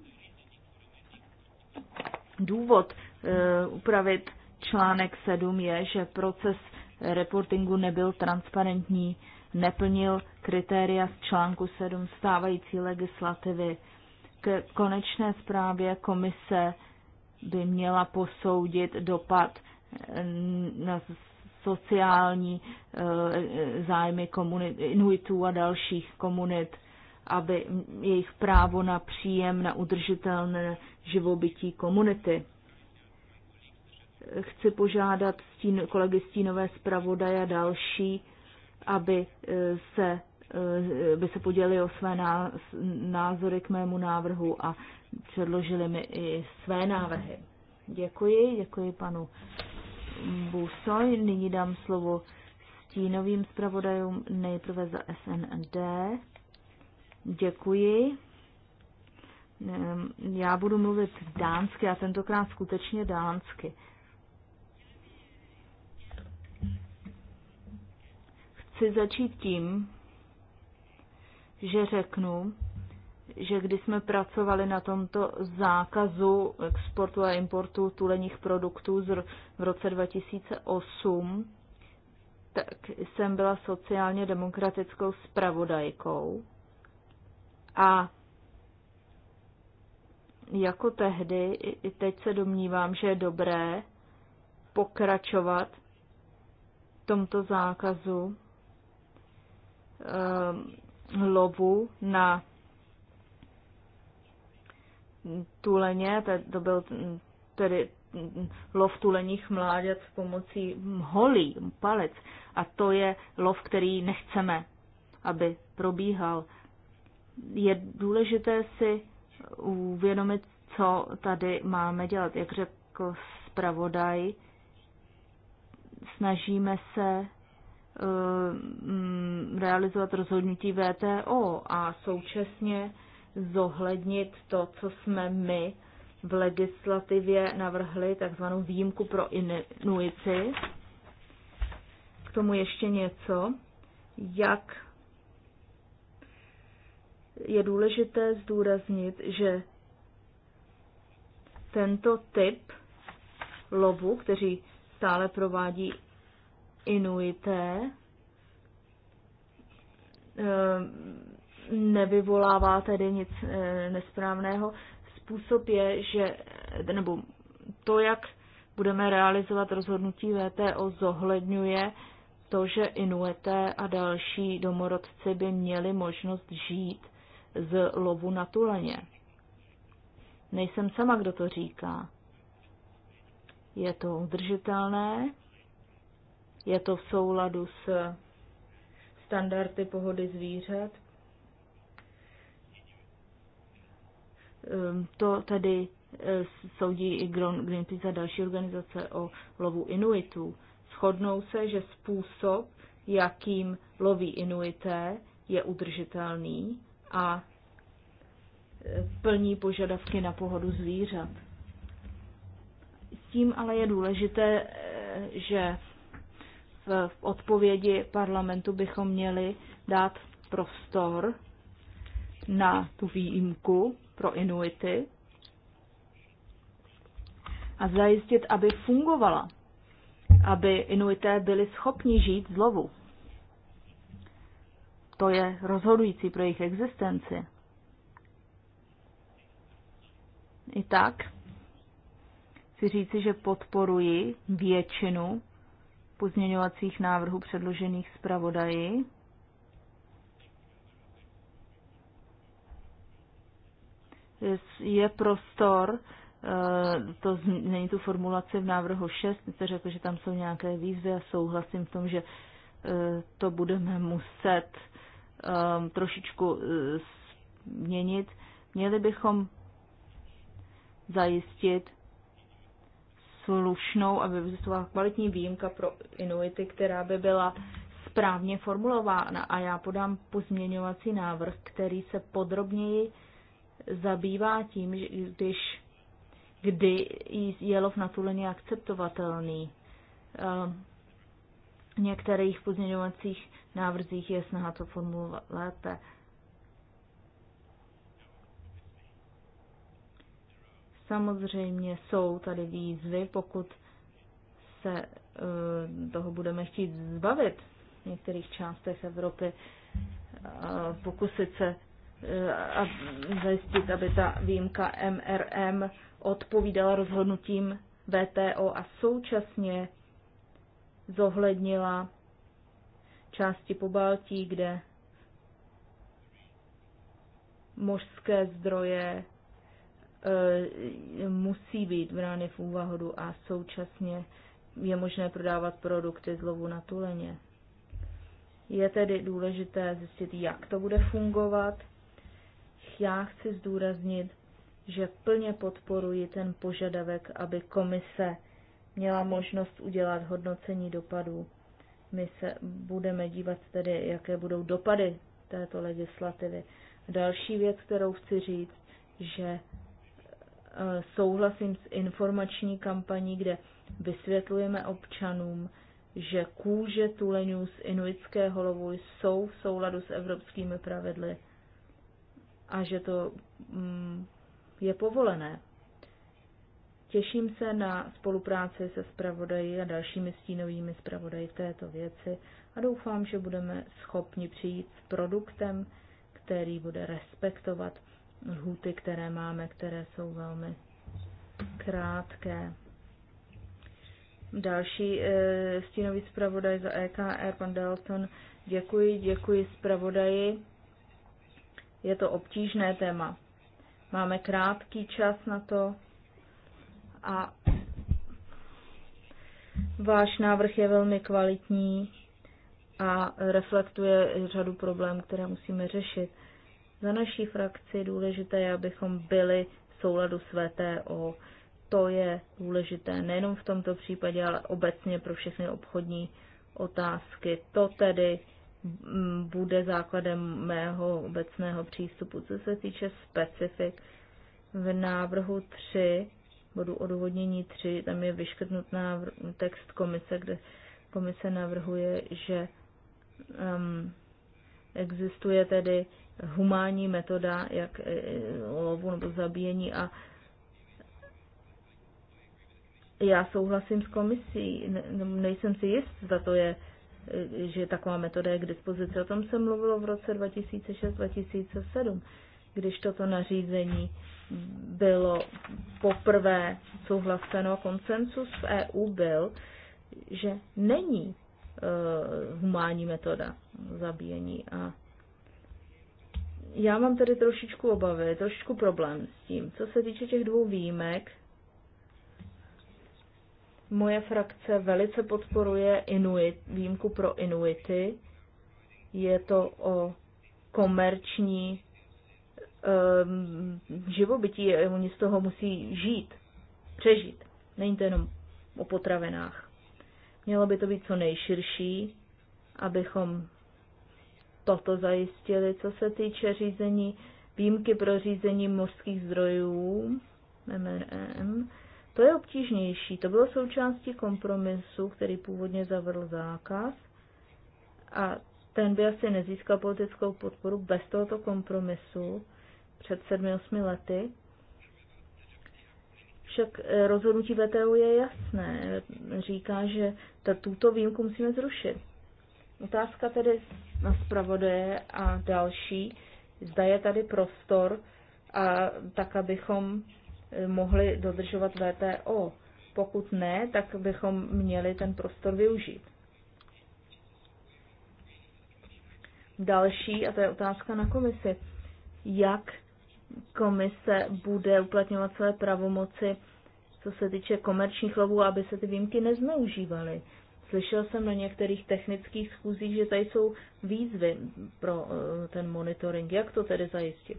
Speaker 5: Důvod e, upravit článek 7 je, že proces reportingu nebyl transparentní, neplnil kritéria z článku 7 stávající legislativy. K konečné zprávě komise by měla posoudit dopad eh, na sociální eh, zájmy komunit, Inuitů a dalších komunit, aby jejich právo na příjem na udržitelné živobytí komunity. Chci požádat stín, kolegy stínové zpravodaje a další, aby eh, se Eh, by se podělili o své názory k mému návrhu a předložili mi i své návrhy. Děkuji, děkuji panu Busoj. Nyní dám slovo stínovým zpravodajům nejprve za SND. Děkuji. Já budu mluvit dánsky a tentokrát skutečně dánsky. Chci začít tím, že řeknu, že když jsme pracovali na tomto zákazu exportu a importu tuleních produktů v roce 2008, tak jsem byla sociálně demokratickou spravodajkou. A jako tehdy, i teď se domnívám, že je dobré pokračovat v tomto zákazu. Um, lovu na tuleně, to byl tedy lov tuleních mláďat pomocí holí, palec. A to je lov, který nechceme, aby probíhal. Je důležité si uvědomit, co tady máme dělat. Jak řekl zpravodaj, snažíme se Eh, mm, realizovat rozhodnutí VTO a současně zohlednit to, co jsme my v legislativě navrhli, takzvanou výjimku pro inuici. K tomu ještě něco, jak je důležité zdůraznit, že tento typ lovu, kteří stále provádí inuité eh, nevyvolává tedy nic eh, nesprávného. Způsob je, že, nebo to, jak budeme realizovat rozhodnutí VTO, zohledňuje to, že Inuité a další domorodci by měli možnost žít z lovu na tuleně. Nejsem sama, kdo to říká. Je to udržitelné, je to v souladu s standardy pohody zvířat. Ehm, to tedy e, soudí i Greenpeace a další organizace o lovu Inuitů. Shodnou se, že způsob, jakým loví Inuité, je udržitelný a e, plní požadavky na pohodu zvířat. S tím ale je důležité, e, že v odpovědi parlamentu bychom měli dát prostor na tu výjimku pro Inuity a zajistit, aby fungovala, aby Inuité byli schopni žít z lovu. To je rozhodující pro jejich existenci. I tak si říci, že podporuji většinu pozměňovacích návrhů předložených zpravodaji. Je prostor, eh, to není tu formulaci v návrhu 6, jste řekl, že tam jsou nějaké výzvy a souhlasím v tom, že eh, to budeme muset ehm, trošičku změnit. Eh, Měli bychom zajistit, slušnou, aby existovala kvalitní výjimka pro Inuity, která by byla správně formulována. A já podám pozměňovací návrh, který se podrobněji zabývá tím, že když kdy je lov na tuleně akceptovatelný. Eh, v některých pozměňovacích návrzích je snaha to formulovat lépe. Samozřejmě jsou tady výzvy, pokud se eh, toho budeme chtít zbavit v některých částech Evropy, eh, pokusit se eh, a zajistit, aby ta výjimka MRM odpovídala rozhodnutím VTO a současně zohlednila části po Baltí, kde mořské zdroje Eh, musí být brány v úvahu a současně je možné prodávat produkty z lovu na tuleně. Je tedy důležité zjistit, jak to bude fungovat. Já chci zdůraznit, že plně podporuji ten požadavek, aby komise měla možnost udělat hodnocení dopadů. My se budeme dívat tedy, jaké budou dopady této legislativy. Další věc, kterou chci říct, že souhlasím s informační kampaní, kde vysvětlujeme občanům, že kůže tuleňů z inuitského lovu jsou v souladu s evropskými pravidly a že to mm, je povolené. Těším se na spolupráci se zpravodaji a dalšími stínovými zpravodaji v této věci a doufám, že budeme schopni přijít s produktem, který bude respektovat lhuty, které máme, které jsou velmi krátké. Další e, stínový zpravodaj za EKR, pan Dalton. Děkuji, děkuji zpravodaji. Je to obtížné téma. Máme krátký čas na to a váš návrh je velmi kvalitní a reflektuje řadu problémů, které musíme řešit. Za naší frakci důležité abychom byli v souladu s VTO. To je důležité nejenom v tomto případě, ale obecně pro všechny obchodní otázky. To tedy mm, bude základem mého obecného přístupu. Co se týče specifik, v návrhu 3, bodu odůvodnění 3, tam je vyškrtnut návrh text komise, kde komise navrhuje, že um, existuje tedy humánní metoda, jak e, e, lovu nebo zabíjení a já souhlasím s komisí, nejsem si jist, za to je, e, že taková metoda je k dispozici. O tom se mluvilo v roce 2006-2007, když toto nařízení bylo poprvé souhlaseno. Konsensus v EU byl, že není uh, humánní metoda zabíjení a já mám tady trošičku obavy, trošičku problém s tím. Co se týče těch dvou výjimek, moje frakce velice podporuje Inuit, výjimku pro Inuity. Je to o komerční um, živobytí, oni z toho musí žít, přežít. Není to jenom o potravinách. Mělo by to být co nejširší, abychom toto zajistili. Co se týče řízení výjimky pro řízení mořských zdrojů, MRM, to je obtížnější. To bylo součástí kompromisu, který původně zavrl zákaz a ten by asi nezískal politickou podporu bez tohoto kompromisu před 7-8 lety. Však eh, rozhodnutí VTU je jasné. Říká, že tuto výjimku musíme zrušit. Otázka tedy na zpravodaje a další, zda je tady prostor, a tak abychom eh, mohli dodržovat VTO. Pokud ne, tak bychom měli ten prostor využít. Další, a to je otázka na komisi, jak komise bude uplatňovat své pravomoci, co se týče komerčních lovů, aby se ty výjimky nezneužívaly. Slyšel jsem na některých technických schůzích, že tady jsou výzvy pro eh, ten monitoring. Jak to tedy zajistit?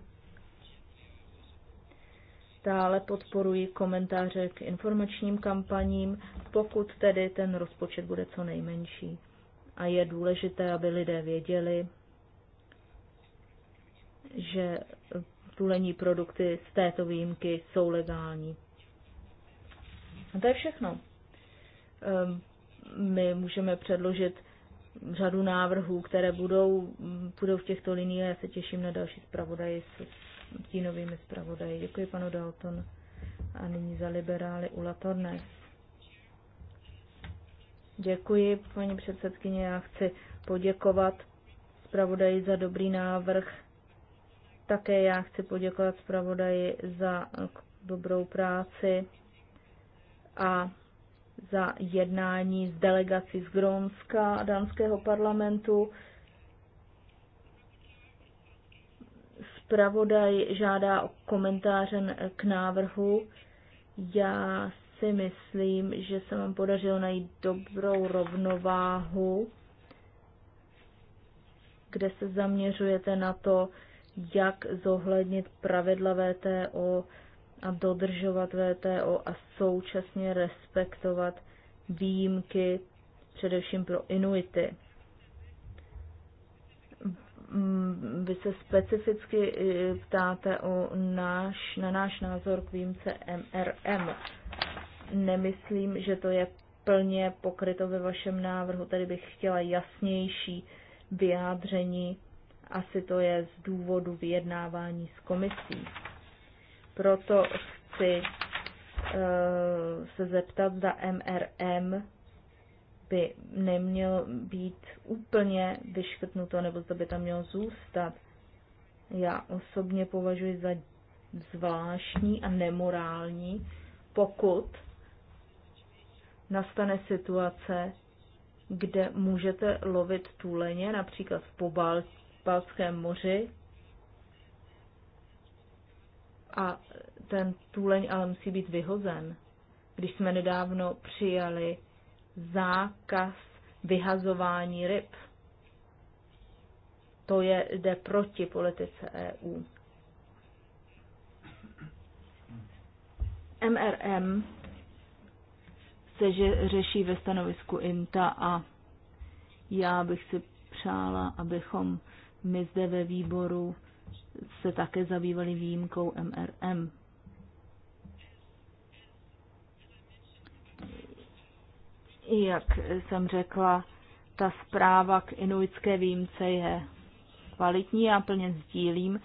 Speaker 5: Dále podporuji komentáře k informačním kampaním, pokud tedy ten rozpočet bude co nejmenší. A je důležité, aby lidé věděli, že tulení produkty z této výjimky jsou legální. A to je všechno. Ehm, my můžeme předložit řadu návrhů, které budou, budou v těchto liniích a já se těším na další zpravodaji s tínovými zpravodaji. Děkuji panu Dalton a nyní za liberály u Tornes. Děkuji, paní předsedkyně. Já chci poděkovat zpravodaji za dobrý návrh. Také já chci poděkovat zpravodaji za dobrou práci a za jednání s delegací z Grónska a dánského parlamentu. Spravodaj žádá o komentáře k návrhu. Já si myslím, že se vám podařilo najít dobrou rovnováhu, kde se zaměřujete na to, jak zohlednit pravidla VTO a dodržovat VTO a současně respektovat výjimky především pro Inuity. Mm, vy se specificky e, ptáte o náš, na náš názor k výjimce MRM. Nemyslím, že to je plně pokryto ve vašem návrhu, tady bych chtěla jasnější vyjádření. Asi to je z důvodu vyjednávání s komisí. Proto chci eh, se zeptat, zda MRM by neměl být úplně vyškrtnuto, nebo zda by tam mělo zůstat. Já osobně považuji za zvláštní a nemorální, pokud nastane situace, kde můžete lovit tuleně, například v Pobaltském moři, a ten tůleň ale musí být vyhozen. Když jsme nedávno přijali zákaz vyhazování ryb, to je, jde proti politice EU. MRM se že řeší ve stanovisku INTA a já bych si přála, abychom my zde ve výboru se také zabývali výjimkou MRM. Jak jsem řekla, ta zpráva k inuitské výjimce je kvalitní, já plně sdílím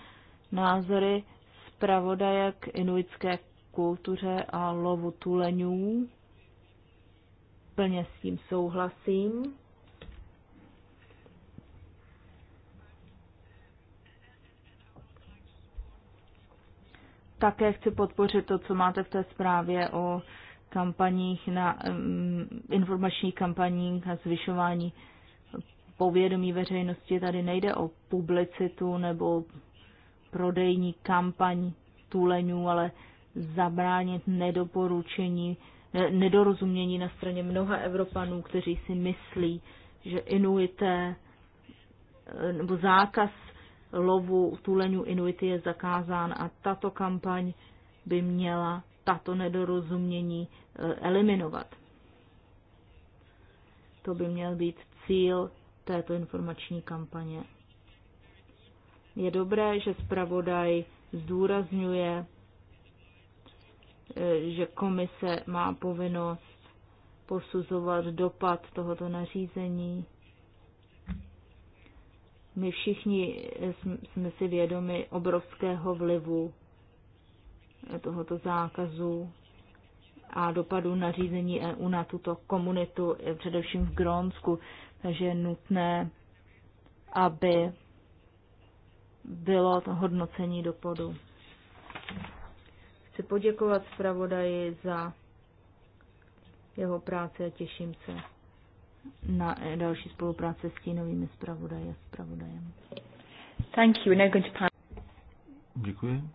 Speaker 5: názory zpravodaje k inuitské kultuře a lovu tuleňů. Plně s tím souhlasím. Také chci podpořit to, co máte v té zprávě o kampaních na um, informačních kampaních a zvyšování povědomí veřejnosti. Tady nejde o publicitu nebo prodejní kampaň tuleňů, ale zabránit nedoporučení, nedorozumění na straně mnoha Evropanů, kteří si myslí, že Inuité eh, nebo zákaz lovu tuleňů Inuity je zakázán a tato kampaň by měla tato nedorozumění eh, eliminovat. To by měl být cíl této informační kampaně. Je dobré, že zpravodaj zdůrazňuje, eh, že komise má povinnost posuzovat dopad tohoto nařízení my všichni eh, jsme si vědomi obrovského vlivu eh, tohoto zákazu a dopadu nařízení EU na tuto komunitu, eh, především v Grónsku. Takže je nutné, aby bylo to hodnocení dopadu. Chci poděkovat zpravodaji za jeho práci a těším se na další spolupráce s novými zpravodaji a zpravodajem. Thank you. Now going to
Speaker 3: Děkuji.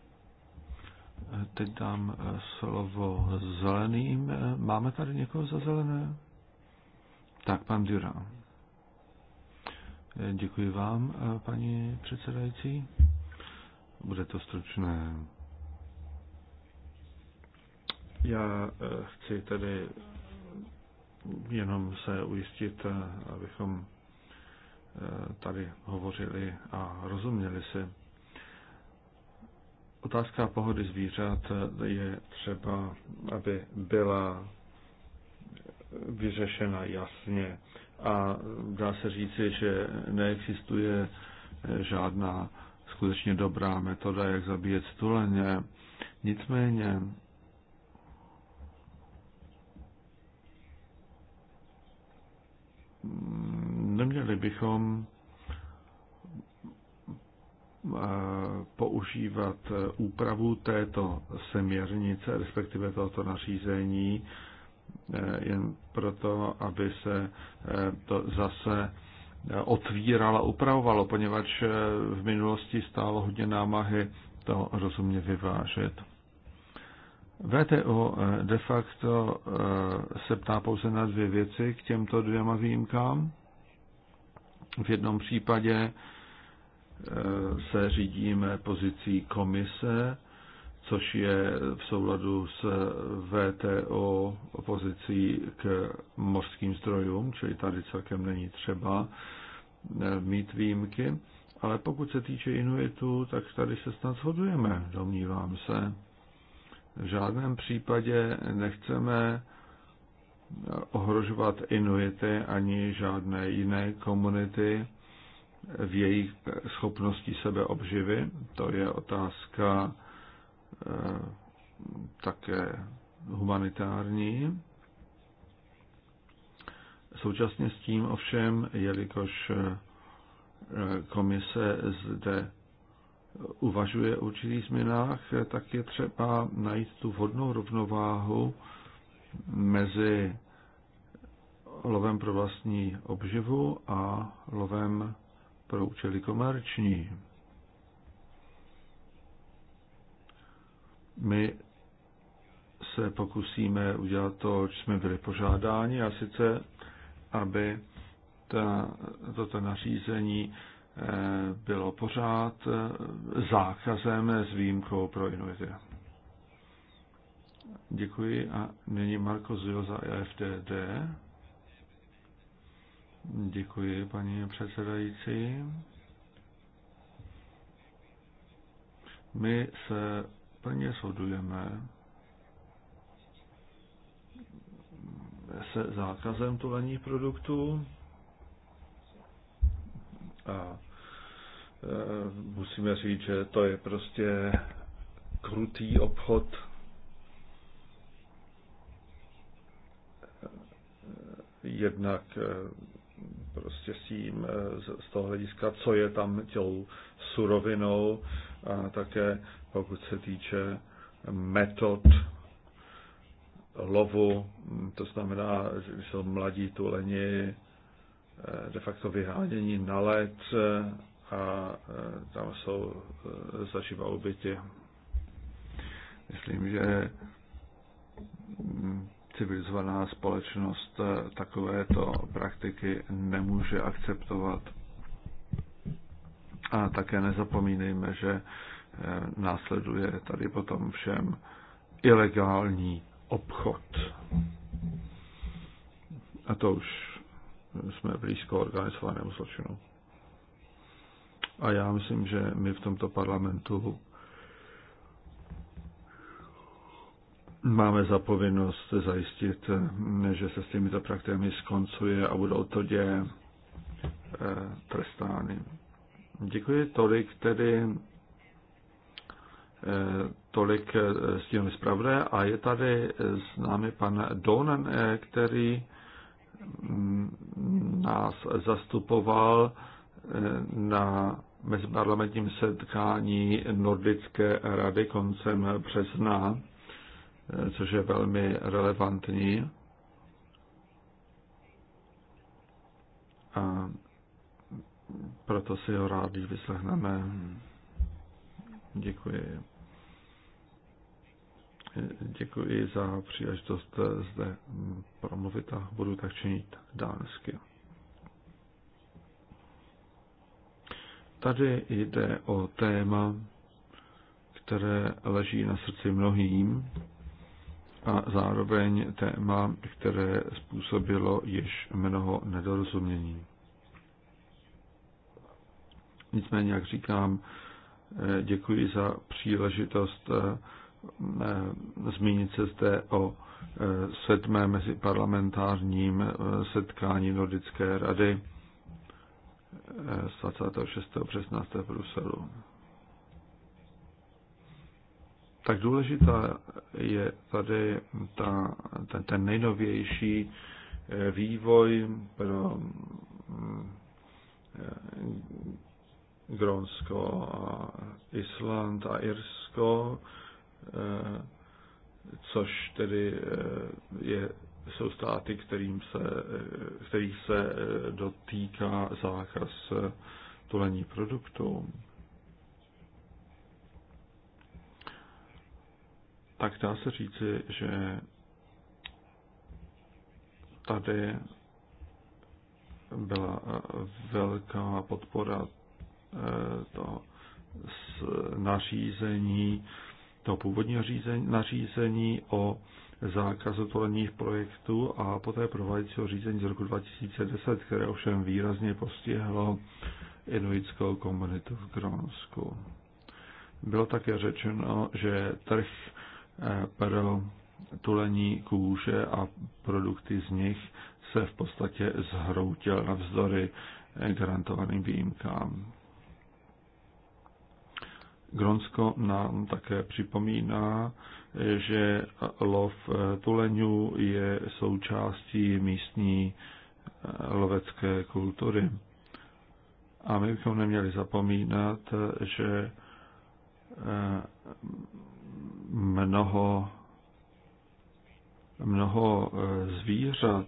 Speaker 3: Teď dám eh, slovo zeleným. Eh, máme tady někoho za zelené? Tak, pan Dura. Eh, děkuji vám, paní předsedající. Bude to stručné. Já chci tedy jenom se ujistit, eh, abychom eh, tady hovořili a rozuměli si. Otázka pohody zvířat eh, je třeba, aby byla vyřešena jasně a dá se říci, že neexistuje žádná skutečně dobrá metoda, jak zabíjet stuleně. Nicméně neměli bychom eh, používat eh, úpravu této seměrnice, respektive tohoto nařízení, eh, jen proto, aby se to zase otvírala, upravovalo, poněvadž v minulosti stálo hodně námahy to rozumně vyvážet. VTO eh, de facto eh, se ptá pouze na dvě věci k těmto dvěma výjimkám. V jednom případě eh, se řídíme pozicí komise, což je v souladu s VTO opozicí k mořským zdrojům, čili tady celkem není třeba mít výjimky. Ale pokud se týče Inuitu, tak tady se snad shodujeme, domnívám se. V žádném případě nechceme ohrožovat Inuity ani žádné jiné komunity v jejich schopnosti sebeobživy. To je otázka eh, také humanitární. Současně s tím ovšem, jelikož eh, komise zde uvažuje o určitých změnách, tak je třeba najít tu vhodnou rovnováhu mezi lovem pro vlastní obživu a lovem pro účely komerční. My se pokusíme udělat to, co jsme byli požádáni, a sice, aby ta, toto nařízení Eh, bylo pořád eh, zákazem s výjimkou pro Inuity. Děkuji a nyní Marko Zil za EFTD. Děkuji, paní předsedající. My se plně shodujeme se zákazem tuleních produktů. A e, musíme říct, že to je prostě krutý obchod. E, jednak e, prostě s tím z toho hlediska, co je tam tělou surovinou a také pokud se týče metod lovu, to znamená, že jsou mladí tuleni, Eh, de facto vyhánění na let eh, a eh, tam jsou zaživa oběti. Myslím, že mm, civilizovaná společnost takovéto praktiky nemůže akceptovat. A také nezapomínejme, že následuje tady potom všem ilegální obchod. A to už jsme blízko organizovanému zločinu. A já myslím, že my v tomto parlamentu máme zapovinnost zajistit, že se s těmito praktikami skoncuje a budou to dě eh, trestány. Děkuji tolik tedy eh, tolik eh, tím zpravodaj a je tady s námi pan Donan, který nás zastupoval eh, na meziparlamentním setkání Nordické rady koncem března, eh, což je velmi relevantní. A proto si ho rádi vyslechneme. Děkuji. Děkuji za příležitost zde mm, promluvit a budu tak činit dánsky. Tady jde o téma, které leží na srdci mnohým a zároveň téma, které způsobilo již mnoho nedorozumění. Nicméně, jak říkám, eh, děkuji za příležitost eh, Eh, zmínit se zde o eh, sedmé meziparlamentárním eh, setkání Nordické rady z 26. března v Bruselu. Tak důležitá je tady ta, ten, ten nejnovější vývoj pro mm, Grónsko a Island a Irsko, Eh, což tedy eh, je, jsou státy, kterým se, eh, který se dotýká zákaz tulení produktů. Tak dá se říci, že tady byla velká podpora to nařízení toho původního řízení, nařízení o zákazu tolených projektů a poté prováděcího řízení z roku 2010, které ovšem výrazně postihlo inuitskou komunitu v Grónsku. Bylo také řečeno, že trh eh, pro tulení kůže a produkty z nich se v podstatě zhroutil navzdory eh, garantovaným výjimkám. Gronsko nám také připomíná, že lov tuleňů je součástí místní eh, lovecké kultury. A my bychom neměli zapomínat, že eh, mnoho, mnoho eh, zvířat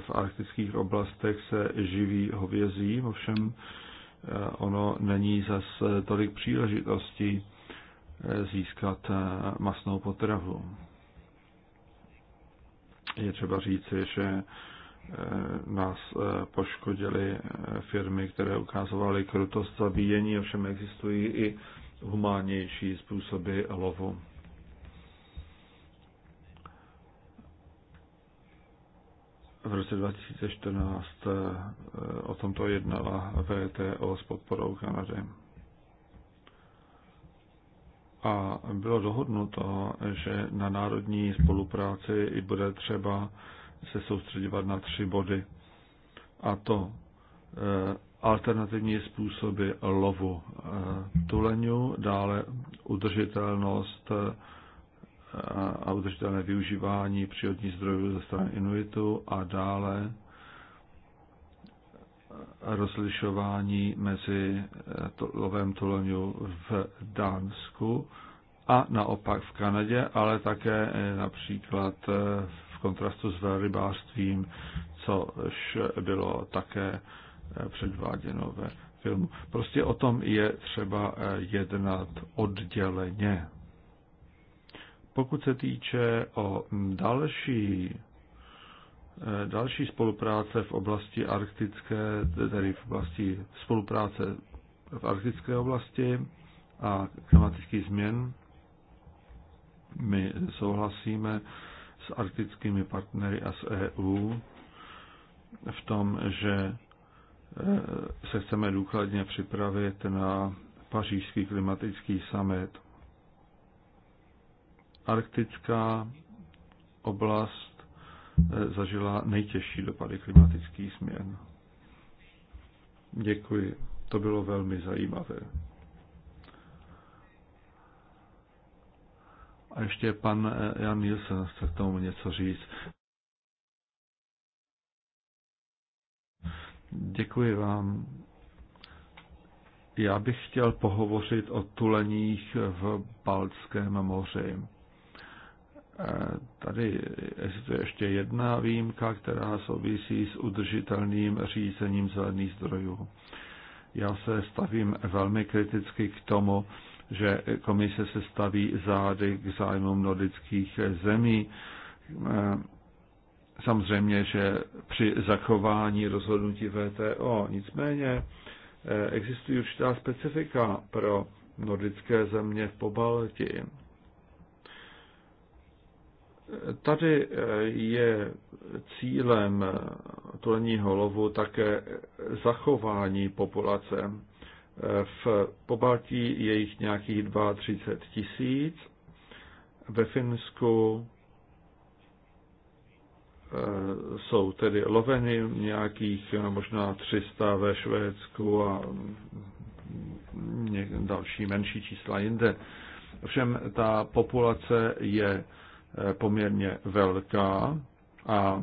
Speaker 3: v arktických oblastech se živí hovězím, ovšem ono není zas tolik příležitostí eh, získat eh, masnou potravu. Je třeba říci, že eh, nás poškodily firmy, které ukázovaly krutost zabíjení, ovšem existují i humánnější způsoby lovu. v roce 2014 eh, o tomto jednala VTO s podporou Kanady. A bylo dohodnuto, že na národní spolupráci bude třeba se soustředovat na tři body. A to eh, alternativní způsoby lovu eh, tuleňů, dále udržitelnost a udržitelné využívání přírodních zdrojů ze strany Inuitu a dále rozlišování mezi eh, lovem tuloňů v Dánsku a naopak v Kanadě, ale také eh, například eh, v kontrastu s velrybářstvím, což bylo také předváděno ve filmu. Prostě o tom je třeba jednat odděleně. Pokud se týče o další, eh, další spolupráce v oblasti arktické, tedy v oblasti spolupráce v arktické oblasti a klimatických změn, my souhlasíme s arktickými partnery a s EU v tom, že eh, se chceme důkladně připravit na pařížský klimatický summit arktická oblast eh, zažila nejtěžší dopady klimatických změn. Děkuji, to bylo velmi zajímavé. A ještě pan eh, Jan Nielsen chce k tomu něco říct. Děkuji vám. Já bych chtěl pohovořit o tuleních v Baltském moři. Eh, tady existuje ještě jedna výjimka, která souvisí s udržitelným řízením zelených zdrojů. Já se stavím velmi kriticky k tomu, že komise se staví zády k zájmům nordických zemí. Eh, samozřejmě, že při zachování rozhodnutí VTO. Nicméně eh, existují určitá specifika pro nordické země v Pobalti Tady eh, je cílem tuleního lovu také zachování populace. Eh, v Pobaltí je jich nějakých 32 tisíc, ve Finsku eh, jsou tedy loveny nějakých možná 300 ve Švédsku a mm, další menší čísla jinde. Ovšem ta populace je poměrně velká a e,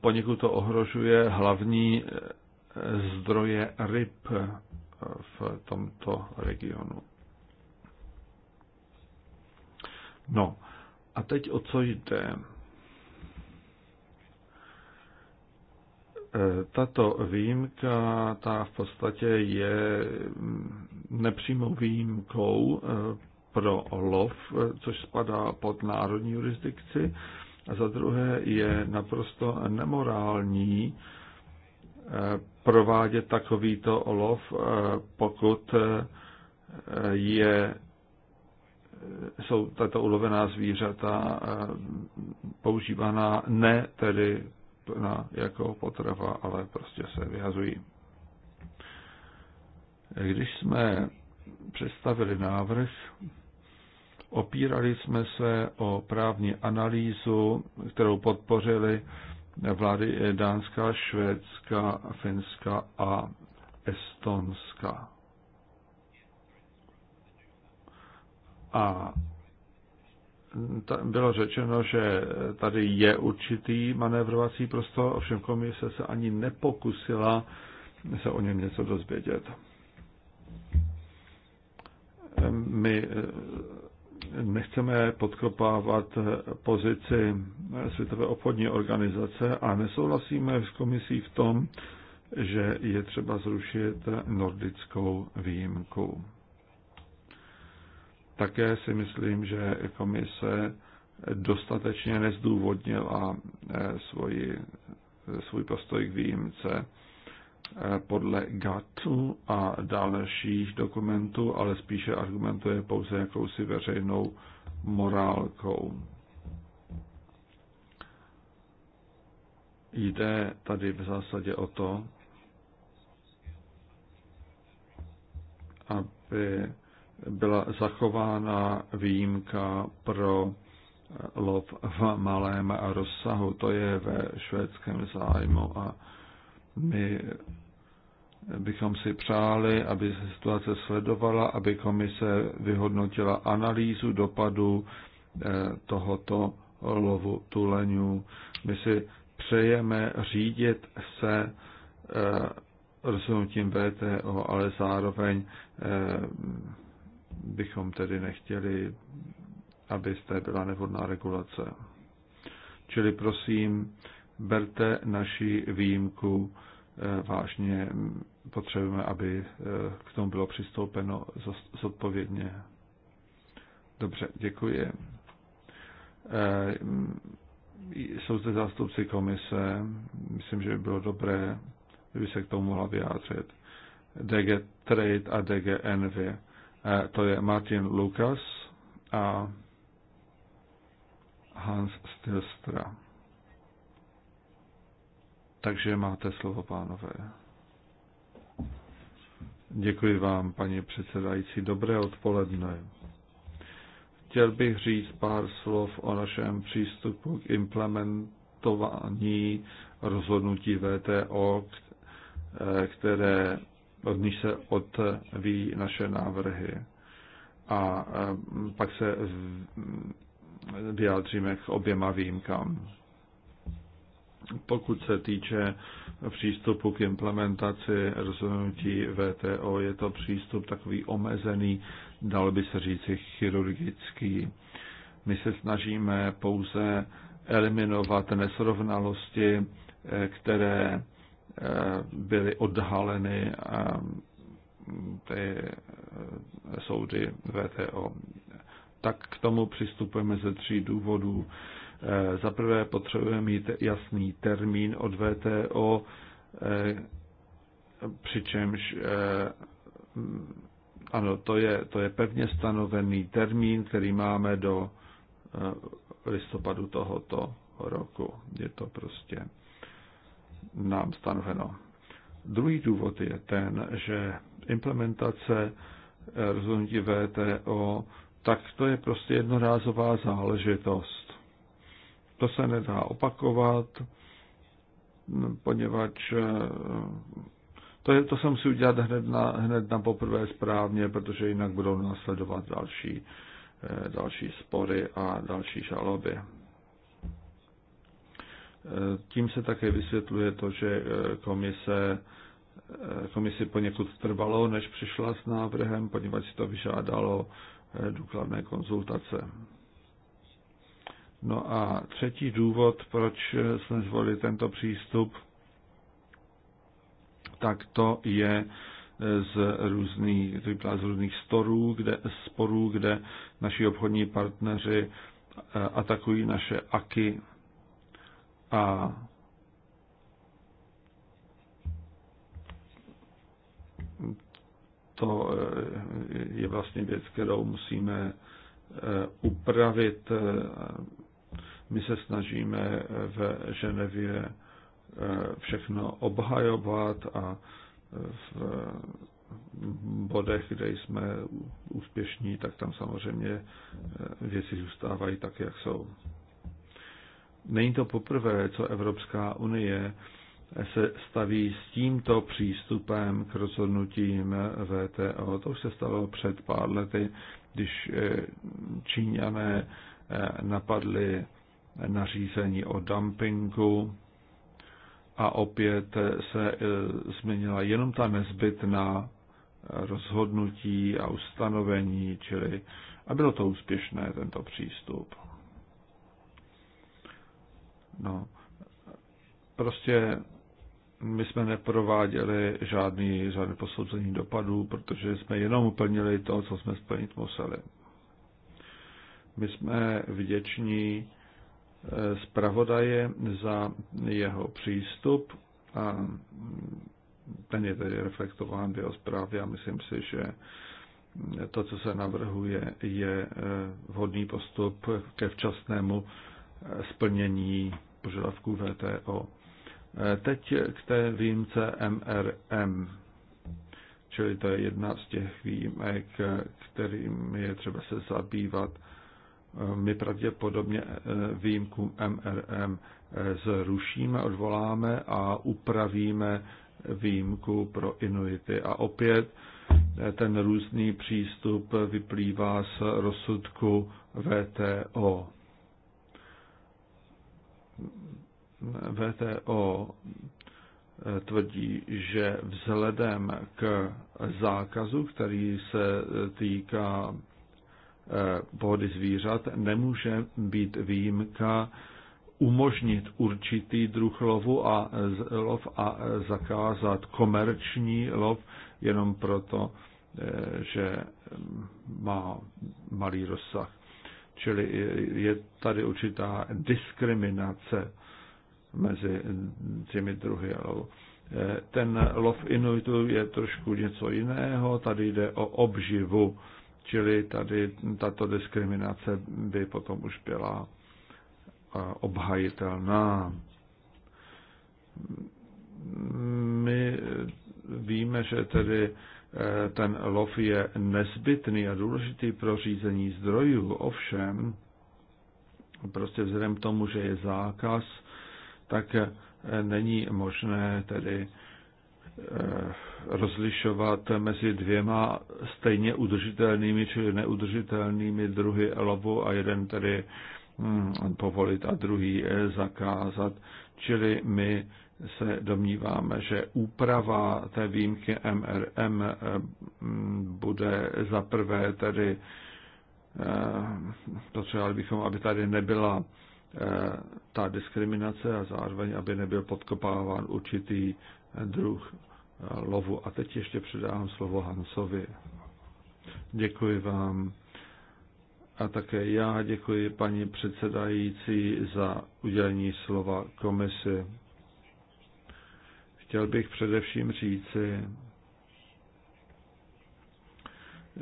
Speaker 3: poněkud to ohrožuje hlavní e, zdroje ryb e, v tomto regionu. No, a teď o co jde? Tato výjimka, ta v podstatě je nepřímou výjimkou pro lov, což spadá pod národní jurisdikci, a za druhé je naprosto nemorální eh, provádět takovýto lov, eh, pokud eh, je, jsou tato ulovená zvířata používaná ne tedy na, jako potrava, ale prostě se vyhazují. Když jsme představili návrh, Opírali jsme se o právní analýzu, kterou podpořili vlády Dánska, Švédska, Finska a Estonska. A bylo řečeno, že tady je určitý manévrovací prostor, ovšem komise se ani nepokusila se o něm něco dozvědět. My nechceme podkopávat pozici Světové obchodní organizace a nesouhlasíme s komisí v tom, že je třeba zrušit nordickou výjimku. Také si myslím, že komise dostatečně nezdůvodnila eh, svoji, svůj postoj k výjimce podle GATu a dalších dokumentů, ale spíše argumentuje pouze jakousi veřejnou morálkou. Jde tady v zásadě o to, aby byla zachována výjimka pro lov v malém rozsahu. To je ve švédském zájmu a my bychom si přáli, aby se situace sledovala, aby komise vyhodnotila analýzu dopadu eh, tohoto lovu tuleňů. My si přejeme řídit se eh, rozhodnutím VTO, ale zároveň eh, bychom tedy nechtěli, aby zde byla nevhodná regulace. Čili prosím, berte naši výjimku eh, vážně. Potřebujeme, aby eh, k tomu bylo přistoupeno zodpovědně. Dobře, děkuji. Eh, jsou zde zástupci komise. Myslím, že by bylo dobré, kdyby se k tomu mohla vyjádřit. DG Trade a DG Envy. To je Martin Lukas a Hans Stilstra. Takže máte slovo, pánové. Děkuji vám, paní předsedající. Dobré odpoledne. Chtěl bych říct pár slov o našem přístupu k implementování rozhodnutí VTO, které od níž se odvíjí naše návrhy. A e, pak se vyjádříme k oběma výjimkám. Pokud se týče přístupu k implementaci rozhodnutí VTO, je to přístup takový omezený, dal by se říci chirurgický. My se snažíme pouze eliminovat nesrovnalosti, eh, které eh, byly odhaleny a eh, ty soudy VTO. Tak k tomu přistupujeme ze tří důvodů. Eh, Zaprvé potřebujeme mít jasný termín od VTO, eh, přičemž eh, ano, to je, to je pevně stanovený termín, který máme do listopadu tohoto roku. Je to prostě nám stanoveno. Druhý důvod je ten, že implementace rozhodnutí VTO, tak to je prostě jednorázová záležitost to se nedá opakovat, poněvadž eh, to, je, to se musí udělat hned na, hned na poprvé správně, protože jinak budou následovat další, eh, další spory a další žaloby. Eh, tím se také vysvětluje to, že komise, komisi poněkud trvalo, než přišla s návrhem, poněvadž si to vyžádalo důkladné konzultace. No a třetí důvod, proč jsme zvolili tento přístup, tak to je z různých, z různých storů, kde, sporů, kde naši obchodní partneři eh, atakují naše aky a to eh, je vlastně věc, kterou musíme eh, upravit my se snažíme v Ženevě eh, všechno obhajovat a eh, v bodech, kde jsme úspěšní, tak tam samozřejmě eh, věci zůstávají tak, jak jsou. Není to poprvé, co Evropská unie se staví s tímto přístupem k rozhodnutím VTO. To už se stalo před pár lety, když Číňané napadli nařízení o dumpingu a opět se e, změnila jenom ta nezbytná rozhodnutí a ustanovení, čili a bylo to úspěšné, tento přístup. No, prostě my jsme neprováděli žádný, žádné posouzení dopadů, protože jsme jenom uplnili to, co jsme splnit museli. My jsme vděční zpravodaje za jeho přístup a ten je tedy reflektován v jeho zprávě a myslím si, že to, co se navrhuje, je eh, vhodný postup ke včasnému eh, splnění požadavků VTO. Eh, teď k té výjimce MRM, čili to je jedna z těch výjimek, kterým je třeba se zabývat my pravděpodobně eh, výjimku MRM eh, zrušíme, odvoláme a upravíme výjimku pro Inuity. A opět eh, ten různý přístup vyplývá z rozsudku VTO. VTO tvrdí, že vzhledem k zákazu, který se týká Eh, pohody zvířat nemůže být výjimka umožnit určitý druh lovu a, lov a eh, zakázat komerční lov jenom proto, eh, že mm, má malý rozsah. Čili je tady určitá diskriminace mezi těmi druhy lovu. Ten lov inuitů je trošku něco jiného, tady jde o obživu Čili tady tato diskriminace by potom už byla obhajitelná. My víme, že tedy e, ten lov je nezbytný a důležitý pro řízení zdrojů. Ovšem, prostě vzhledem k tomu, že je zákaz, tak e, není možné tedy Eh, rozlišovat mezi dvěma stejně udržitelnými či neudržitelnými druhy lovu a jeden tedy hm, povolit a druhý eh, zakázat. Čili my se domníváme, že úprava té výjimky MRM eh, bude za prvé tedy potřebovali bychom, aby tady nebyla ta diskriminace a zároveň, aby nebyl podkopáván určitý druh lovu. A teď ještě předávám slovo Hansovi. Děkuji vám. A také já děkuji paní předsedající za udělení slova komisi. Chtěl bych především říci,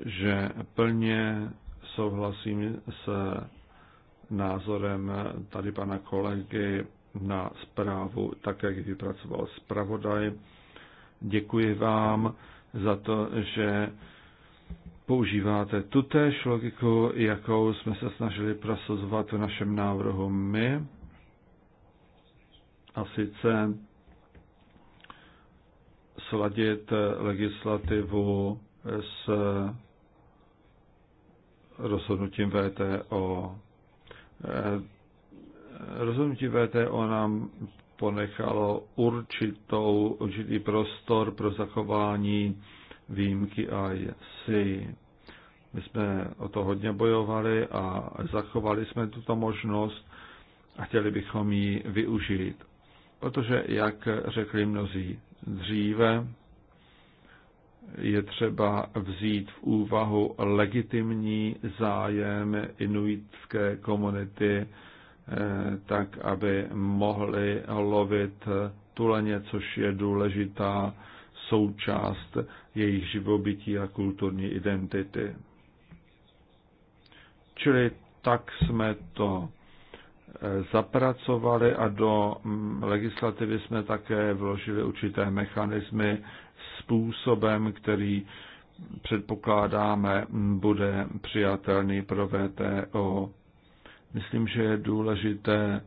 Speaker 3: že plně souhlasím s názorem tady pana kolegy na zprávu, tak jak vypracoval zpravodaj. Děkuji vám za to, že používáte tutéž logiku, jakou jsme se snažili prosazovat v našem návrhu my. A sice sladit legislativu s rozhodnutím VTO. Eh, rozhodnutí VTO nám ponechalo určitou, určitý prostor pro zachování výjimky si. My jsme o to hodně bojovali a zachovali jsme tuto možnost a chtěli bychom ji využít. Protože, jak řekli mnozí dříve, je třeba vzít v úvahu legitimní zájem inuitské komunity Eh, tak aby mohli lovit tuleně, což je důležitá součást jejich živobytí a kulturní identity. Čili tak jsme to eh, zapracovali a do mm, legislativy jsme také vložili určité mechanismy způsobem, který předpokládáme mm, bude přijatelný pro VTO. Myslím, že je důležité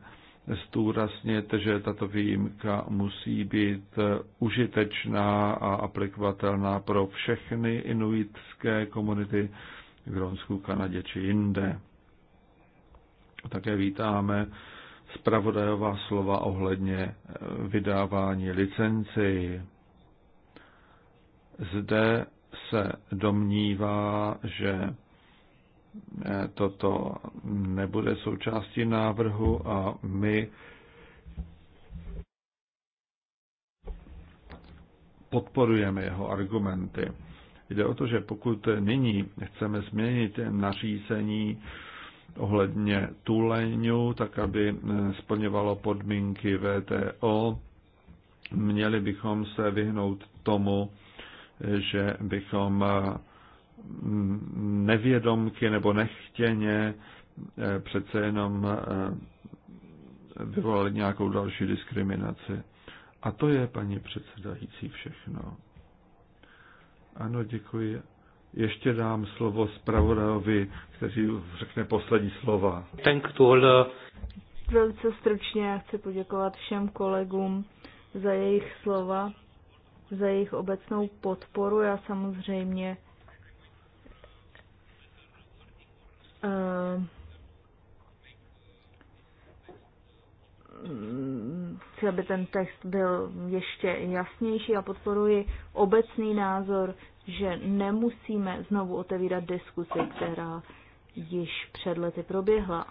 Speaker 3: zdůraznit, že tato výjimka musí být užitečná a aplikovatelná pro všechny inuitské komunity v Gronsku, Kanadě či jinde. Také vítáme zpravodajová slova ohledně vydávání licenci. Zde se domnívá, že Eh, toto nebude součástí návrhu a my podporujeme jeho argumenty. Jde o to, že pokud nyní chceme změnit nařízení ohledně tuleňů, tak aby eh, splňovalo podmínky VTO, měli bychom se vyhnout tomu, eh, že bychom nevědomky nebo nechtěně eh, přece jenom eh, vyvolali nějakou další diskriminaci. A to je, paní předsedající, všechno. Ano, děkuji. Ještě dám slovo zpravodajovi, který řekne poslední slova. Thank you, uh,
Speaker 5: Velice stručně já chci poděkovat všem kolegům za jejich slova, za jejich obecnou podporu. Já samozřejmě Eh, chci, aby ten text byl ještě jasnější a podporuji obecný názor, že nemusíme znovu otevírat diskusi, která již před lety proběhla.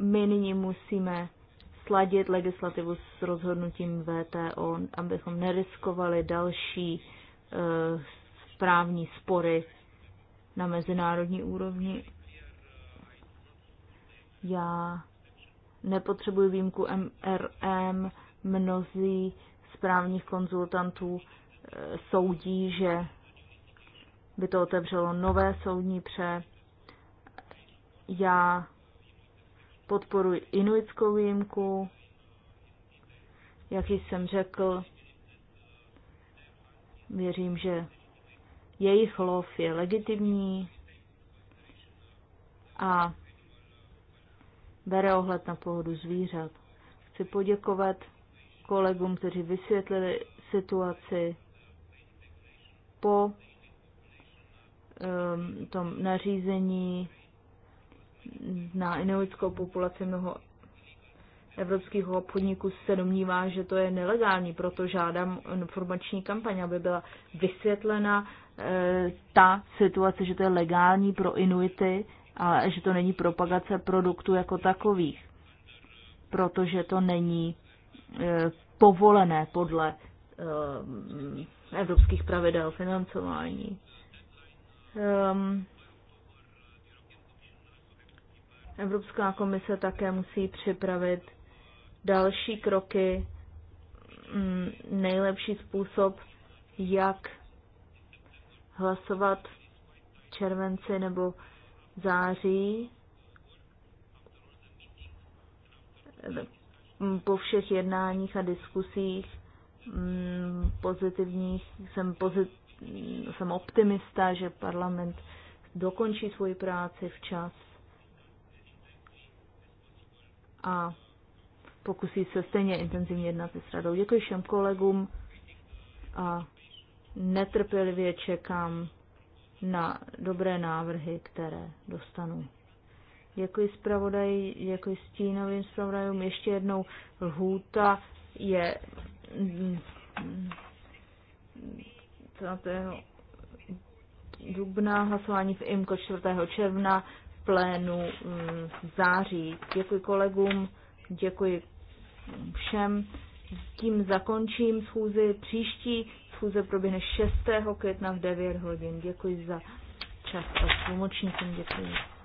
Speaker 5: My nyní musíme sladit legislativu s rozhodnutím VTO, abychom neriskovali další e, eh, správní spory na mezinárodní úrovni. Já nepotřebuji výjimku MRM, mnozí správních konzultantů e, soudí, že by to otevřelo nové soudní pře. Já podporuji inuitskou výjimku, jak jsem řekl, věřím, že jejich lov je legitimní a bere ohled na pohodu zvířat. Chci poděkovat kolegům, kteří vysvětlili situaci po um, tom nařízení na inuitskou populaci mnoho Evropského obchodníku se domnívá, že to je nelegální, proto žádám informační kampaň, aby byla vysvětlena eh, ta situace, že to je legální pro Inuity a že to není propagace produktů jako takových, protože to není eh, povolené podle eh, evropských pravidel financování. Um, Evropská komise také musí připravit další kroky, mm, nejlepší způsob, jak hlasovat v červenci nebo září. Mm, po všech jednáních a diskusích mm, pozitivních jsem, pozit, jsem optimista, že parlament dokončí svoji práci včas a pokusí se stejně intenzivně jednat s radou. Děkuji všem kolegům a netrpělivě čekám na dobré návrhy, které dostanu. Děkuji zpravodaji, děkuji stínovým zpravodajům. Ještě jednou lhůta je 20. Mm, mm, dubna, hlasování v IMKO 4. června, v plénu mm, v září. Děkuji kolegům, děkuji všem. Tím zakončím schůzi. Příští schůze proběhne 6. května v 9 hodin. Děkuji za čas a tlumočníkům děkuji.